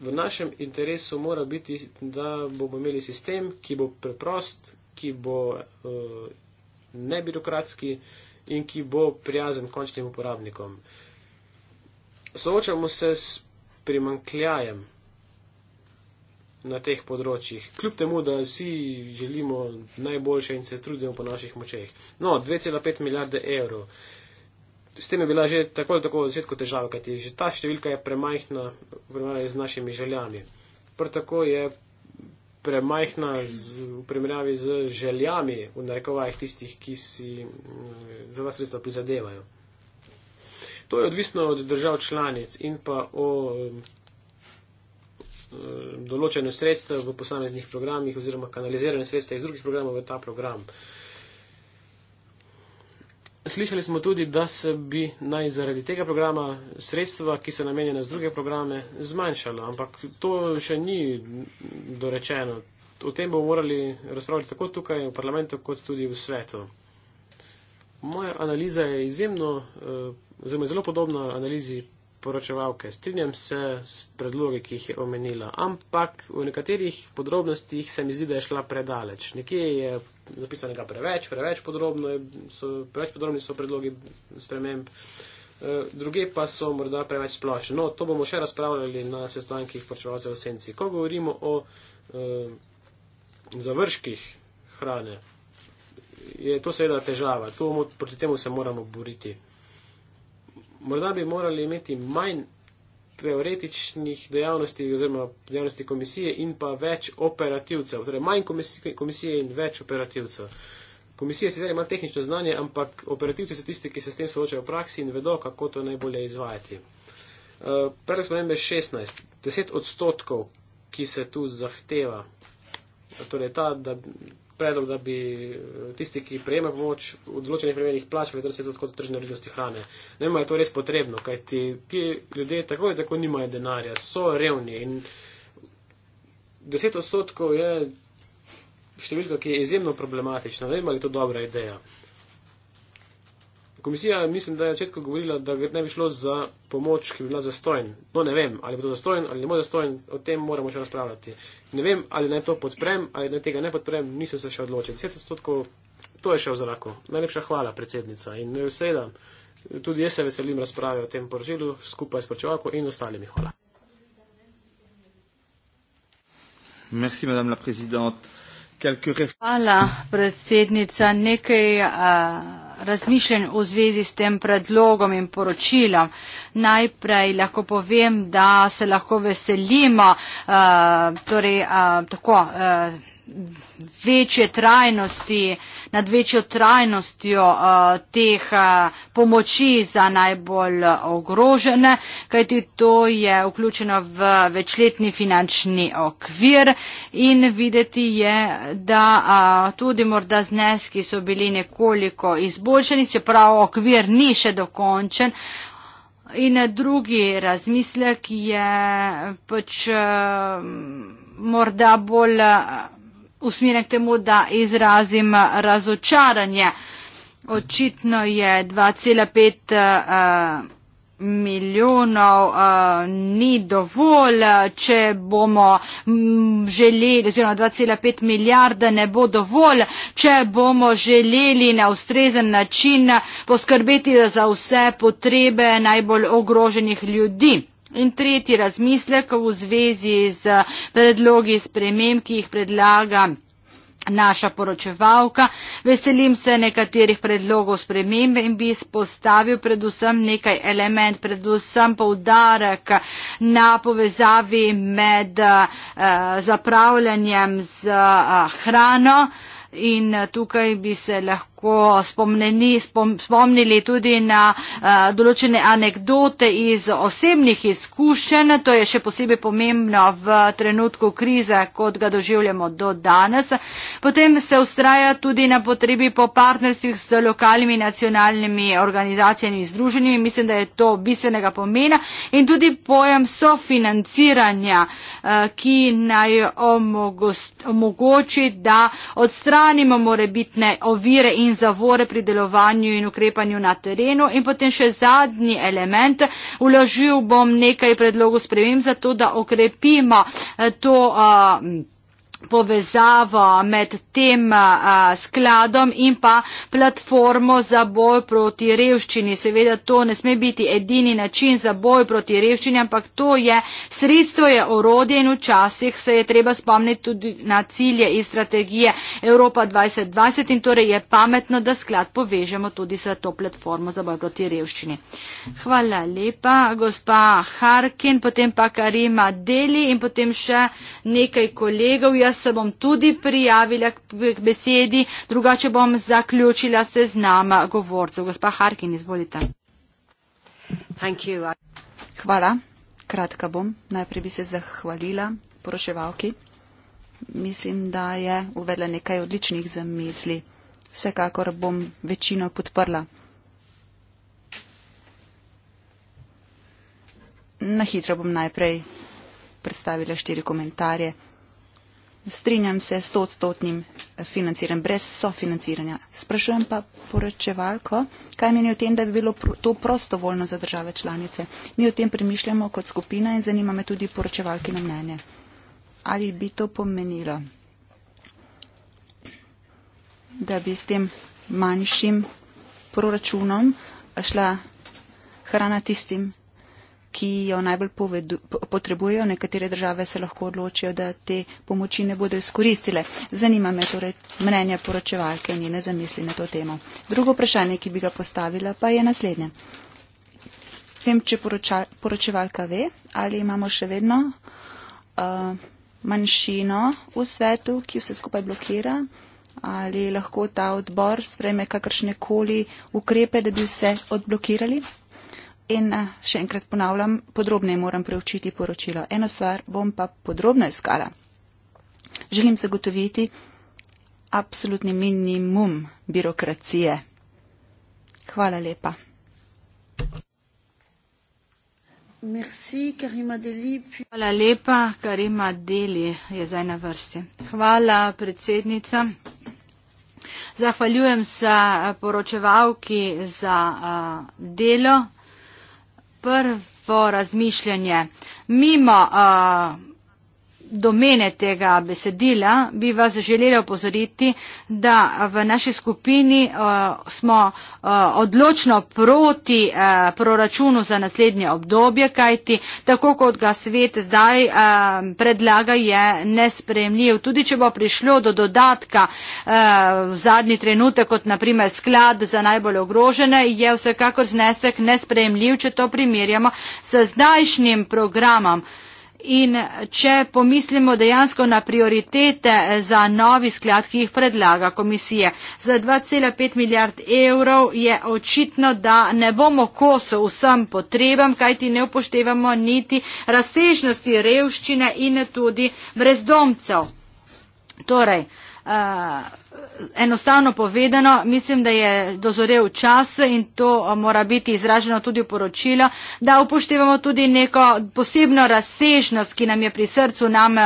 Speaker 2: V našem interesu mora biti, da bomo imeli sistem, ki bo preprost, ki bo uh, nebirokratski in ki bo prijazen končnim uporabnikom. Soočamo se s primankljajem na teh področjih. Kljub temu, da vsi želimo najboljše in se trudimo po naših močeh. No, 2,5 milijarde evrov. S tem je bila že tako ali tako v začetku težava, kajti že ta številka je premajhna v primerjavi z našimi željami. Prav tako je premajhna z, v primerjavi z željami v narekovajih tistih, ki si mm, za vas sredstva prizadevajo. To je odvisno od držav članic in pa o Eh, določanju sredstev v posameznih programih oziroma kanaliziranju sredstev iz drugih programov v ta program. Slišali smo tudi, da se bi naj zaradi tega programa sredstva, ki se namenjena z druge programe, zmanjšala, ampak to še ni dorečeno. O tem bomo morali razpravljati tako tukaj v parlamentu, kot tudi v svetu. Moja analiza je izjemno, eh, zelo podobna analizi poročevalke. Strinjam se s predloge, ki jih je omenila, ampak v nekaterih podrobnostih se mi zdi, da je šla predaleč. Nekje je zapisanega preveč, preveč podrobno, so, preveč podrobni so predlogi sprememb, e, druge pa so morda preveč splošne. No, to bomo še razpravljali na sestankih poročevalcev v senci. Ko govorimo o eh, završkih hrane, je to seveda težava. To, proti temu se moramo boriti morda bi morali imeti manj teoretičnih dejavnosti oziroma dejavnosti komisije in pa več operativcev, torej manj komisije in več operativcev. Komisije sicer ima tehnično znanje, ampak operativci so tisti, ki se s tem soočajo v praksi in vedo, kako to najbolje izvajati. Eh, predlog spremembe 16, 10 odstotkov, ki se tu zahteva, torej ta, da predlog, da bi eh, tisti, ki prejemajo pomoč, v določenih primerjih plačali 30 odstotkov tržne vrednosti hrane. Ne vem, je to res potrebno, kaj ti, ti ljudje tako in tako nimajo denarja, so revni in 10 odstotkov je številka, ki je izjemno problematična. Ne vem, ali je to dobra ideja. Komisija mislim, da je začetku govorila, da ne bi šlo za pomoč, ki bi bila zastojen. No, ne vem, ali bo to zastojen ali ne bo zastojen, o tem moramo še razpravljati. Ne vem, ali naj to podprem ali naj tega ne podprem, nisem se še odločil. 10 odstotkov, to je še v zraku. Najlepša hvala, predsednica. In vse eh, da, tudi jaz se veselim razprave o tem poročilu skupaj s pročevalko in ostalimi. Hvala.
Speaker 1: Merci, hvala, predsednica. Nekaj. Uh razmišljanj v zvezi s tem predlogom in poročilom. Najprej lahko povem, da se lahko veselimo, uh, torej uh, tako. Uh, večje trajnosti, nad večjo trajnostjo uh, teh uh, pomoči za najbolj ogrožene, kajti to je vključeno v večletni finančni okvir in videti je, da uh, tudi morda zneski so bili nekoliko izboljšani, čeprav okvir ni še dokončen. In uh, drugi razmislek je pač uh, morda bolj. Uh, usmjeren k temu da izrazim eh, razočaranje. Očitno je 2,5 eh, milijonov eh, ni dovolj, če bomo želeli, oziroma 2,5 milijarde ne bo dovolj, če bomo želeli na ustrezen način poskrbeti za vse potrebe najbolj ogroženih ljudi. In tretji razmislek v zvezi z predlogi sprememb, ki jih predlaga naša poročevalka. Veselim se nekaterih predlogov spremembe in bi spostavil predvsem nekaj element, predvsem povdarek na povezavi med eh, zapravljanjem z eh, hrano in eh, tukaj bi se lahko lahko spomneni, spom, spomnili tudi na a, eh, določene anekdote iz osebnih izkušenj. To je še posebej pomembno v trenutku krize, kot ga doživljamo do danes. Potem se ustraja tudi na potrebi po partnerstvih s lokalnimi nacionalnimi organizacijami in združenimi. Mislim, da je to bistvenega pomena. In tudi pojem sofinanciranja, a, eh, ki naj omogoč, omogoči, da odstranimo morebitne ovire in zavore pri delovanju in ukrepanju na terenu. In potem še zadnji element. Uložil bom nekaj predlogov sprejem za to, da okrepimo eh, to. Uh, povezavo med tem uh, skladom in pa platformo za boj proti revščini. Seveda to ne sme biti edini način za boj proti revščini, ampak to je sredstvo, je orodje in včasih se je treba spomniti tudi na cilje iz strategije Evropa 2020 in torej je pametno, da sklad povežemo tudi s to platformo za boj proti revščini. Hvala lepa, gospa Harkin, potem pa Karima Deli in potem še nekaj kolegov. Jaz se bom tudi prijavila k besedi, drugače bom zaključila se z nama
Speaker 3: govorcev. Gospa Harkin, izvolite. Hvala. Kratka bom. Najprej bi se zahvalila poroševalki. Mislim, da je uvedla nekaj odličnih zamisli. Vsekakor bom večino podprla. Na hitro bom najprej predstavila štiri komentarje strinjam se s stotstotnim financiranjem, brez sofinanciranja. Sprašujem pa poročevalko, kaj meni o tem, da bi bilo to prostovoljno za države članice. Mi o tem premišljamo kot skupina in zanima me tudi poročevalki na mnenje. Ali bi to pomenilo, da bi s tem manjšim proračunom šla hrana tistim, ki jo najbolj povedu, potrebujejo, nekatere države se lahko odločijo, da te pomoči ne bodo izkoristile. Zanima me torej mnenja poročevalke in njene zamisli na to temo. Drugo vprašanje, ki bi ga postavila, pa je naslednje. Vem, če poroča, poročevalka ve, ali imamo še vedno uh, manjšino v svetu, ki vse skupaj blokira, ali lahko ta odbor spreme kakršne koli ukrepe, da bi vse odblokirali. In eh, še enkrat ponavljam, podrobneje moram preučiti poročilo. Eno stvar bom pa podrobno iskala. Želim zagotoviti absolutni minimum birokracije. Hvala lepa.
Speaker 1: Hvala lepa, Karima Deli je zdaj na vrsti. Hvala, predsednica. Zahvaljujem se eh, poročevalki za eh, delo prvo razmišljanje. Mimo uh, domene tega besedila, bi vas želela opozoriti, da v naši skupini uh, smo uh, odločno proti uh, proračunu za naslednje obdobje, kajti tako kot ga svet zdaj uh, predlaga, je nespremljiv. Tudi če bo prišlo do dodatka uh, v zadnji trenutek, kot naprimer sklad za najbolj ogrožene, je vsekakor znesek nespremljiv, če to primerjamo s zdajšnjim programom. In če pomislimo dejansko na prioritete za novi sklad, ki jih predlaga komisije, za 2,5 milijard evrov je očitno, da ne bomo koso vsem potrebam, kajti ne upoštevamo niti razsežnosti revščine in tudi brezdomcev. Torej, uh, enostavno povedano, mislim, da je dozorel čas in to mora biti izraženo tudi v poročilo, da upoštevamo tudi neko posebno razsežnost, ki nam je pri srcu, nam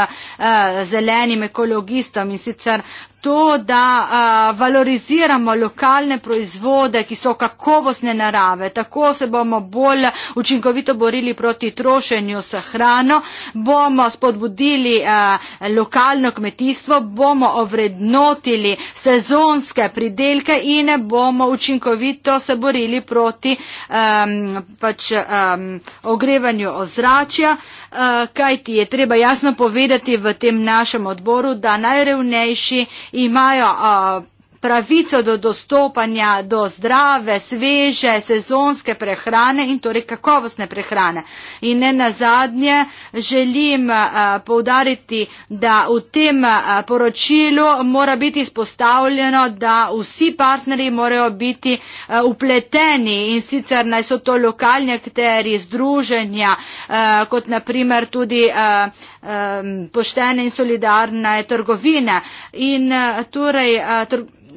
Speaker 1: zelenim ekologistom in sicer to, da a, valoriziramo lokalne proizvode, ki so kakovostne narave. Tako se bomo bolj učinkovito borili proti trošenju s hrano, bomo spodbudili a, lokalno kmetijstvo, bomo ovrednotili sezonske pridelke in bomo učinkovito se borili proti a, pač, a, ogrevanju ozračja. A, Eh, kaj ti je treba jasno povedati v tem našem odboru, da najrevnejši imajo. Uh, pravico do dostopanja do zdrave, sveže, sezonske prehrane in torej kakovostne prehrane. In ne na zadnje želim eh, poudariti, da v tem eh, poročilu mora biti izpostavljeno, da vsi partnerji morajo biti eh, upleteni in sicer naj so to lokalni akteri, združenja, kot naprimer tudi poštene in solidarne trgovine. In, torej,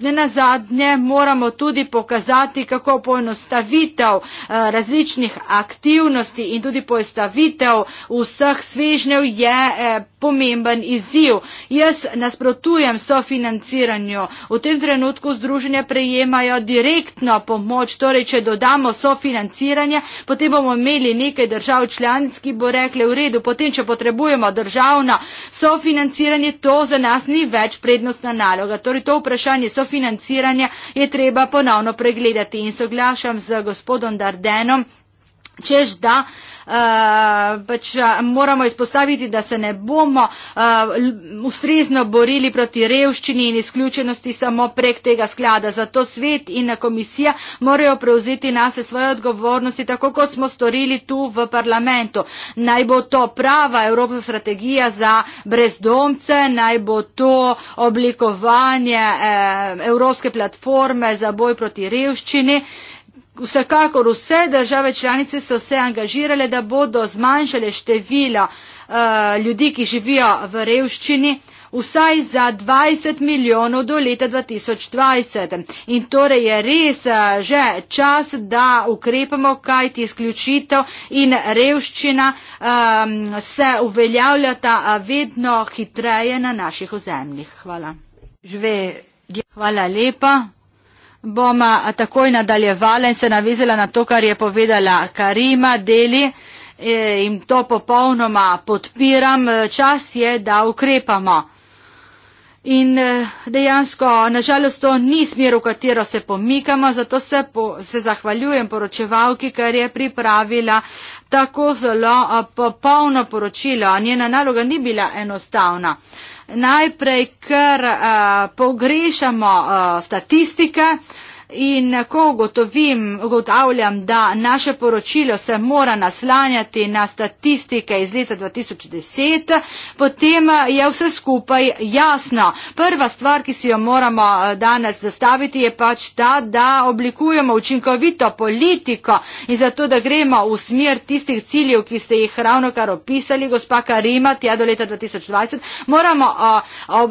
Speaker 1: ne nazadnje moramo tudi pokazati, kako poenostavitev eh, različnih aktivnosti in tudi poenostavitev vseh svežnjev je eh, pomemben izziv. Jaz nasprotujem sofinanciranju. V tem trenutku združenja prejemajo direktno pomoč, torej če dodamo sofinanciranje, potem bomo imeli nekaj držav članic, ki bo rekle v redu, potem če potrebujemo državno sofinanciranje, to za nas ni več prednostna naloga. Torej, to financiranja je treba ponovno pregledati in soglašam z gospodom Dardenom, češ da. Eh, pač eh, moramo izpostaviti, da se ne bomo uh, ustrezno borili proti revščini in izključenosti samo prek tega sklada. Zato svet in komisija morajo prevzeti nase svoje odgovornosti, tako kot smo storili tu v parlamentu. Naj bo to prava evropska strategija za brezdomce, naj bo to oblikovanje uh, evropske platforme za boj proti revščini. Uh, Vsekakor vse države članice so se angažirale, da bodo zmanjšale število uh, ljudi, ki živijo v revščini, vsaj za 20 milijonov do leta 2020. In torej je res eh, že čas, da ukrepamo, kaj ti izključitev in revščina um, se uveljavljata vedno hitreje na naših ozemljih. Hvala. Hvala lepa bom takoj nadaljevala in se navezala na to, kar je povedala Karima Deli e, in to popolnoma podpiram. Čas je, da ukrepamo. In e, dejansko, nažalost, to ni smer, v katero se pomikamo, zato se, po, se zahvaljujem poročevalki, ker je pripravila tako zelo e, popolno poročilo. Njena naloga ni bila enostavna najprej, ker uh, eh, pogrešamo uh, statistike, uh, In ko ugotovim, ugotavljam, da naše poročilo se mora naslanjati na statistike iz leta 2010, potem je vse skupaj jasno. Prva stvar, ki si jo moramo eh, danes zastaviti, je pač ta, da oblikujemo učinkovito politiko in zato, da gremo v smer tistih ciljev, ki ste jih ravno kar opisali, gospa Karima, tja do leta 2020, moramo eh, ob,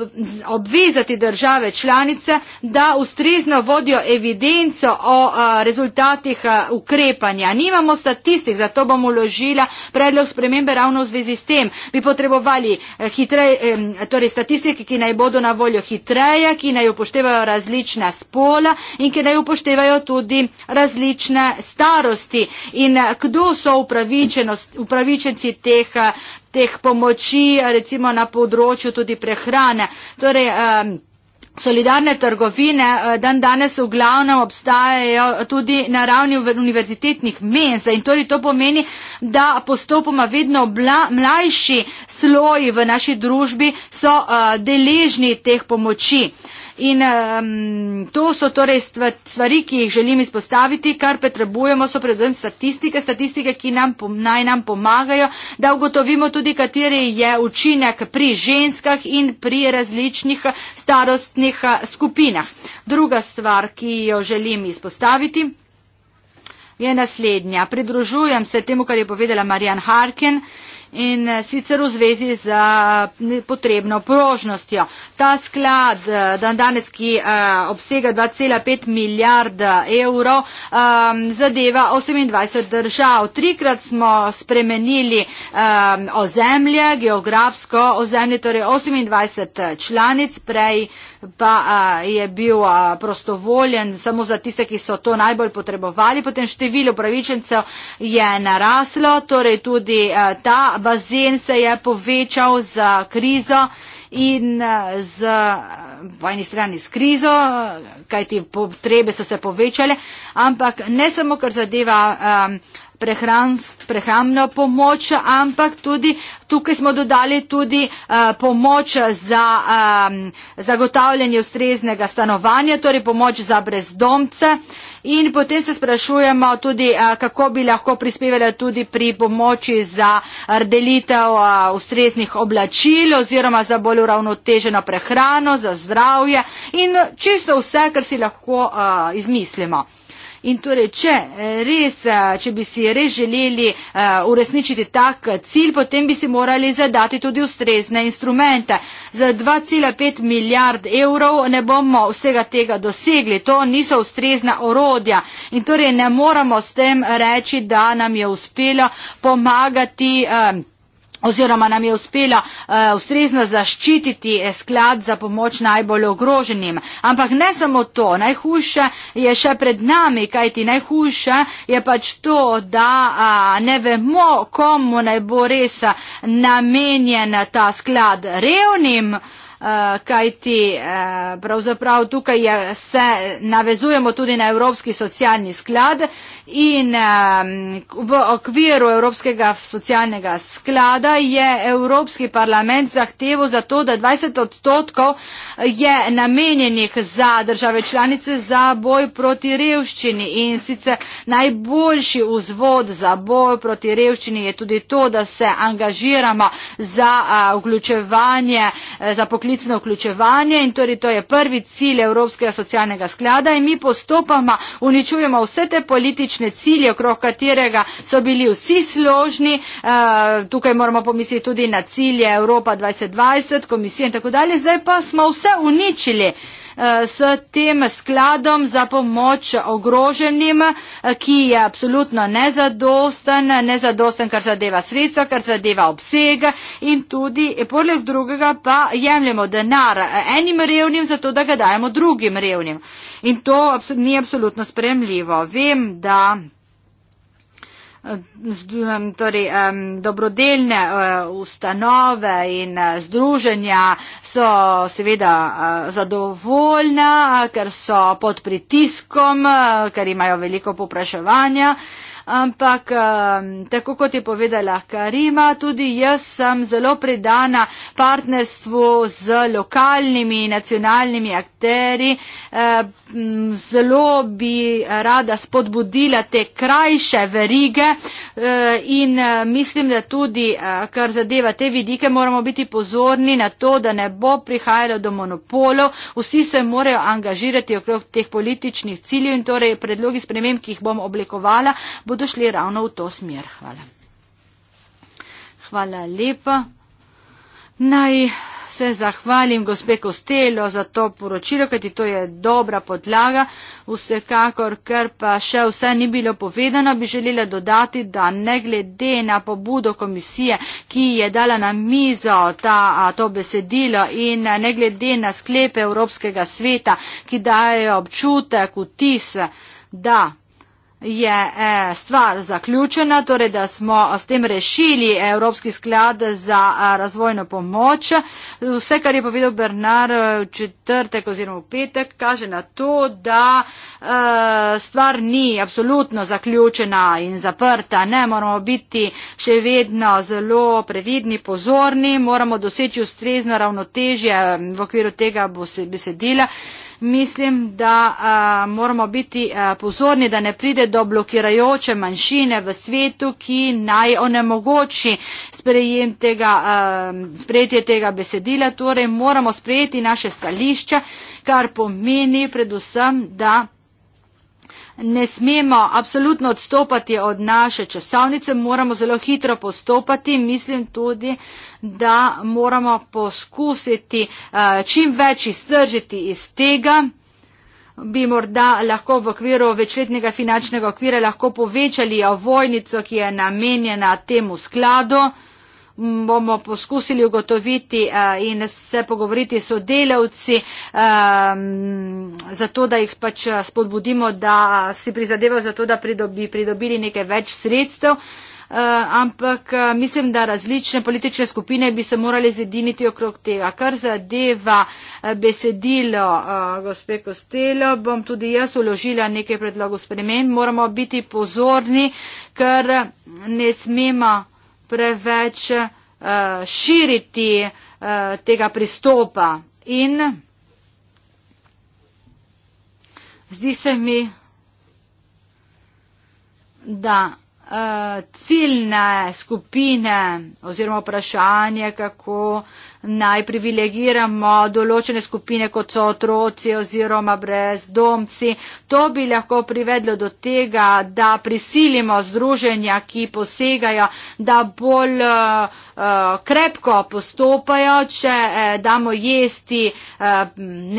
Speaker 1: obvezati države članice, da ustrezno vodijo evidenci, evidenco o a, rezultatih a, ukrepanja, nimamo statistik, zato bom uložila predlog spremembe ravno v zvezi s tem. Bi potrebovali a, hitre, a, torej statistike, ki naj bodo na voljo hitreje, ki naj upoštevajo različna spola in ki naj upoštevajo tudi različne starosti. In a, kdo so upravičenci teh, a, teh pomoči, a, recimo na področju tudi prehrane. Torej, a, solidarne trgovine eh, dan danes v glavnem obstajajo tudi na ravni univerzitetnih menz in torej to pomeni, da postopoma vedno bla, mlajši sloji v naši družbi so eh, deležni teh pomoči. In um, to so torej stvari, ki jih želim izpostaviti, kar potrebujemo, so predvsem statistike, statistike, ki nam, naj nam pomagajo, da ugotovimo tudi, kateri je učinek pri ženskah in pri različnih starostnih eh, skupinah. Druga stvar, ki jo želim izpostaviti. Je naslednja. Pridružujem se temu, kar je povedala Marian Harken in eh, sicer v zvezi z eh, potrebno prožnostjo. Ta sklad, eh, dan danes, ki obsega 2,5 milijarda evrov, zadeva 28 držav. Trikrat smo spremenili ozemlje, geografsko ozemlje, torej 28 članic prej pa a, je bil a, prostovoljen samo za tiste, ki so to najbolj potrebovali. Potem število upravičencev je naraslo, torej tudi a, ta bazen se je povečal za krizo in z, po eni strani s krizo, kajti potrebe so se povečale, ampak ne samo, kar zadeva. A, prehrans, prehrambno pomoč, ampak tudi tukaj smo dodali tudi uh, pomoč za um, zagotavljanje ustreznega stanovanja, torej pomoč za brezdomce. In potem se sprašujemo tudi, eh, kako bi lahko prispevali tudi pri pomoči za delitev ustreznih oblačil oziroma za bolj uravnoteženo prehrano, za zdravje in čisto vse, kar si lahko izmislimo. In torej, če, eh, res, eh, če bi si res želeli uh, uresničiti tak cilj, potem bi si morali zadati tudi ustrezne instrumente. Za 2,5 milijard evrov ne bomo vsega tega dosegli. To niso ustrezna orodja. In torej ne moramo s tem reči, da nam je uspelo pomagati. Um, oziroma nam je uspelo uh, ustrezno zaščititi eh, sklad za pomoč najbolj ogroženim. Ampak ne samo to, najhujše je še pred nami, kajti najhujše je pač to, da uh, ne vemo, komu naj bo res namenjen ta sklad revnim. Eh, kajti eh, pravzaprav tukaj se navezujemo tudi na Evropski socialni sklad in eh, v okviru Evropskega socialnega sklada je Evropski parlament zahtevo za to, da 20 odstotkov je namenjenih za države članice za boj proti revščini in sicer najboljši vzvod za boj proti revščini je tudi to, da se angažiramo za vključevanje, za poklicanje poklicno vključevanje in torej to je prvi cilj Evropskega socialnega sklada in mi postopoma uničujemo vse te politične cilje, okrog katerega so bili vsi složni, e, tukaj moramo pomisliti tudi na cilje Evropa 2020, komisije in tako dalje, zdaj pa smo vse uničili. Eh, s tem skladom za pomoč ogroženim, eh, ki je absolutno nezadosten, nezadosten, kar zadeva sredstva, kar zadeva obseg in tudi eh, poleg drugega pa jemljemo denar enim revnim, zato da ga dajemo drugim revnim. In to ni absolutno spremljivo. Vem, da torej, dobrodelne eh, ustanove in eh, združenja so seveda eh, zadovoljna, ker so pod pritiskom, ker imajo veliko popraševanja ampak ehm, tako kot je povedala Karima, tudi jaz sem zelo predana partnerstvu z lokalnimi nacionalnimi akteri. Ehm, zelo bi rada spodbudila te krajše verige eh, in eh, mislim, da tudi, eh, kar zadeva te vidike, moramo biti pozorni na to, da ne bo prihajalo do monopolov. Vsi se morajo angažirati okrog teh političnih ciljev in torej predlogi sprememb, ki jih bom oblikovala, bo bodo šli ravno v to smer. Hvala. Hvala lepa. Naj se zahvalim gospe Kostelo za to poročilo, kajti to je dobra podlaga. Vsekakor, ker pa še vse ni bilo povedano, bi želela dodati, da ne glede na pobudo komisije, ki je dala na mizo ta, to besedilo in ne glede na sklepe Evropskega sveta, ki dajo občutek, vtis, da je e, stvar zaključena, torej da smo e, s tem rešili Evropski sklad za e, razvojno pomoč. Vse, kar je povedal Bernard v četrtek oziroma v petek, kaže na to, da stvar ni absolutno zaključena in zaprta. Ne moramo biti še vedno zelo previdni, pozorni, moramo doseči ustrezno ravnotežje v okviru tega besedila. Bo mislim, da a, moramo biti a, pozorni, da ne pride do blokirajoče manjšine v svetu, ki naj onemogoči sprejem tega, a, sprejetje tega besedila. Torej, moramo sprejeti naše stališče, kar pomeni predvsem, da ne smemo absolutno odstopati od naše časovnice, moramo zelo hitro postopati. Mislim tudi, da moramo poskusiti eh, čim več iztržiti iz tega bi morda lahko v okviru večletnega finančnega okvira lahko povečali ovojnico, ki je namenjena temu skladu bomo poskusili ugotoviti eh, in se pogovoriti s sodelavci, ehm, zato da jih pač eh, spodbudimo, da eh, si prizadevajo za to, da bi pridobili nekaj več sredstev. Uh, ampak mislim, da različne politične skupine bi se morali zediniti okrog tega. Kar zadeva besedilo uh, gospe Kostelo, bom tudi jaz uložila nekaj predlogov spremen. Moramo biti pozorni, ker ne smemo preveč eh, širiti eh, tega pristopa. In zdi se mi, da eh, ciljne skupine oziroma vprašanje, kako naj privilegiramo določene skupine, kot so otroci oziroma brezdomci. To bi lahko privedlo do tega, da prisilimo združenja, ki posegajo, da bolj uh, krepko postopajo, če eh, damo jesti uh,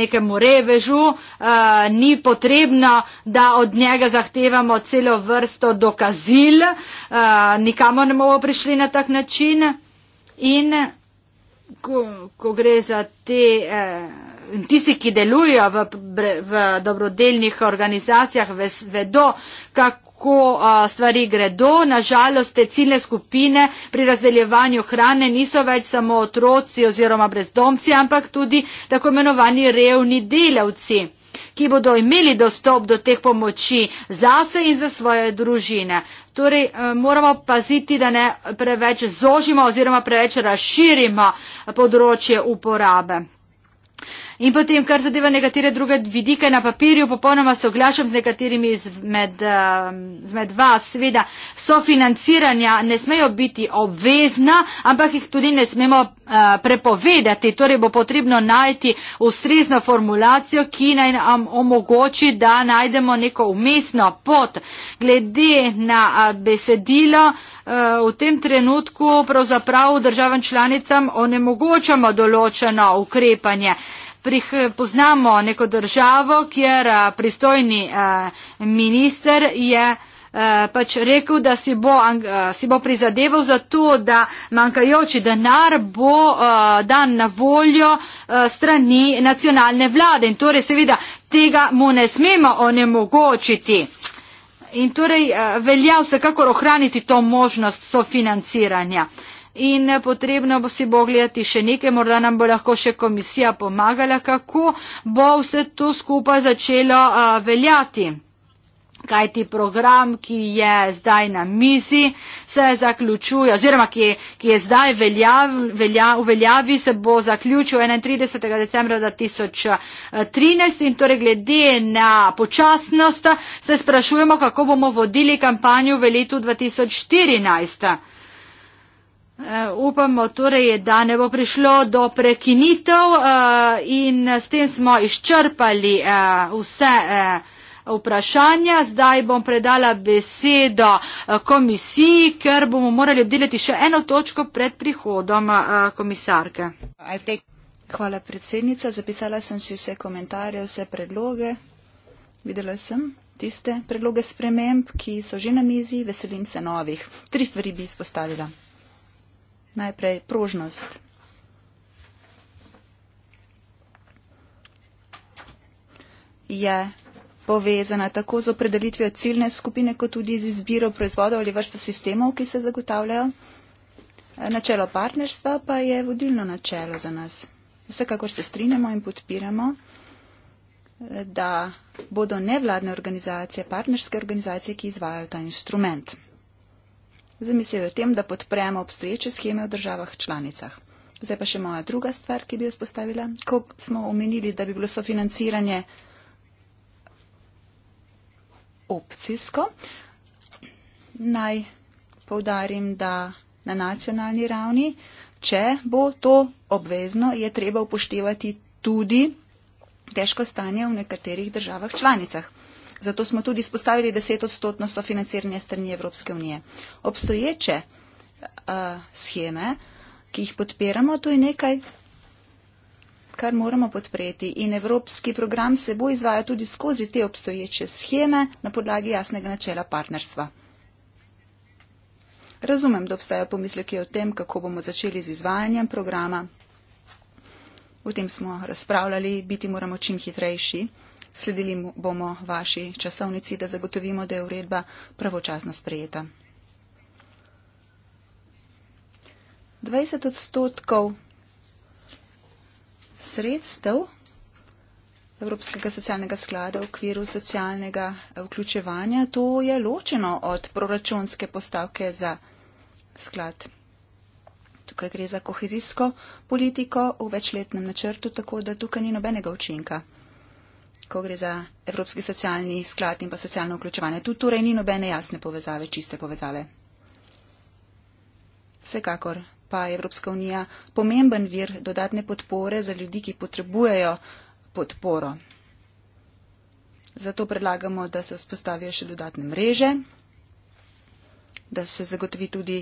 Speaker 1: nekemu revežu, uh, ni potrebno, da od njega zahtevamo celo vrsto dokazil, uh, nikamo ne bomo prišli na tak način. In ko, ko gre za te, eh, tisti, ki delujejo v, v dobrodelnih organizacijah, ves, vedo, kako eh, stvari gredo. Nažalost, te ciljne skupine pri razdeljevanju hrane niso več samo otroci oziroma brezdomci, ampak tudi tako imenovani revni delavci ki bodo imeli dostop do teh pomoči zase in za svoje družine. Torej, eh, moramo paziti, da ne preveč zožimo oziroma preveč razširimo eh, področje uporabe. In potem, kar zadeva nekatere druge vidike na papirju, popolnoma soglašam z nekaterimi izmed, um, izmed vas, sveda, sofinanciranja ne smejo biti obvezna, ampak jih tudi ne smemo uh, prepovedati. Torej bo potrebno najti ustrezno formulacijo, ki naj nam omogoči, da najdemo neko umestno pot. Glede na uh, besedilo, uh, v tem trenutku pravzaprav državam članicam onemogočamo določeno ukrepanje poznamo neko državo, kjer eh, pristojni eh, minister je eh, pač rekel, da si bo, si bo prizadeval za to, da manjkajoči denar bo dan na voljo strani nacionalne vlade. In torej seveda tega mu ne smemo onemogočiti. In torej velja vsekakor ohraniti to možnost sofinanciranja in eh, potrebno si bo gledati še nekaj, morda nam bo lahko še komisija pomagala, kako bo vse to skupaj začelo a, eh, veljati. Kaj ti program, ki je zdaj na mizi, se zaključuje, oziroma ki, ki je zdaj veljav, velja, v veljavi, se bo zaključil 31. decembra 2013 in torej glede na počasnost se sprašujemo, kako bomo vodili kampanjo v letu 2014. Eh, upamo torej, da ne bo prišlo do prekinitev eh, in s tem smo izčrpali eh, vse vprašanja. Zdaj bom predala besedo komisiji, ker bomo morali obdeliti
Speaker 3: še eno točko pred prihodom komisarke. Hvala predsednica, zapisala sem si vse komentarje, vse predloge. Videla sem tiste predloge sprememb, ki so že na mizi, veselim se novih. Tri stvari bi izpostavila najprej prožnost. Je povezana tako z opredelitvijo ciljne skupine, kot tudi z izbiro proizvodov ali vrsto sistemov, ki se zagotavljajo. Načelo partnerstva pa je vodilno načelo za nas. Vsekakor se strinjamo in podpiramo, da bodo nevladne organizacije, partnerske organizacije, ki izvajajo ta instrument zamisel je v tem, da podpremo obstoječe scheme v državah članicah. Zdaj pa še moja druga stvar, ki bi jo spostavila. Ko smo omenili, da bi bilo sofinanciranje opcijsko, naj povdarim, da na nacionalni ravni, če bo to obvezno, je treba upoštevati tudi težko stanje v nekaterih državah članicah. Zato smo tudi spostavili 10 odstotno sofinanciranje strani Evropske unije. Obstoječe uh, eh, scheme, ki jih podpiramo, to je nekaj, kar moramo podpreti. In Evropski program se bo izvajal tudi skozi te obstoječe scheme na podlagi jasnega načela partnerstva. Razumem, da obstajajo pomisleke o tem, kako bomo začeli z izvajanjem programa. O tem smo razpravljali, biti moramo čim hitrejši. Sledili bomo vaši časovnici, da zagotovimo, da je uredba pravočasno sprejeta. 20 odstotkov sredstev Evropskega socialnega sklada v okviru socialnega vključevanja, to je ločeno od proračunske postavke za sklad. Tukaj gre za kohezijsko politiko v večletnem načrtu, tako da tukaj ni nobenega učinka ko gre za Evropski socialni sklad in pa socialno vključevanje. Tu torej ni nobene jasne povezave, čiste povezave. Vsekakor pa je Evropska unija pomemben vir dodatne podpore za ljudi, ki potrebujejo podporo. Zato predlagamo, da se vzpostavijo še dodatne mreže, da se zagotovi tudi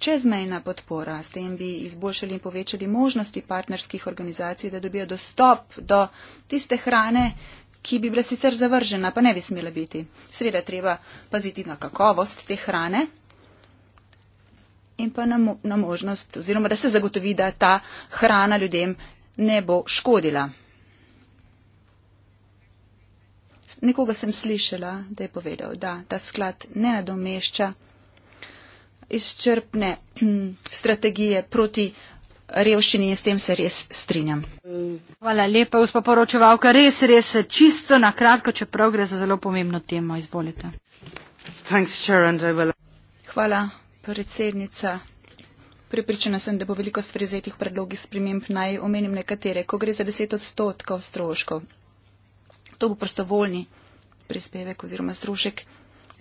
Speaker 3: čezmejna podpora. S tem bi izboljšali in povečali možnosti partnerskih organizacij, da dobijo dostop do tiste hrane, ki bi bila sicer zavržena, pa ne bi smela biti. Sveda treba paziti na kakovost te hrane in pa na, mo na možnost, oziroma da se zagotovi, da ta hrana ljudem ne bo škodila. Nekoga sem slišala, da je povedal, da ta sklad ne nadomešča izčrpne strategije proti revščini in s tem se res strinjam.
Speaker 1: Hvala lepa, gospod poročevalka. Res, res, čisto na kratko, čeprav gre za zelo pomembno temo. Izvolite. Thanks, Chair, will...
Speaker 3: Hvala, predsednica. Pripričana sem, da bo veliko stvari zetih predlogih sprememb. Naj omenim nekatere. Ko gre za 10 odstotkov stroškov, to bo prostovoljni prispevek oziroma strošek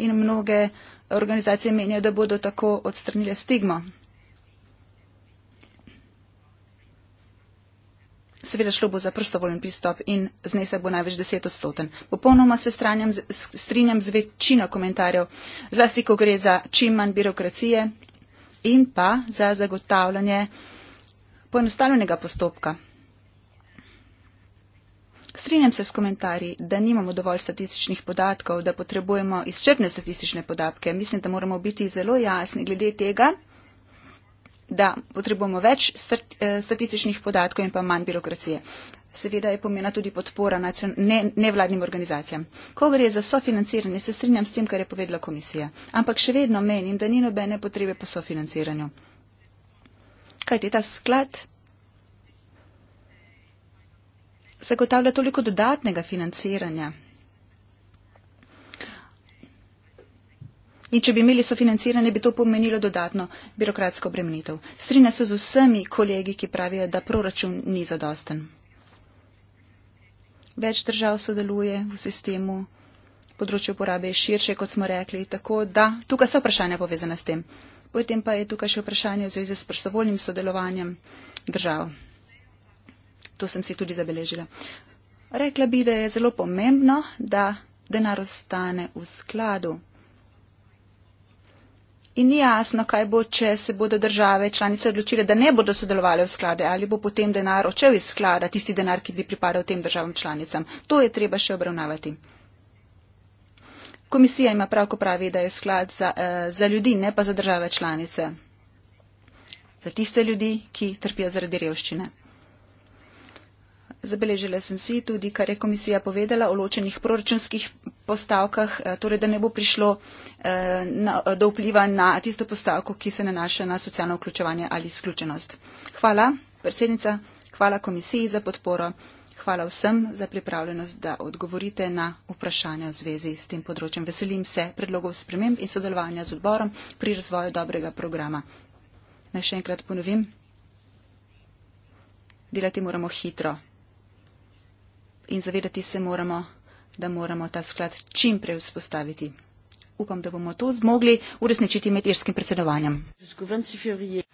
Speaker 3: in mnoge organizacije menijo, da bodo tako odstranile stigmo. Seveda šlo bo za prostovoljen pristop in znesek bo največ desetostoten. Popolnoma se stranjam, strinjam z večino komentarjev, zlasti ko gre za čim manj birokracije in pa za zagotavljanje poenostavljenega postopka. Strinjam se s komentarji, da nimamo dovolj statističnih podatkov, da potrebujemo izčrpne statistične podatke. Mislim, da moramo biti zelo jasni glede tega, da potrebujemo več eh, statističnih podatkov in pa manj birokracije. Seveda je pomena tudi podpora nevladnim organizacijam. Ko gre za sofinanciranje, se strinjam s tem, kar je povedala komisija. Ampak še vedno menim, da ni nobene potrebe po sofinanciranju. Kaj ti ta sklad zagotavlja toliko dodatnega financiranja. In če bi imeli sofinanciranje, bi to pomenilo dodatno birokratsko obremenitev. Strinja se z vsemi kolegi, ki pravijo, da proračun ni zadosten. Več držav sodeluje v sistemu, področje uporabe je širše, kot smo rekli, tako da tukaj so vprašanja povezana s tem. Potem pa je tukaj še vprašanje v zvezi s prostovoljnim sodelovanjem držav to sem si tudi zabeležila. Rekla bi, da je zelo pomembno, da denar ostane v skladu. In ni jasno, kaj bo, če se bodo države članice odločile, da ne bodo sodelovali v sklade, ali bo potem denar očel iz sklada, tisti denar, ki bi pripadal tem državam članicam. To je treba še obravnavati. Komisija ima prav, ko pravi, da je sklad za, eh, za ljudi, ne pa za države članice. Za tiste ljudi, ki trpijo zaradi revščine. Zabeležila sem si tudi, kar je komisija povedala o ločenih proračunskih postavkah, eh, torej da ne bo prišlo eh, na, do vpliva na tisto postavko, ki se nanaša na socialno vključevanje ali izključenost. Hvala, predsednica, hvala komisiji za podporo, hvala vsem za pripravljenost, da odgovorite na vprašanja v zvezi s tem področjem. Veselim se predlogov sprememb in sodelovanja z odborom pri razvoju dobrega programa. Naj še enkrat ponovim. Delati moramo hitro in zavedati se moramo, da moramo ta sklad čim prej vzpostaviti. Upam, da bomo to zmogli uresničiti med irskim predsedovanjem.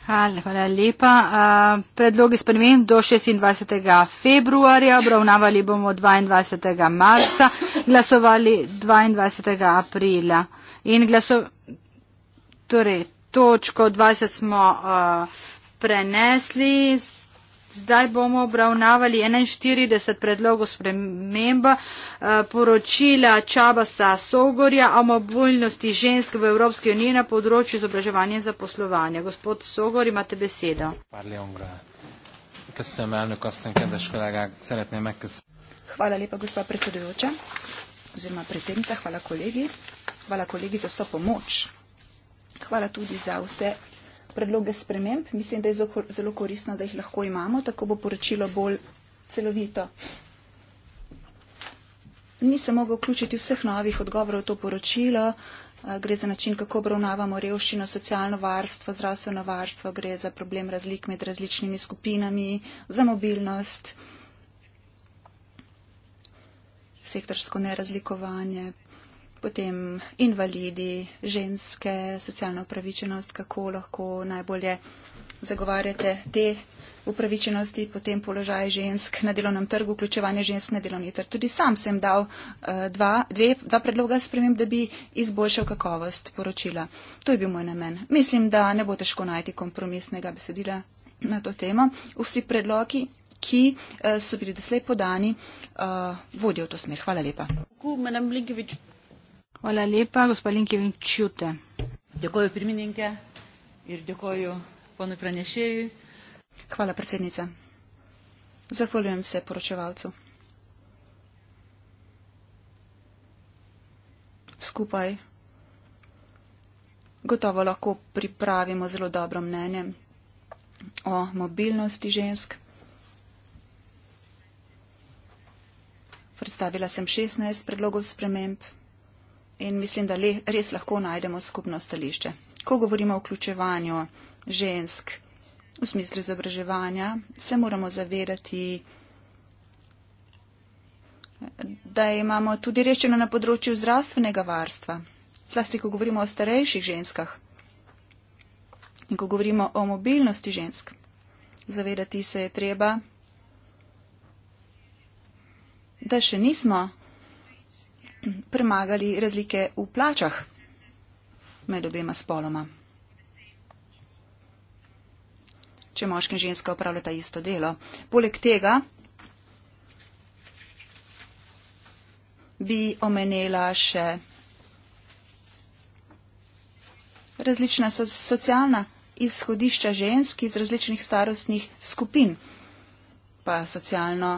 Speaker 3: Hvala, hvala lepa. Predlogi spremem do 26. februarja,
Speaker 1: obravnavali bomo 22. marca, glasovali 22. aprila. In glaso, torej, točko 20 smo uh, prenesli, Zdaj bomo obravnavali 41 predlogov sprememba eh, poročila Čabasa Sogorja o mobilnosti žensk v Evropski uniji na področju izobraževanja in zaposlovanja. Gospod Sogor, imate besedo.
Speaker 3: Hvala lepa, gospa predsedujoča oziroma predsednica, hvala kolegi, hvala kolegi za vso pomoč, hvala tudi za vse predloge sprememb. Mislim, da je zelo koristno, da jih lahko imamo, tako bo poročilo bolj celovito. Nisem mogel vključiti vseh novih odgovorov v to poročilo. Eh, gre za način, kako obravnavamo revščino, socialno varstvo, zdravstveno varstvo, gre za problem razlik med različnimi skupinami, za mobilnost, sektorsko nerazlikovanje, potem invalidi, ženske, socialna upravičenost, kako lahko najbolje zagovarjate te upravičenosti, potem položaj žensk na delovnem trgu, vključevanje žensk na delovni trg. Tudi sam sem dal eh, dva, dve, dva predloga sprememb, da bi izboljšal kakovost poročila. To je bil moj namen. Mislim, da ne bo težko najti kompromisnega besedila na to temo. Vsi predlogi ki eh, so bili doslej podani, uh, vodijo v to smer. Hvala lepa. Hvala lepa. Gospa Linkevič Čute. Dėkoju pirmininkė ir dėkoju ponui pranešėjui. Hvala prasednica. Zahvaljujem se poročevalcu. Skupaj gotovo lahko pripravimo zelo dobro mnenje o mobilnosti žensk. Predstavila sem 16 predlogov sprememb in mislim, da le, res lahko najdemo skupno stališče. Ko govorimo o vključevanju žensk v smislu izobraževanja, se moramo zavedati, da imamo tudi rešeno na področju zdravstvenega varstva. Zlasti, ko govorimo o starejših ženskah in ko govorimo o mobilnosti žensk, zavedati se je treba, da še nismo premagali razlike v plačah med obema spoloma. Če moški in ženska upravljata isto delo. Poleg tega bi omenila še različna so socialna izhodišča žensk iz različnih starostnih skupin, pa socialno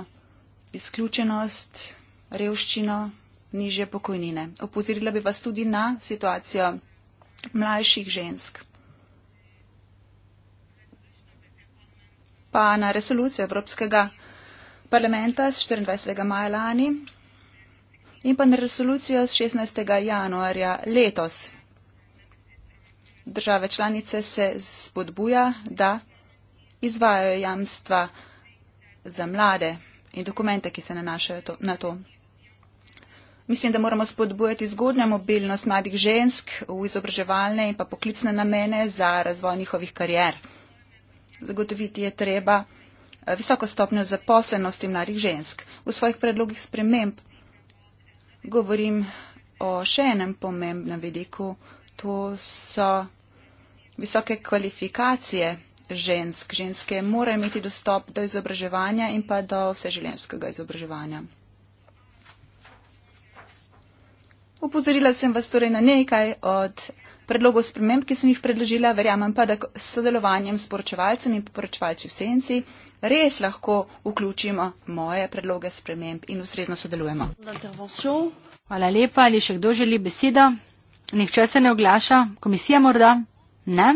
Speaker 3: izključenost, revščino, niže pokojnine. Opozorila bi vas tudi na situacijo mlajših žensk. Pa na resolucijo Evropskega parlamenta z 24. maja lani in pa na resolucijo z 16. januarja letos. Države članice se spodbuja, da izvajajo jamstva za mlade in dokumente, ki se nanašajo to, na to. Mislim, da moramo spodbujati zgodnjo mobilnost mladih žensk v izobraževalne in pa poklicne namene za razvoj njihovih karjer. Zagotoviti je treba eh, visoko stopnjo zaposlenosti mladih žensk. V svojih predlogih sprememb govorim o še enem pomembnem vidiku. To so visoke kvalifikacije žensk. Ženske morajo imeti dostop do izobraževanja in pa do vseživljenjskega izobraževanja. Upozorila sem vas torej na nekaj od predlogov sprememb, ki sem jih predložila, verjamem pa, da s sodelovanjem s poročevalcem in poročevalci v senci res lahko vključimo moje predloge sprememb in ustrezno sodelujemo. Hvala lepa, ali še kdo želi
Speaker 1: besedo? Nihče se ne oglaša, komisija morda? Ne?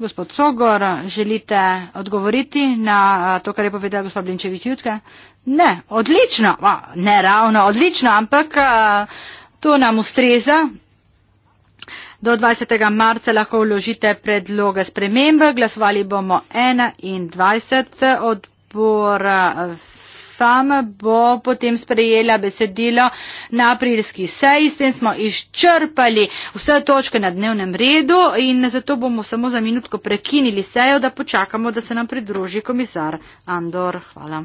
Speaker 1: Gospod Sogor, želite odgovoriti na to, kar je povedala gospod Blinčevič Jutka? Ne, odlično, Va, ne ravno, odlično, ampak to nam ustreza. Do 20. marca lahko vložite predloge spremembe, glasovali bomo 21. odbor FAM bo potem sprejela besedilo na aprilski seji. S tem smo izčrpali vse točke na dnevnem redu in zato bomo samo za minutko prekinili sejo, da počakamo, da se nam pridruži komisar Andor. Hvala.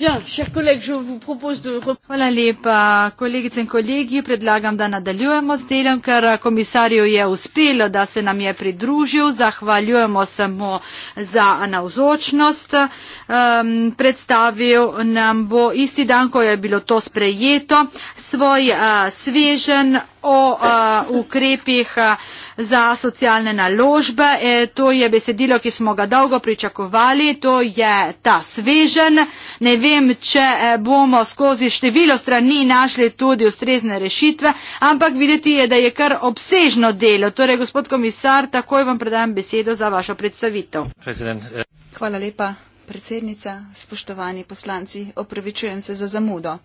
Speaker 1: Chers collègues, je vous propose de... Hvala lepa, kolegice in kolegi, predlagam, da nadaljujemo s delom, ker eh, komisarju je uspelo, da se nam je pridružil. Zahvaljujemo se mu za navzočnost. Um, predstavil nam bo isti dan, ko je bilo to sprejeto, svoj uh, svežen o uh, ukrepih. Uh, za socialne naložbe. E, to je besedilo, ki smo ga dolgo pričakovali. To je ta svežen. Ne vem, če e, bomo skozi število strani našli tudi ustrezne rešitve, ampak videti je, da je kar obsežno delo. Torej, gospod komisar, takoj vam predajam besedo za vašo predstavitev.
Speaker 2: President. E-
Speaker 3: Hvala lepa, predsednica, spoštovani poslanci, opravičujem se za zamudo.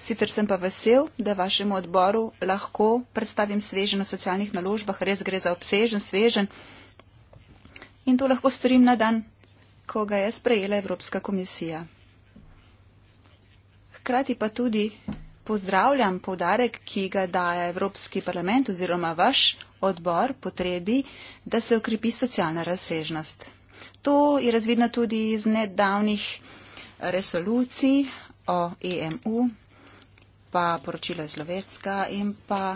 Speaker 3: Sicer sem pa vesel, da vašemu odboru lahko predstavim svežen o socialnih naložbah, res gre za obsežen, svežen. In to lahko storim na dan, ko ga je sprejela Evropska komisija. Hkrati pa tudi pozdravljam povdarek, ki ga daje Evropski parlament oziroma vaš odbor potrebi, da se okrepi socialna razsežnost. To je razvidno tudi iz nedavnih resolucij o EMU, pa poročilo iz Lovecka in pa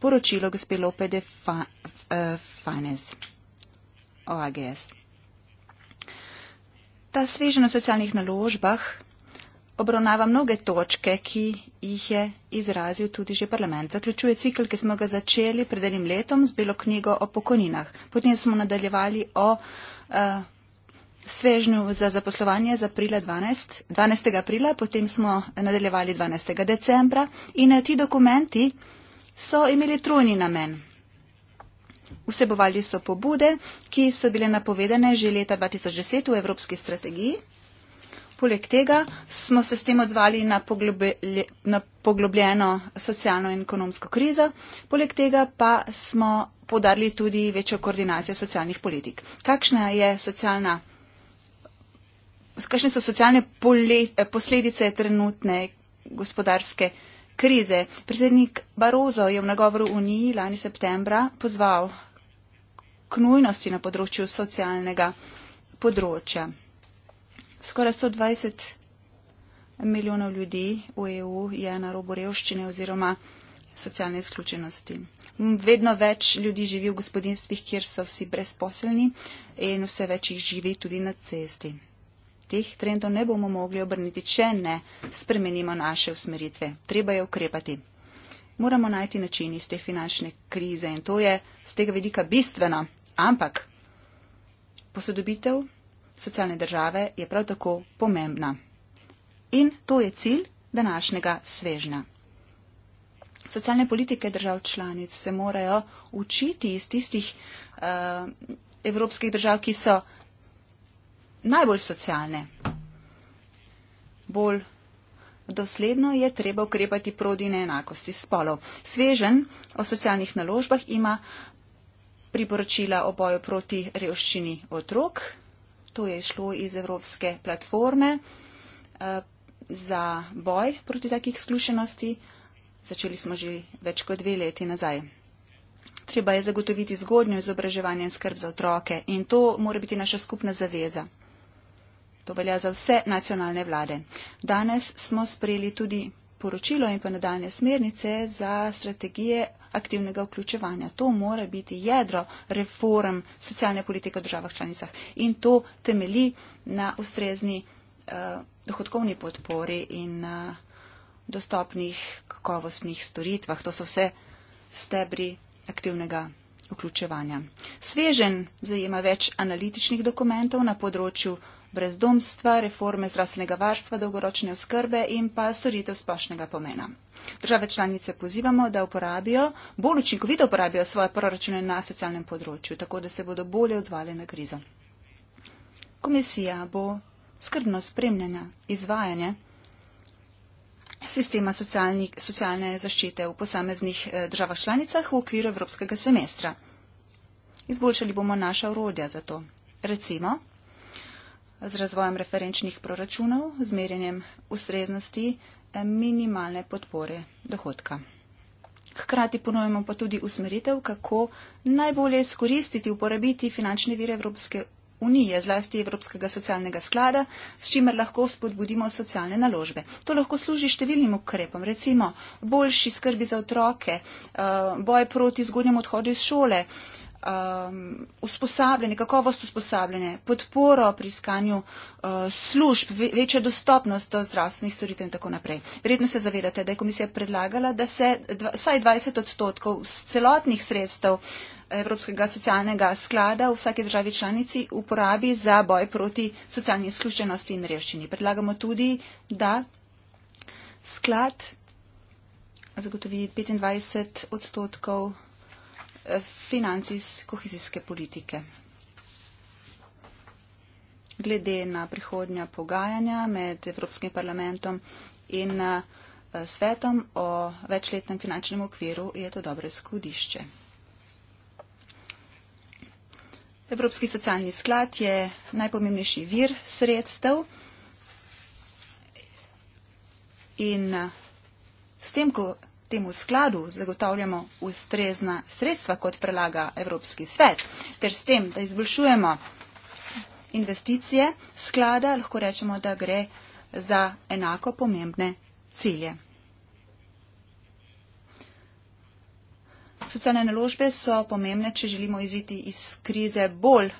Speaker 3: poročilo gospe Lope de eh, Fanez o AGS. Ta svežen v socialnih naložbah obravnava mnoge točke, ki jih je izrazil tudi že parlament. Zaključuje cikl, ki smo ga začeli pred enim letom z belo knjigo o pokojninah. Potem smo nadaljevali o uh, svežnju za zaposlovanje z aprila 12, 12. aprila, potem smo nadaljevali 12. decembra in eh, ti dokumenti so imeli trojni namen. Vsebovali so pobude, ki so bile napovedane že leta 2010 v Evropski strategiji. Poleg tega smo se s tem odzvali na, poglobe, na poglobljeno socialno in ekonomsko krizo, poleg tega pa smo podarili tudi večjo koordinacijo socialnih politik. Kakšna je socialna kakšne so socialne pole, eh, posledice trenutne gospodarske krize. Predsednik Barozo je v nagovoru Uniji lani septembra pozval k nujnosti na področju socialnega področja. Skoraj 120 milijonov ljudi v EU je na robu revščine oziroma socialne izključenosti. Vedno več ljudi živi v gospodinstvih, kjer so vsi brezposelni in vse več jih živi tudi na cesti teh trendov ne bomo mogli obrniti, če ne spremenimo naše usmeritve. Treba je ukrepati. Moramo najti način iz te finančne krize in to je z tega vidika bistveno. Ampak posodobitev socialne države je prav tako pomembna. In to je cilj današnjega svežnja. Socialne politike držav članic se morajo učiti iz tistih uh, evropskih držav, ki so najbolj socialne. Bolj dosledno je treba ukrepati proti neenakosti spolov. Svežen o socialnih naložbah ima priporočila o boju proti revščini otrok. To je šlo iz Evropske platforme eh, za boj proti takih sklušenosti. Začeli smo že več kot dve leti nazaj. Treba je zagotoviti zgodnjo izobraževanje in skrb za otroke in to mora biti naša skupna zaveza. To velja za vse nacionalne vlade. Danes smo sprejeli tudi poročilo in pa nadaljne smernice za strategije aktivnega vključevanja. To mora biti jedro reform socialne politike v državah članicah in to temeli na ustrezni uh, dohodkovni podpori in na uh, eh, dostopnih kakovostnih storitvah. To so vse stebri aktivnega vključevanja. Svežen zajema več analitičnih dokumentov na področju brezdomstva, reforme zdravstvenega varstva, dolgoročne oskrbe in pa storitev splošnega pomena. Države članice pozivamo, da uporabijo, bolj učinkovito uporabijo svoje proračune na socialnem področju, tako da se bodo bolje odzvali na krizo. Komisija bo skrbno spremljena izvajanje sistema socialni, socialne zaščite v posameznih eh, državah članicah v okviru evropskega semestra. Izboljšali bomo naša urodja za to. Recimo, z razvojem referenčnih proračunov, z merjenjem ustreznosti eh, minimalne podpore dohodka. Hkrati ponujemo pa tudi usmeritev, kako najbolje izkoristiti, uporabiti finančne vire Evropske unije, zlasti Evropskega socialnega sklada, s čimer lahko spodbudimo socialne naložbe. To lahko služi številnim ukrepom, recimo boljši skrbi za otroke, eh, boj proti zgodnjem odhodu iz šole, um, usposabljanje, kakovost usposabljanje, podporo pri iskanju uh, služb, večja dostopnost do zdravstvenih storitev in tako naprej. Verjetno se zavedate, da je komisija predlagala, da se dva, vsaj 20 odstotkov celotnih sredstev Evropskega socialnega sklada v vsaki državi članici uporabi za boj proti socialni izključenosti in revščini. Predlagamo tudi, da sklad zagotovi 25 odstotkov financijsko-kohezijske politike. Glede na prihodnja pogajanja med Evropskim parlamentom in eh, svetom o večletnem finančnem okviru je to dobre skudišče. Evropski socialni sklad je najpomembnejši vir sredstev in eh, s tem, ko temu skladu zagotavljamo ustrezna sredstva, kot prelaga Evropski svet, ter s tem, da izboljšujemo investicije sklada, lahko rečemo, da gre za enako pomembne cilje. Socialne naložbe so pomembne, če želimo iziti iz krize bolj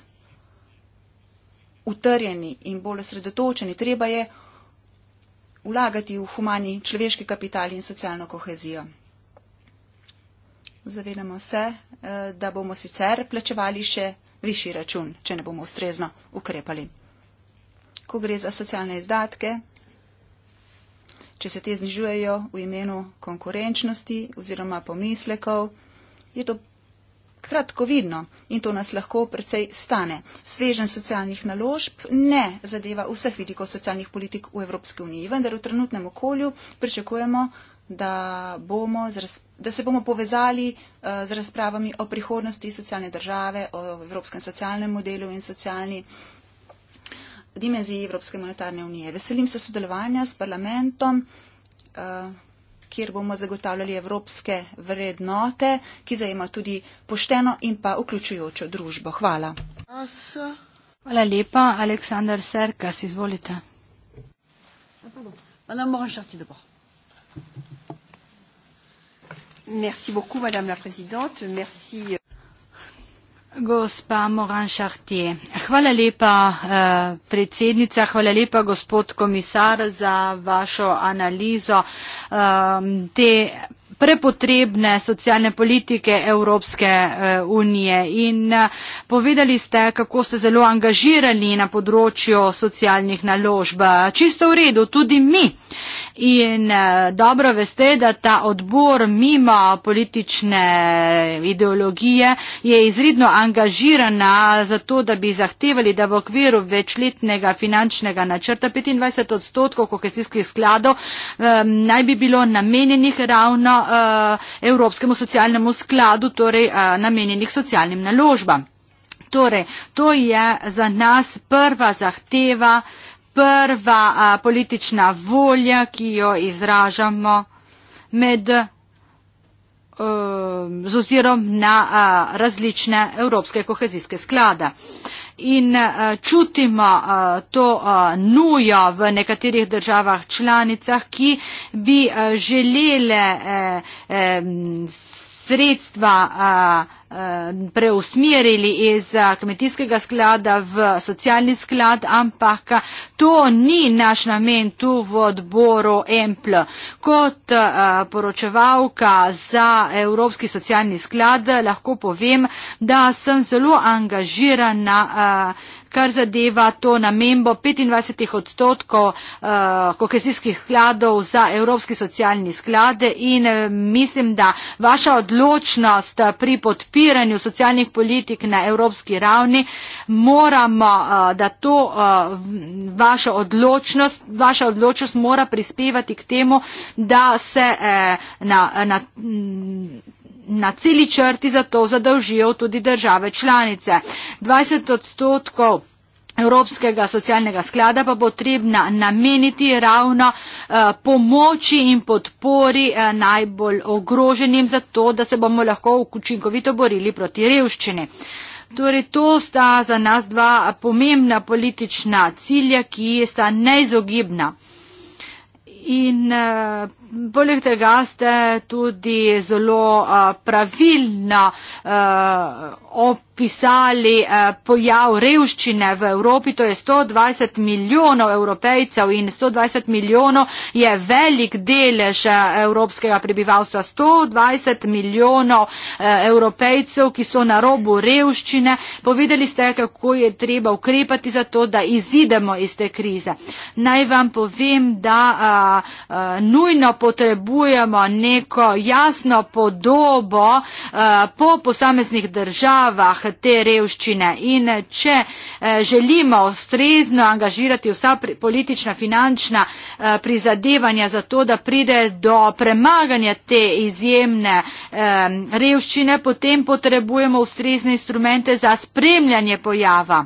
Speaker 3: utrjeni in bolj osredotočeni. Treba je vlagati v humani človeški kapital in socialno kohezijo. Zavedamo se, eh, da bomo sicer plačevali še višji račun, če ne bomo ustrezno ukrepali. Ko gre za socialne izdatke, če se te znižujejo v imenu konkurenčnosti oziroma pomislekov, je to kratkovidno in to nas lahko precej stane. Svežen socialnih naložb ne zadeva vseh vidikov socialnih politik v Evropski uniji, vendar v trenutnem okolju pričakujemo, da, da se bomo povezali uh, z razpravami o prihodnosti socialne države, o Evropskem socialnem modelu in socialni dimenziji Evropske monetarne unije. Veselim se sodelovanja s parlamentom. Uh, kjer bomo zagotavljali evropske vrednote, ki zajema tudi pošteno in pa vključujočo družbo. Hvala. Hvala lepa. Aleksandar Serkas, izvolite.
Speaker 1: Merci beaucoup, madame la
Speaker 3: présidente. Merci. Euh,
Speaker 1: Gospa Moran Šahtije, hvala lepa eh, predsednica, hvala lepa gospod komisar za vašo analizo eh, te prepotrebne socialne politike Evropske eh, unije. In eh, povedali ste, kako ste zelo angažirani na področju socialnih naložb. Čisto v redu, tudi mi. In eh, dobro veste, da ta odbor mimo politične ideologije je izredno angažirana za to, da bi zahtevali, da v okviru večletnega finančnega načrta 25 odstotkov kohezijskih skladov um, naj bi bilo namenjenih ravno Eh, Evropskemu socialnemu skladu, torej eh, namenjenih socialnim naložbam. Torej, to je za nas prva zahteva, prva eh, politična volja, ki jo izražamo med z ozirom na a, različne evropske kohezijske sklade. A, in eh, čutimo eh, to eh, nujo v nekaterih državah članicah, ki bi želele sredstva Eh, preusmerili iz eh, kmetijskega sklada v socialni sklad, ampak eh, to ni naš namen tu v odboru EMPL. Kot poročevalka za Evropski socialni sklad lahko povem, da sem zelo angažirana kar zadeva to namembo 25 odstotkov eh, kohezijskih skladov za Evropski socialni sklade in eh, mislim, da vaša odločnost pri podpiranju socialnih politik na evropski ravni moramo, eh, da to vaša odločnost, vaša odločnost mora prispevati k temu, da se na, na na celi črti za to zadolžijo tudi države članice. 20 odstotkov Evropskega socialnega sklada pa bo potrebna nameniti ravno eh, pomoči in podpori eh, najbolj ogroženim za to, da se bomo lahko učinkovito borili proti revščini. Torej, to sta za nas dva pomembna politična cilja, ki sta neizogibna. In eh, Poleg tega ste tudi zelo pravilno opisali pojav revščine v Evropi, to je 120 milijonov evropejcev in 120 milijonov je velik delež evropskega prebivalstva. 120 milijonov evropejcev, ki so na robu revščine, povedali ste, kako je treba ukrepati za to, da izidemo iz te krize. Naj vam povem, da a, a, nujno potrebujemo neko jasno podobo eh, po posameznih državah te revščine in če eh, želimo ustrezno angažirati vsa politična, finančna eh, prizadevanja za to, da pride do premaganja te izjemne revščine, potem potrebujemo ustrezne instrumente za spremljanje pojava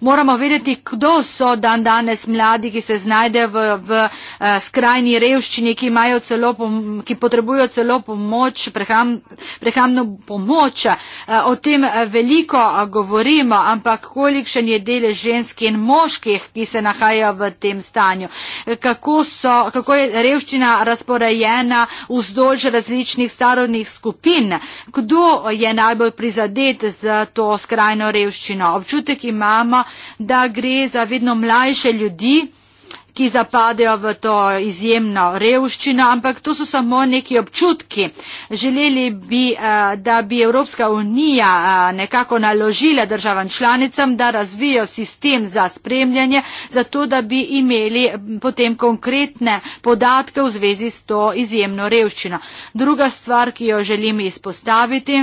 Speaker 1: moramo vedeti, kdo so dan danes mladi, ki se znajde v, v eh, skrajni revščini, ki, celo pom, ki potrebujo celo pomoč, preham, prehamno pomoč. Eh, o tem eh, veliko govorimo, ampak kolikšen je delež žensk in moških, ki se nahajajo v tem stanju. Kako, so, kako je revščina razporejena vzdolž različnih starodnih skupin? Kdo je najbolj prizadet za to skrajno revščino? Občutek imamo, da gre za vedno mlajše ljudi, ki zapadejo v to izjemno revščino, ampak to so samo neki občutki. Želeli bi, eh, da bi Evropska unija eh, nekako naložila državam članicam, da razvijo sistem za spremljanje, zato da bi imeli potem konkretne podatke v zvezi s to izjemno revščino. Druga stvar, ki jo želim izpostaviti,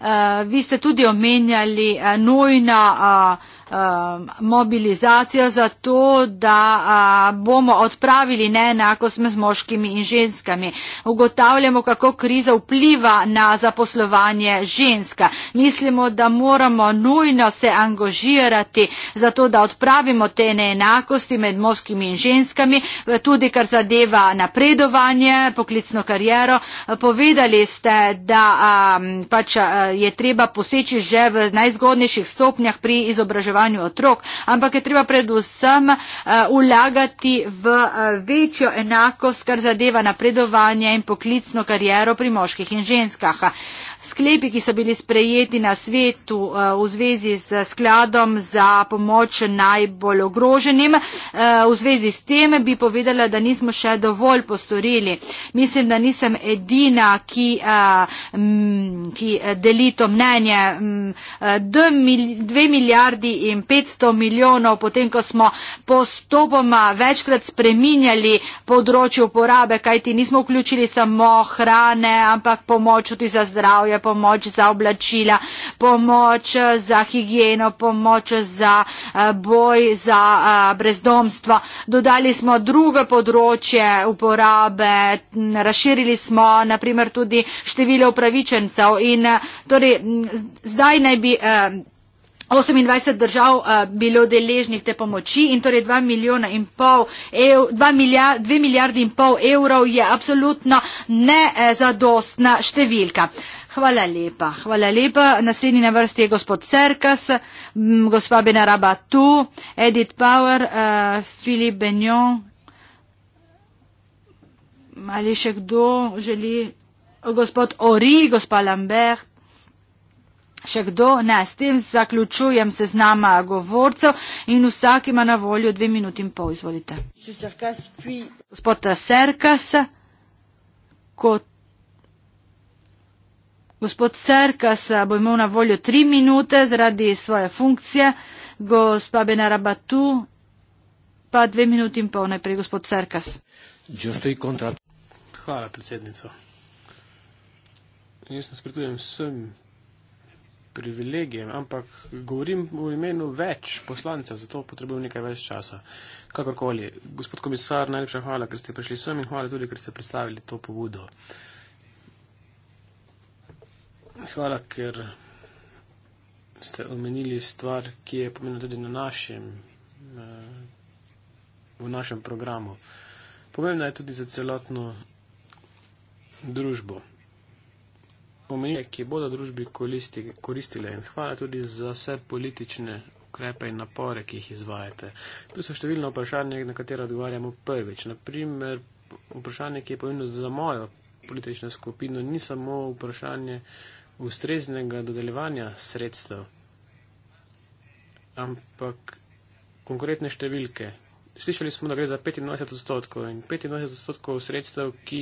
Speaker 1: Uh, vi ste tudi omenjali uh, nujna uh, Um, mobilizacijo za to, da bomo odpravili neenakost med moškimi in ženskami. Ugotavljamo, kako kriza vpliva na zaposlovanje ženska. Mislimo, da moramo nujno se angažirati za to, da odpravimo te neenakosti med moškimi in ženskami, tudi kar zadeva napredovanje, poklicno kariero. Povedali ste, da pač je treba poseči že v najzgodnejših stopnjah pri izobraževanju izobraževanju otrok, ampak je treba predvsem eh, vlagati v eh, večjo enakost, kar zadeva napredovanje in poklicno kariero pri moških in ženskah sklepi, ki so bili sprejeti na svetu eh, v zvezi z skladom za pomoč najbolj ogroženim. Eh, v zvezi s tem bi povedala, da nismo še dovolj postorili. Mislim, da nisem edina, ki, eh, ki deli to mnenje. Dve milijardi in petsto milijonov, potem, ko smo postopoma večkrat spreminjali področje uporabe, kajti nismo vključili samo hrane, ampak pomoč tudi za zdravje, pomoč za oblačila, pomoč eh, za higieno, pomoč za eh, boj za eh, brezdomstvo. Dodali smo drugo področje uporabe, razširili smo naprimer tudi število upravičencev in torej zdaj naj bi. 28 držav uh, bilo deležnih te pomoči in torej 2 milijona in pol, ev, 2, milijard, 2 milijardi in pol evrov je absolutno nezadostna eh, številka. Uh, Hvala lepa. Hvala lepa. Naslednji na vrsti je gospod Cerkas, gospa Benaraba Tu, Edith Power, uh, eh, Filip Benjon. Ali še kdo želi? Gospod Ori, gospa Lambert. Še kdo? Ne, s tem zaključujem se z nama eh, govorcev in vsak ima na voljo dve minuti in pol. Izvolite. Gospod Serkas, eh, kot Gospod Cerkas bo imel na voljo tri minute zaradi svoje funkcije, gospa Benara Batu pa dve minuti in pol najprej, gospod Cerkas.
Speaker 2: Hvala, predsednico. Jaz nasprotujem vsem privilegijem, ampak govorim v imenu več poslancev, zato potrebujem nekaj več časa. Kakorkoli, gospod komisar, najlepša hvala, ker ste prišli sem in hvala tudi, ker ste predstavili to pobudo. Uh, Hvala, ker ste omenili stvar, ki je pomembna tudi na našem, eh, v našem programu. Pomembna je tudi za celotno družbo. Omenili, ki bodo družbi koristile in hvala tudi za vse politične ukrepe in napore, ki jih izvajate. Tu so številne vprašanje, na katera odgovarjamo prvič. Naprimer, vprašanje, ki je pomembno za mojo politično skupino, ni samo vprašanje, ustreznega dodeljevanja sredstev, ampak konkretne številke. Slišali smo, da gre za 25 odstotkov in 25 odstotkov sredstev, ki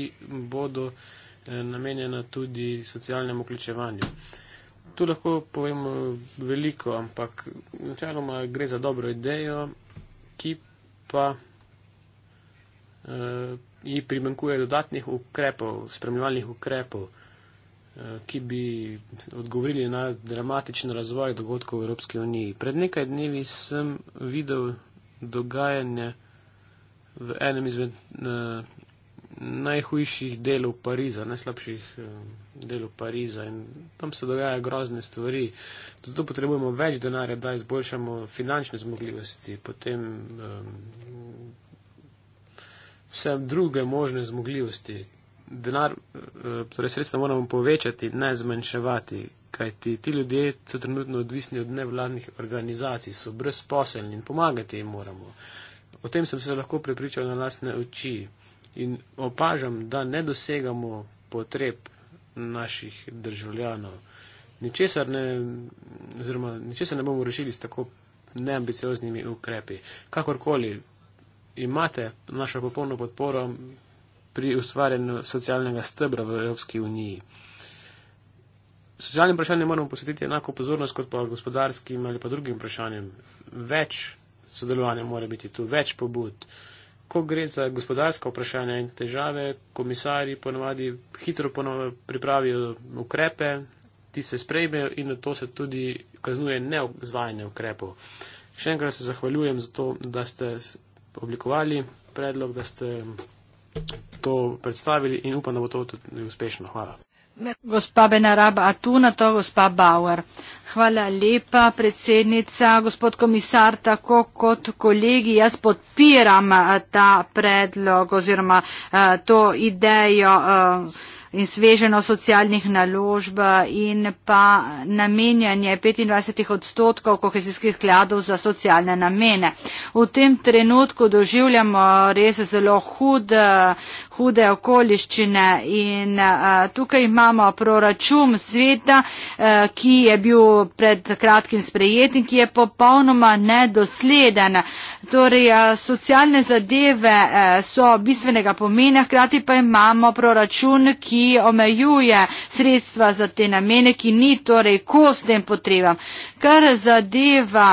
Speaker 2: bodo eh, namenjena tudi socialnemu vključevanju. Tu lahko povem eh, veliko, ampak načeloma gre za dobro idejo, ki pa uh, ji primankuje dodatnih ukrepov, spremljivalnih ukrepov. Eh, ki bi odgovorili na dramatičen razvoj dogodkov v Evropski uniji. Pred nekaj dnevi sem videl dogajanje v enem izmed eh, najhujših delov Pariza, najslabših eh, delov Pariza in tam se dogajajo grozne stvari. Zato potrebujemo več denarja, da izboljšamo finančne zmogljivosti, potem um, vse druge možne zmogljivosti, denar, eh, torej sredstva moramo povečati, ne zmanjševati, kajti ti ljudje so trenutno odvisni od nevladnih organizacij, so brezposelni in pomagati jim moramo. O tem sem se lahko prepričal na lastne oči in opažam, da ne dosegamo potreb naših državljanov. Ničesar ne, oziroma, ničesar ne bomo rešili s tako neambicioznimi ukrepi. Kakorkoli, imate našo popolno podporo, pri ustvarjanju socialnega stebra v Evropski uniji. Socialnim vprašanjem moramo posvetiti enako pozornost kot pa gospodarskim ali pa drugim vprašanjem. Več sodelovanja mora biti tu, več pobud. Ko gre za gospodarska vprašanja in težave, komisari ponovadi hitro ponovno pripravijo ukrepe, ti se sprejmejo in na to se tudi kaznuje neozvajanje ukrepov. Še enkrat se zahvaljujem za to, da ste oblikovali predlog, da ste to predstavili in upam, da bo to tudi uspešno. Hvala.
Speaker 1: Gospa Benaraba Atuna, to gospa Bauer. Hvala lepa, predsednica, gospod komisar, tako kot kolegi, jaz podpiram eh, ta predlog oziroma eh, to idejo. Eh, in sveženo socialnih naložb in pa namenjanje 25 odstotkov kohezijskih skladov za socialne namene. V tem trenutku doživljamo res zelo hud, hude okoliščine in tukaj imamo proračun sveta, ki je bil pred kratkim sprejet in ki je popolnoma nedosleden. Torej, socialne zadeve so bistvenega pomena, hkrati pa imamo proračun, ki ki omejuje sredstva za te namene, ki ni torej kos tem potrebam. Kar zadeva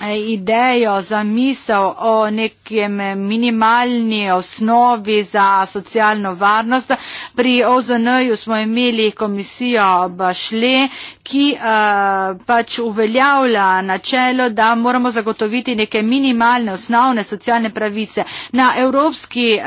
Speaker 1: eh, idejo za misel o nekem minimalni osnovi za socialno varnost. Pri OZN-ju smo imeli komisijo Bašle, ki uh, pač uveljavlja načelo, da moramo zagotoviti neke minimalne osnovne socialne pravice. Na evropski uh,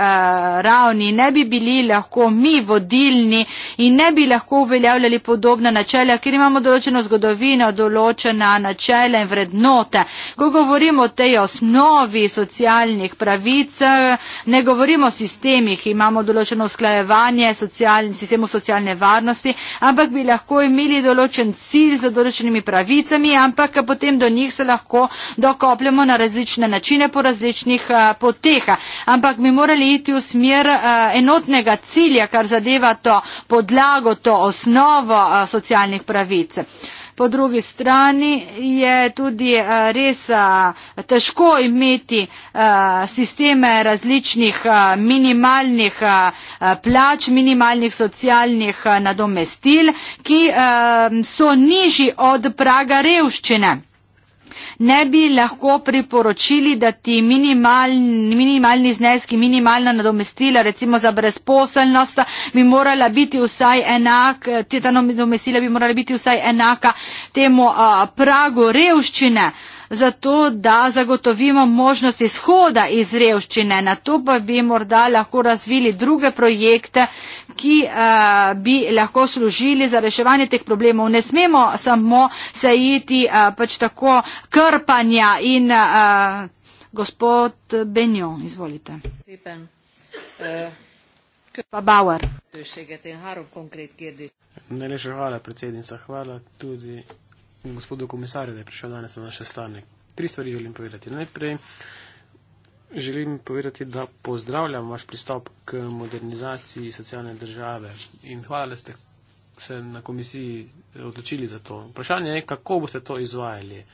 Speaker 1: ravni ne bi bili lahko mi vodilni in ne bi lahko uveljavljali podobna načela, ker imamo določeno zgodovino, določena načela in vrednote. Ko govorimo o tej osnovi socialnih pravic, eh, ne govorimo o sistemih, imamo določeno usklajevanje socialni, sistemu socialne varnosti, ampak bi lahko imeli določen cilj z določenimi pravicami, ampak potem do njih se lahko dokopljamo na različne načine po različnih eh, poteh. Ampak bi morali iti v smer eh, enotnega cilja, kar zadeva to podlago, to osnovo eh, socialnih pravic po drugi strani je tudi eh, res eh, težko imeti eh, sisteme različnih minimalnih plač, minimalnih socialnih nadomestil, ki so nižji od praga revščine ne bi lahko priporočili, da ti minimalni, minimalni zneski, minimalna nadomestila, recimo za brezposelnost, bi morala biti vsaj enak, ti ta nadomestila bi morala biti vsaj enaka temu a, pragu revščine zato da zagotovimo možnost izhoda iz revščine. Na to pa bi morda lahko razvili druge projekte, ki uh, bi lahko služili za reševanje teh problemov. Ne smemo samo se iti uh, pač tako krpanja in uh, gospod Benjo, izvolite. Lepen. Pa Bauer.
Speaker 2: Najlepša hvala, predsednica. Hvala tudi gospodu komisarju, da je prišel danes na naš sestanek. Tri stvari želim povedati. Najprej želim povedati, da pozdravljam vaš pristop k modernizaciji socialne države in hvala, da ste se na komisiji odločili za to. Vprašanje je, kako boste to izvajali.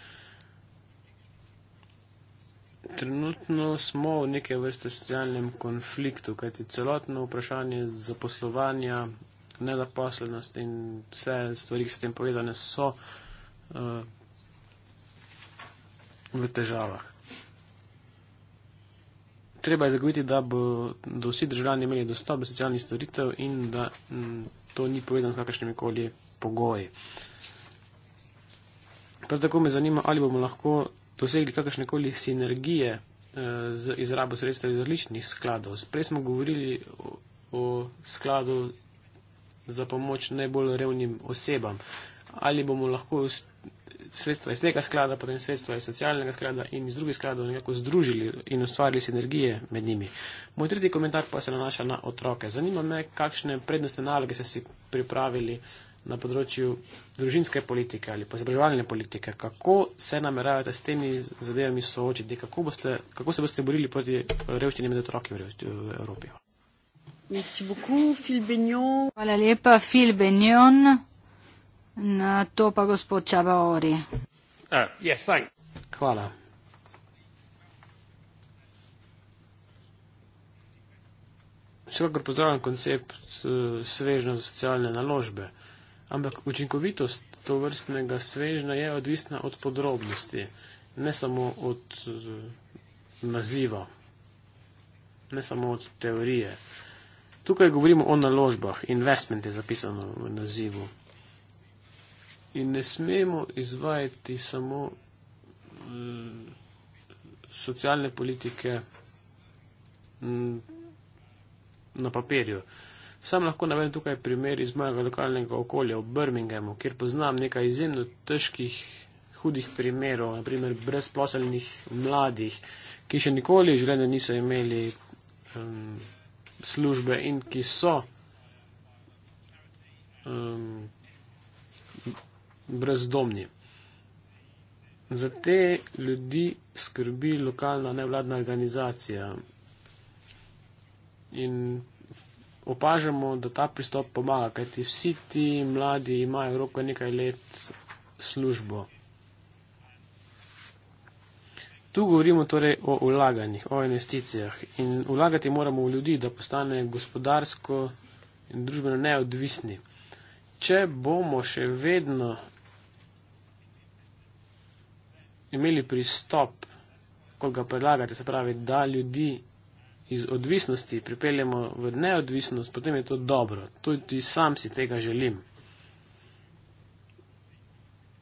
Speaker 2: Trenutno smo v neke vrste socialnem konfliktu, kajti celotno vprašanje zaposlovanja, nezaposlenost in vse stvari, ki so s tem povezane, so v težavah. Treba je zagotoviti, da bodo vsi državljani imeli dostop do socialnih storitev in da to ni povezano s kakršnimi koli pogoji. Prav tako me zanima, ali bomo lahko dosegli kakršne koli sinergije eh, z izrabo sredstev iz različnih skladov. Prej smo govorili o skladu za pomoč najbolj revnim osebam. Ali bomo lahko sredstva iz tega sklada, potem sredstva iz socialnega sklada in iz drugih skladov nekako združili in ustvarili sinergije med njimi. Moj tretji komentar pa se nanaša na otroke. Zanima me, kakšne prednostne naloge ste si pripravili na področju družinske politike ali pozabraževalne politike. Kako se nameravate s temi zadevami soočiti? Kako, boste, kako se boste borili proti revščini med otroki v, revšči, v Evropi?
Speaker 1: Merci beaucoup, Phil Bignon. Hvala lepa, Phil Bignon. Na to pa gospod Čabaori.
Speaker 2: Uh, yes, Hvala. Vsekakor pozdravljam koncept eh, svežne socialne naložbe, ampak učinkovitost to vrstnega svežna je odvisna od podrobnosti, ne samo od eh, naziva, ne samo od teorije. Tukaj govorimo o naložbah, investment je zapisano v nazivu in ne smemo izvajati samo eh, socialne politike mm, na papirju. Sam lahko navedem tukaj primer iz mojega lokalnega okolja v Birminghamu, kjer poznam nekaj izjemno težkih, hudih primerov, naprimer brezposelnih mladih, ki še nikoli v življenju niso imeli um, službe in ki so um, brezdomni. Za te ljudi skrbi lokalna nevladna organizacija. In opažamo, da ta pristop pomaga, kajti vsi ti mladi imajo v roko nekaj let službo. Tu govorimo torej o vlaganjih, o investicijah in vlagati moramo v ljudi, da postane gospodarsko in družbeno neodvisni. Če bomo še vedno imeli pristop, kot ga predlagate, se pravi, da ljudi iz odvisnosti pripeljemo v neodvisnost, potem je to dobro. Tudi sam si tega želim.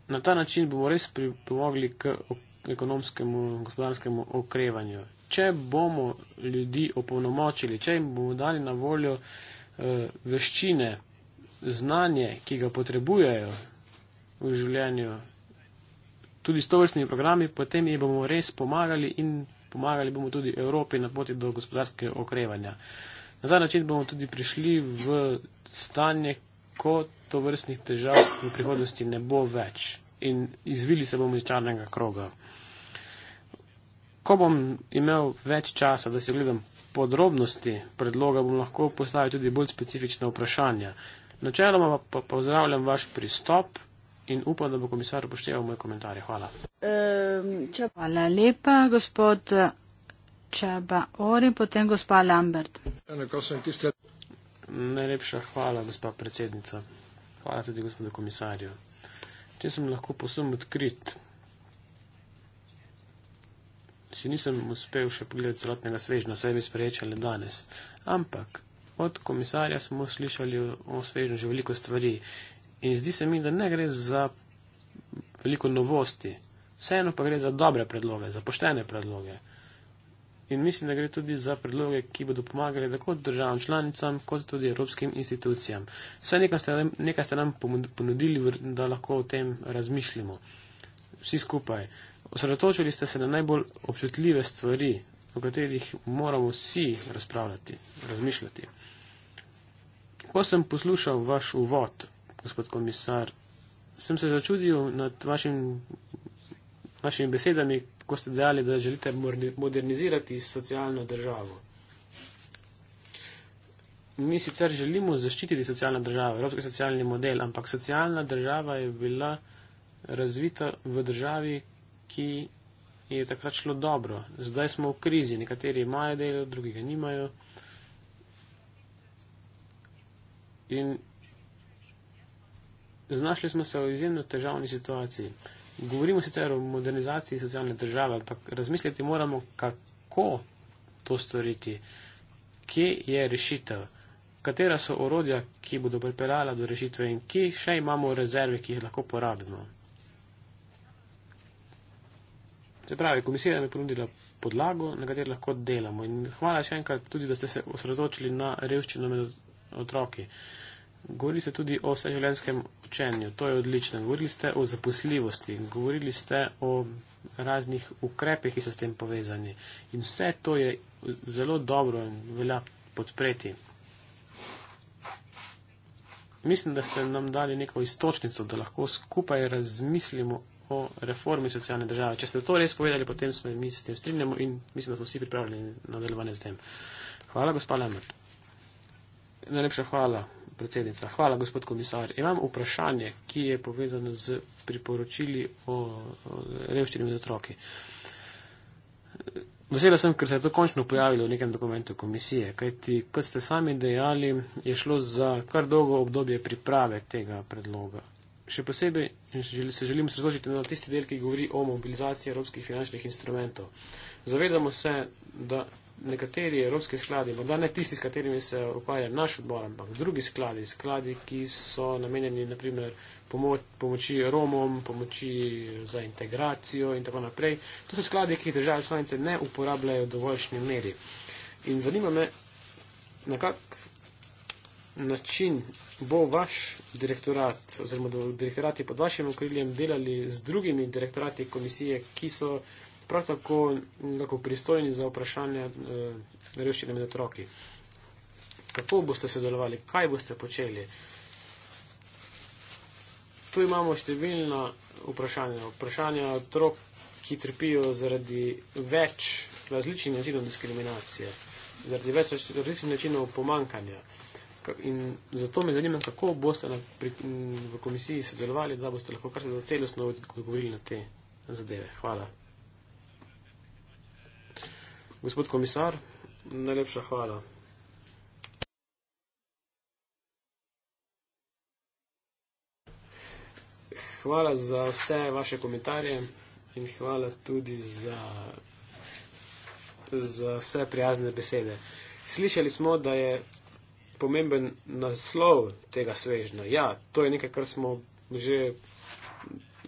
Speaker 2: Na ta način bomo res pripomogli k ekonomskemu, gospodarskemu okrevanju. Če bomo ljudi opolnomočili, če jim bomo dali na voljo eh, veščine, znanje, ki ga potrebujejo v življenju tudi s tovrstnimi programi, potem jim bomo res pomagali in pomagali bomo tudi Evropi na poti do gospodarskega okrevanja. Na ta način bomo tudi prišli v stanje, ko tovrstnih težav v prihodnosti ne bo več in izvili se bomo iz črnega kroga. Ko bom imel več časa, da si gledam podrobnosti predloga, bom lahko postavil tudi bolj specifična vprašanja. Načeloma pa pozdravljam vaš pristop in upam, da bo komisar upošteval moje komentarje. Hvala.
Speaker 1: Um, Hvala lepa, gospod Čaba Ori, potem gospa Lambert.
Speaker 2: Najlepša hvala, gospa predsednica. Hvala tudi gospodu komisarju. Če sem lahko posem odkrit, si nisem uspel še pogledati celotnega svežna, saj bi sprejčali danes. Ampak od komisarja smo slišali o svežnu že veliko stvari In zdi se mi, da ne gre za veliko novosti, vseeno pa gre za dobre predloge, za poštene predloge. In mislim, da gre tudi za predloge, ki bodo pomagali tako državam članicam, kot tudi evropskim institucijam. Vse nekaj ste, nekaj ste nam ponudili, da lahko o tem razmišljamo. Vsi skupaj. Osredotočili ste se na najbolj občutljive stvari, o katerih moramo vsi razpravljati, razmišljati. Ko sem poslušal vaš uvod, gospod komisar, sem se začudil nad vašim, vašimi besedami, ko ste dejali, da želite modernizirati socialno državo. Mi sicer želimo zaščititi socialno državo, evropski socialni model, ampak socialna država je bila razvita v državi, ki je takrat šlo dobro. Zdaj smo v krizi, nekateri imajo delo, drugi ga nimajo. In Znašli smo se v izjemno težavni situaciji. Govorimo sicer o modernizaciji socialne države, ampak razmisliti moramo, kako to storiti, kje je rešitev, katera so orodja, ki bodo pripeljala do rešitve in kje še imamo rezerve, ki jih lahko porabimo. Se pravi, komisija nam je ponudila podlago, na kateri lahko delamo. In hvala še enkrat tudi, da ste se osredotočili na revščino med otroki. Uh, Govorili ste tudi o vseživljenskem učenju, to je odlično. Govorili ste o zaposljivosti, govorili ste o raznih ukrepih, ki so s tem povezani. In vse to je zelo dobro in velja podpreti. Mislim, da ste nam dali neko istočnico, da lahko skupaj razmislimo o reformi socialne države. Če ste to res povedali, potem smo mi s tem strinjamo in mislim, da smo vsi pripravljeni na delovanje z tem. Hvala, gospod Lemert. Najlepša hvala predsednica. Hvala, gospod komisar. Imam vprašanje, ki je povezano z priporočili o, o revščini med otroki. Vesela sem, ker se je to končno pojavilo v nekem dokumentu komisije, kajti, kot ste sami dejali, je šlo za kar dolgo obdobje priprave tega predloga. Še posebej se želim sredožiti na tisti del, ki govori o mobilizaciji evropskih finančnih instrumentov. Zavedamo se, da nekateri evropski skladi, morda ne tisti, s katerimi se ukvarja naš odbor, ampak drugi skladi, skladi, ki so namenjeni naprimer pomoč, pomoči Romom, pomoči za integracijo in tako naprej, to so skladi, ki jih države članice ne uporabljajo v dovoljšnji meri. In zanima me, na kak način bo vaš direktorat oziroma direktorati pod vašim okriljem delali z drugimi direktorati komisije, ki so prav tako lahko pristojni za vprašanje eh, revščine med otroki. Kako boste sodelovali, kaj boste počeli? Tu imamo številna vprašanja. Vprašanja otrok, ki trpijo zaradi več različnih načinov diskriminacije, zaradi več različnih načinov pomankanja. In zato me zanima, kako boste na, pri, v komisiji sodelovali, da boste lahko kar se celostno odgovorili na te zadeve. Hvala. Gospod komisar, najlepša hvala. Hvala za vse vaše komentarje in hvala tudi za, za vse prijazne besede. Slišali smo, da je pomemben naslov tega svežna. Ja, to je nekaj, kar smo že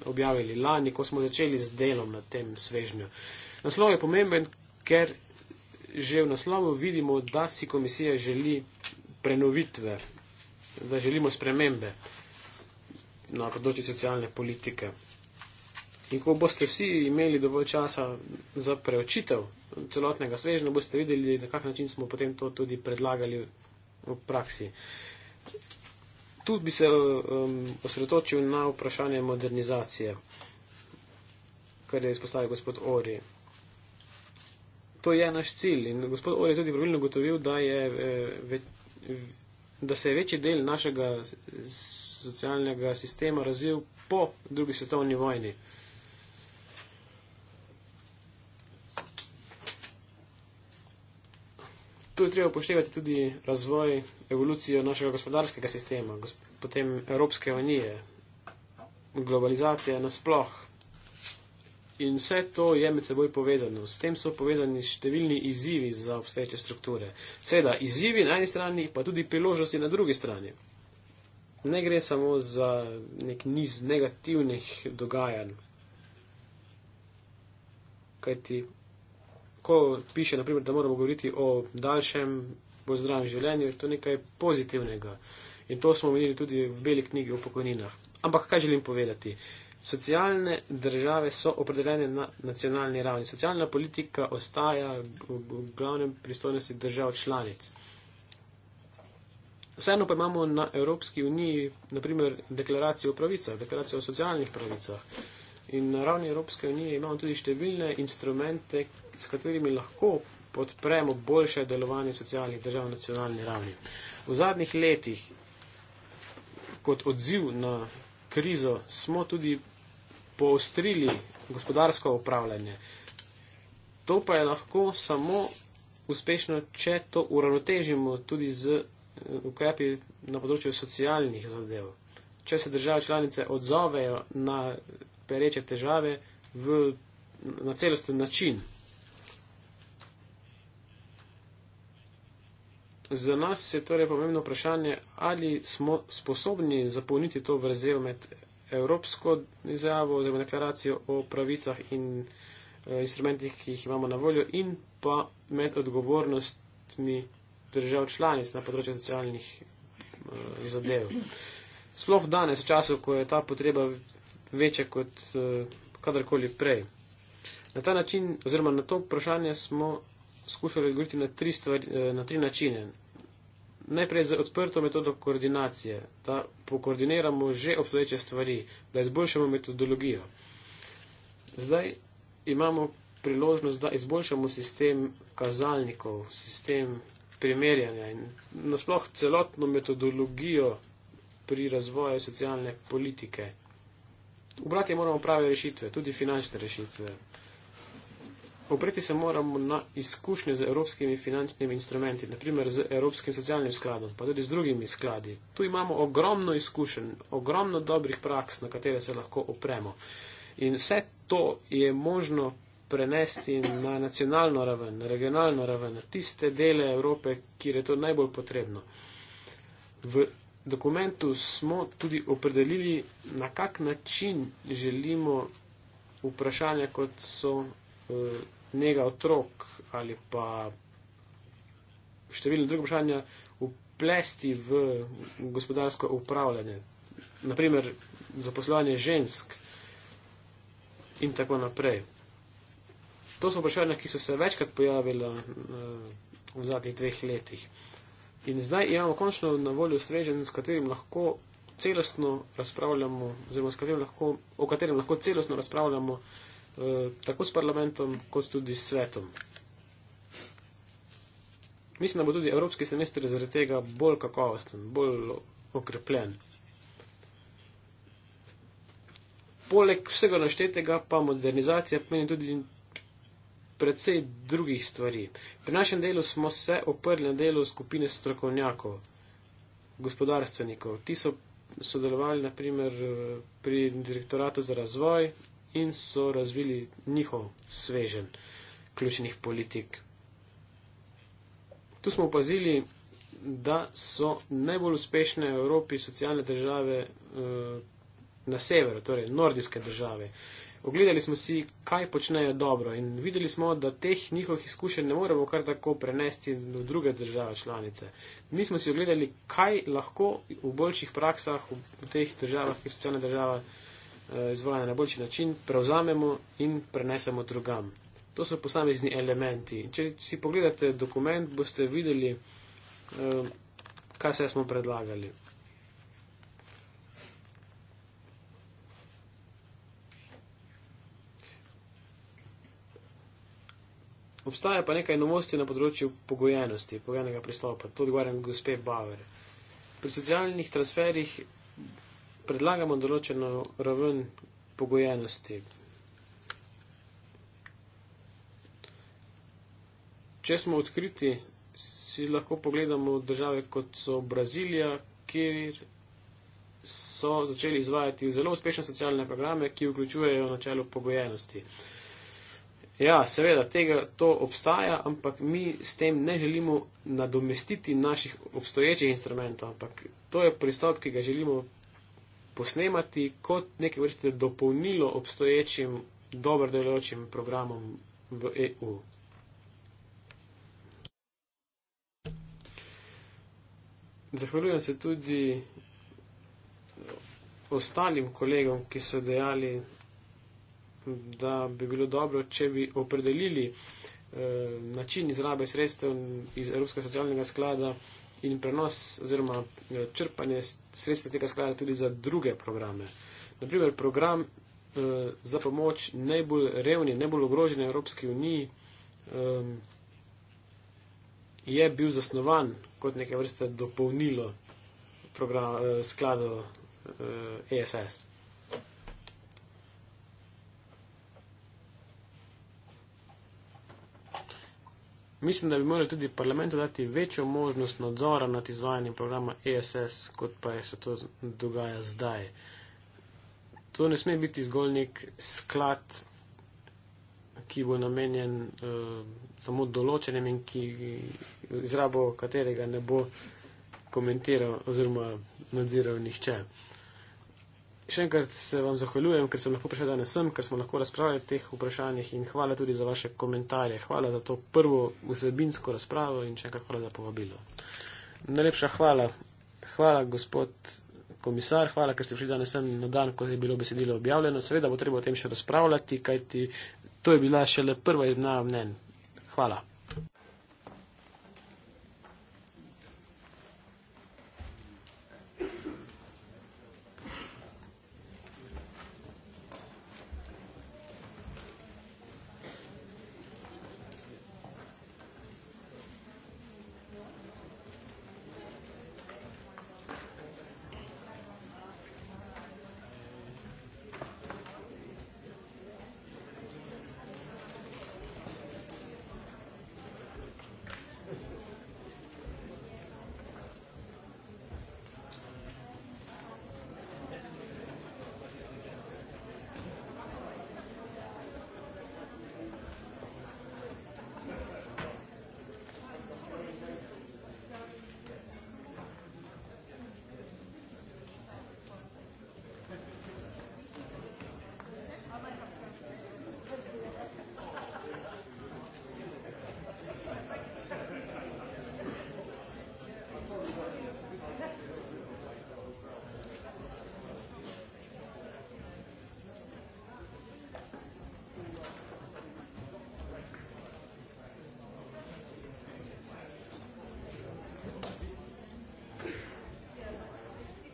Speaker 2: objavili lani, ko smo začeli z delom na tem svežnju. Naslov je pomemben, ker že v naslovu vidimo, da si komisija želi prenovitve, da želimo spremembe na področju socialne politike. In ko boste vsi imeli dovolj časa za preočitev celotnega svežnja, boste videli, na kak način smo potem to tudi predlagali v praksi. Tu bi se um, osredotočil na vprašanje modernizacije, kar je izpostavil gospod Ori to je naš cilj. In gospod Ore je tudi pravilno ugotovil, da, je, eh, da se je večji del našega socialnega sistema razvil po drugi svetovni vojni. Tu je treba upoštevati tudi razvoj, evolucijo našega gospodarskega sistema, potem Evropske unije, globalizacija nasploh, In vse to je med seboj povezano. S tem so povezani številni izzivi za obstoječe strukture. Seveda, izzivi na eni strani, pa tudi priložnosti na drugi strani. Ne gre samo za nek niz negativnih dogajanj. Kajti, ko piše, naprimer, da moramo govoriti o daljšem, bolj zdravem življenju, je to nekaj pozitivnega. In to smo omenili tudi v beli knjigi o pokojninah. Ampak kaj želim povedati? Socialne države so opredeljene na nacionalni ravni. Socialna politika ostaja v glavnem pristojnosti držav članic. Vseeno pa imamo na Evropski uniji, naprimer, deklaracijo o pravicah, deklaracijo o socialnih pravicah. In na ravni Evropske unije imamo tudi številne instrumente, s katerimi lahko podpremo boljše delovanje socialnih držav na nacionalni ravni. V zadnjih letih kot odziv na krizo smo tudi poostrili gospodarsko upravljanje. To pa je lahko samo uspešno, če to uravnotežimo tudi z eh, ukrepi na področju socialnih zadev. Če se države članice odzovejo na pereče težave v, na celosten način. Za nas je torej pomembno vprašanje, ali smo sposobni zapolniti to vrzel med evropsko izjavo oziroma deklaracijo o pravicah in eh, instrumentih, ki jih imamo na voljo, in pa med odgovornostmi držav članic na področju socialnih eh, zadev. Sploh danes, v času, ko je ta potreba večja kot eh, kadarkoli prej. Na ta način, oziroma na to vprašanje smo skušali odgovoriti na, stvari, na tri načine najprej z odprto metodo koordinacije, da pokoordiniramo že obstoječe stvari, da izboljšamo metodologijo. Zdaj imamo priložnost, da izboljšamo sistem kazalnikov, sistem primerjanja in nasploh celotno metodologijo pri razvoju socialne politike. Obrati moramo prave rešitve, tudi finančne rešitve. Opreti se moramo na izkušnje z evropskimi finančnimi instrumenti, naprimer z Evropskim socialnim skladom, pa tudi z drugimi skladi. Tu imamo ogromno izkušenj, ogromno dobrih praks, na katere se lahko opremo. In vse to je možno prenesti na nacionalno raven, na regionalno raven, na tiste dele Evrope, kjer je to najbolj potrebno. V dokumentu smo tudi opredelili, na kak način želimo vprašanja, kot so eh, njega otrok ali pa številne druge vprašanja vplesti v gospodarsko upravljanje. Naprimer, zaposlovanje žensk in tako naprej. To so vprašanja, ki so se večkrat pojavila eh, v zadnjih dveh letih. In zdaj imamo končno na voljo srežen, s katerim lahko celostno razpravljamo, oziroma katerim lahko, o katerem lahko celostno razpravljamo. Eh, tako s parlamentom, kot tudi s svetom. Mislim, da bo tudi evropski semester zaradi tega bolj kakovosten, bolj okrepljen. Poleg vsega naštetega pa modernizacija pomeni tudi predvsej drugih stvari. Pri našem delu smo se oprli na delo skupine strokovnjakov, gospodarstvenikov. Ti so sodelovali naprimer pri direktoratu za razvoj in so razvili njihov svežen ključnih politik. Tu smo opazili, da so najbolj uspešne v Evropi socialne države eh, na severu, torej nordijske države. Ogledali smo si, kaj počnejo dobro in videli smo, da teh njihovih izkušenj ne moremo kar tako prenesti v druge države članice. Mi smo si ogledali, kaj lahko v boljših praksah v teh državah, ki so socialna država, Eh, izvajanja na boljši način, prevzamemo in prenesemo drugam. To so posamezni elementi. Če si pogledate dokument, boste videli, eh, kaj se smo predlagali. Obstaja pa nekaj novosti na področju pogojenosti, pogojenega pristopa. To odgovarjam gospe Bauer. Pri socialnih transferjih predlagamo določeno raven pogojenosti. Če smo odkriti, si lahko pogledamo države kot so Brazilija, kjer so začeli izvajati zelo uspešne socialne programe, ki vključujejo načelo pogojenosti. Ja, seveda, tega to obstaja, ampak mi s tem ne želimo nadomestiti naših obstoječih instrumentov, ampak to je pristop, ki ga želimo posnemati kot neke vrste dopolnilo obstoječim dobro delujočim programom v EU. Zahvaljujem se tudi ostalim kolegom, ki so dejali, da bi bilo dobro, če bi opredelili eh, način izrabe sredstev iz Evropskega socialnega sklada in prenos oziroma eh, črpanje sredstva tega sklada tudi za druge programe. Naprimer, program eh, za pomoč najbolj revni, najbolj ogroženi Evropski uniji eh, je bil zasnovan kot neke vrste dopolnilo eh, skladu eh, ESS. Mislim, da bi morali tudi parlamentu dati večjo možnost nadzora nad izvajanjem programa ESS, kot pa se to dogaja zdaj. To ne sme biti zgolj nek sklad, ki bo namenjen uh, samo določenim in ki izrabo katerega ne bo komentiral oziroma nadziral nihče. Še enkrat se vam zahvaljujem, ker sem lahko prišel danes sem, ker smo lahko razpravljali o teh vprašanjih in hvala tudi za vaše komentarje. Hvala za to prvo vsebinsko razpravo in še enkrat hvala za povabilo. Najlepša hvala. Hvala, gospod komisar, hvala, ker ste prišli danes sem na dan, ko je bilo besedilo objavljeno. Seveda bo treba o tem še razpravljati, kajti to je bila šele prva jedna mnen. Hvala.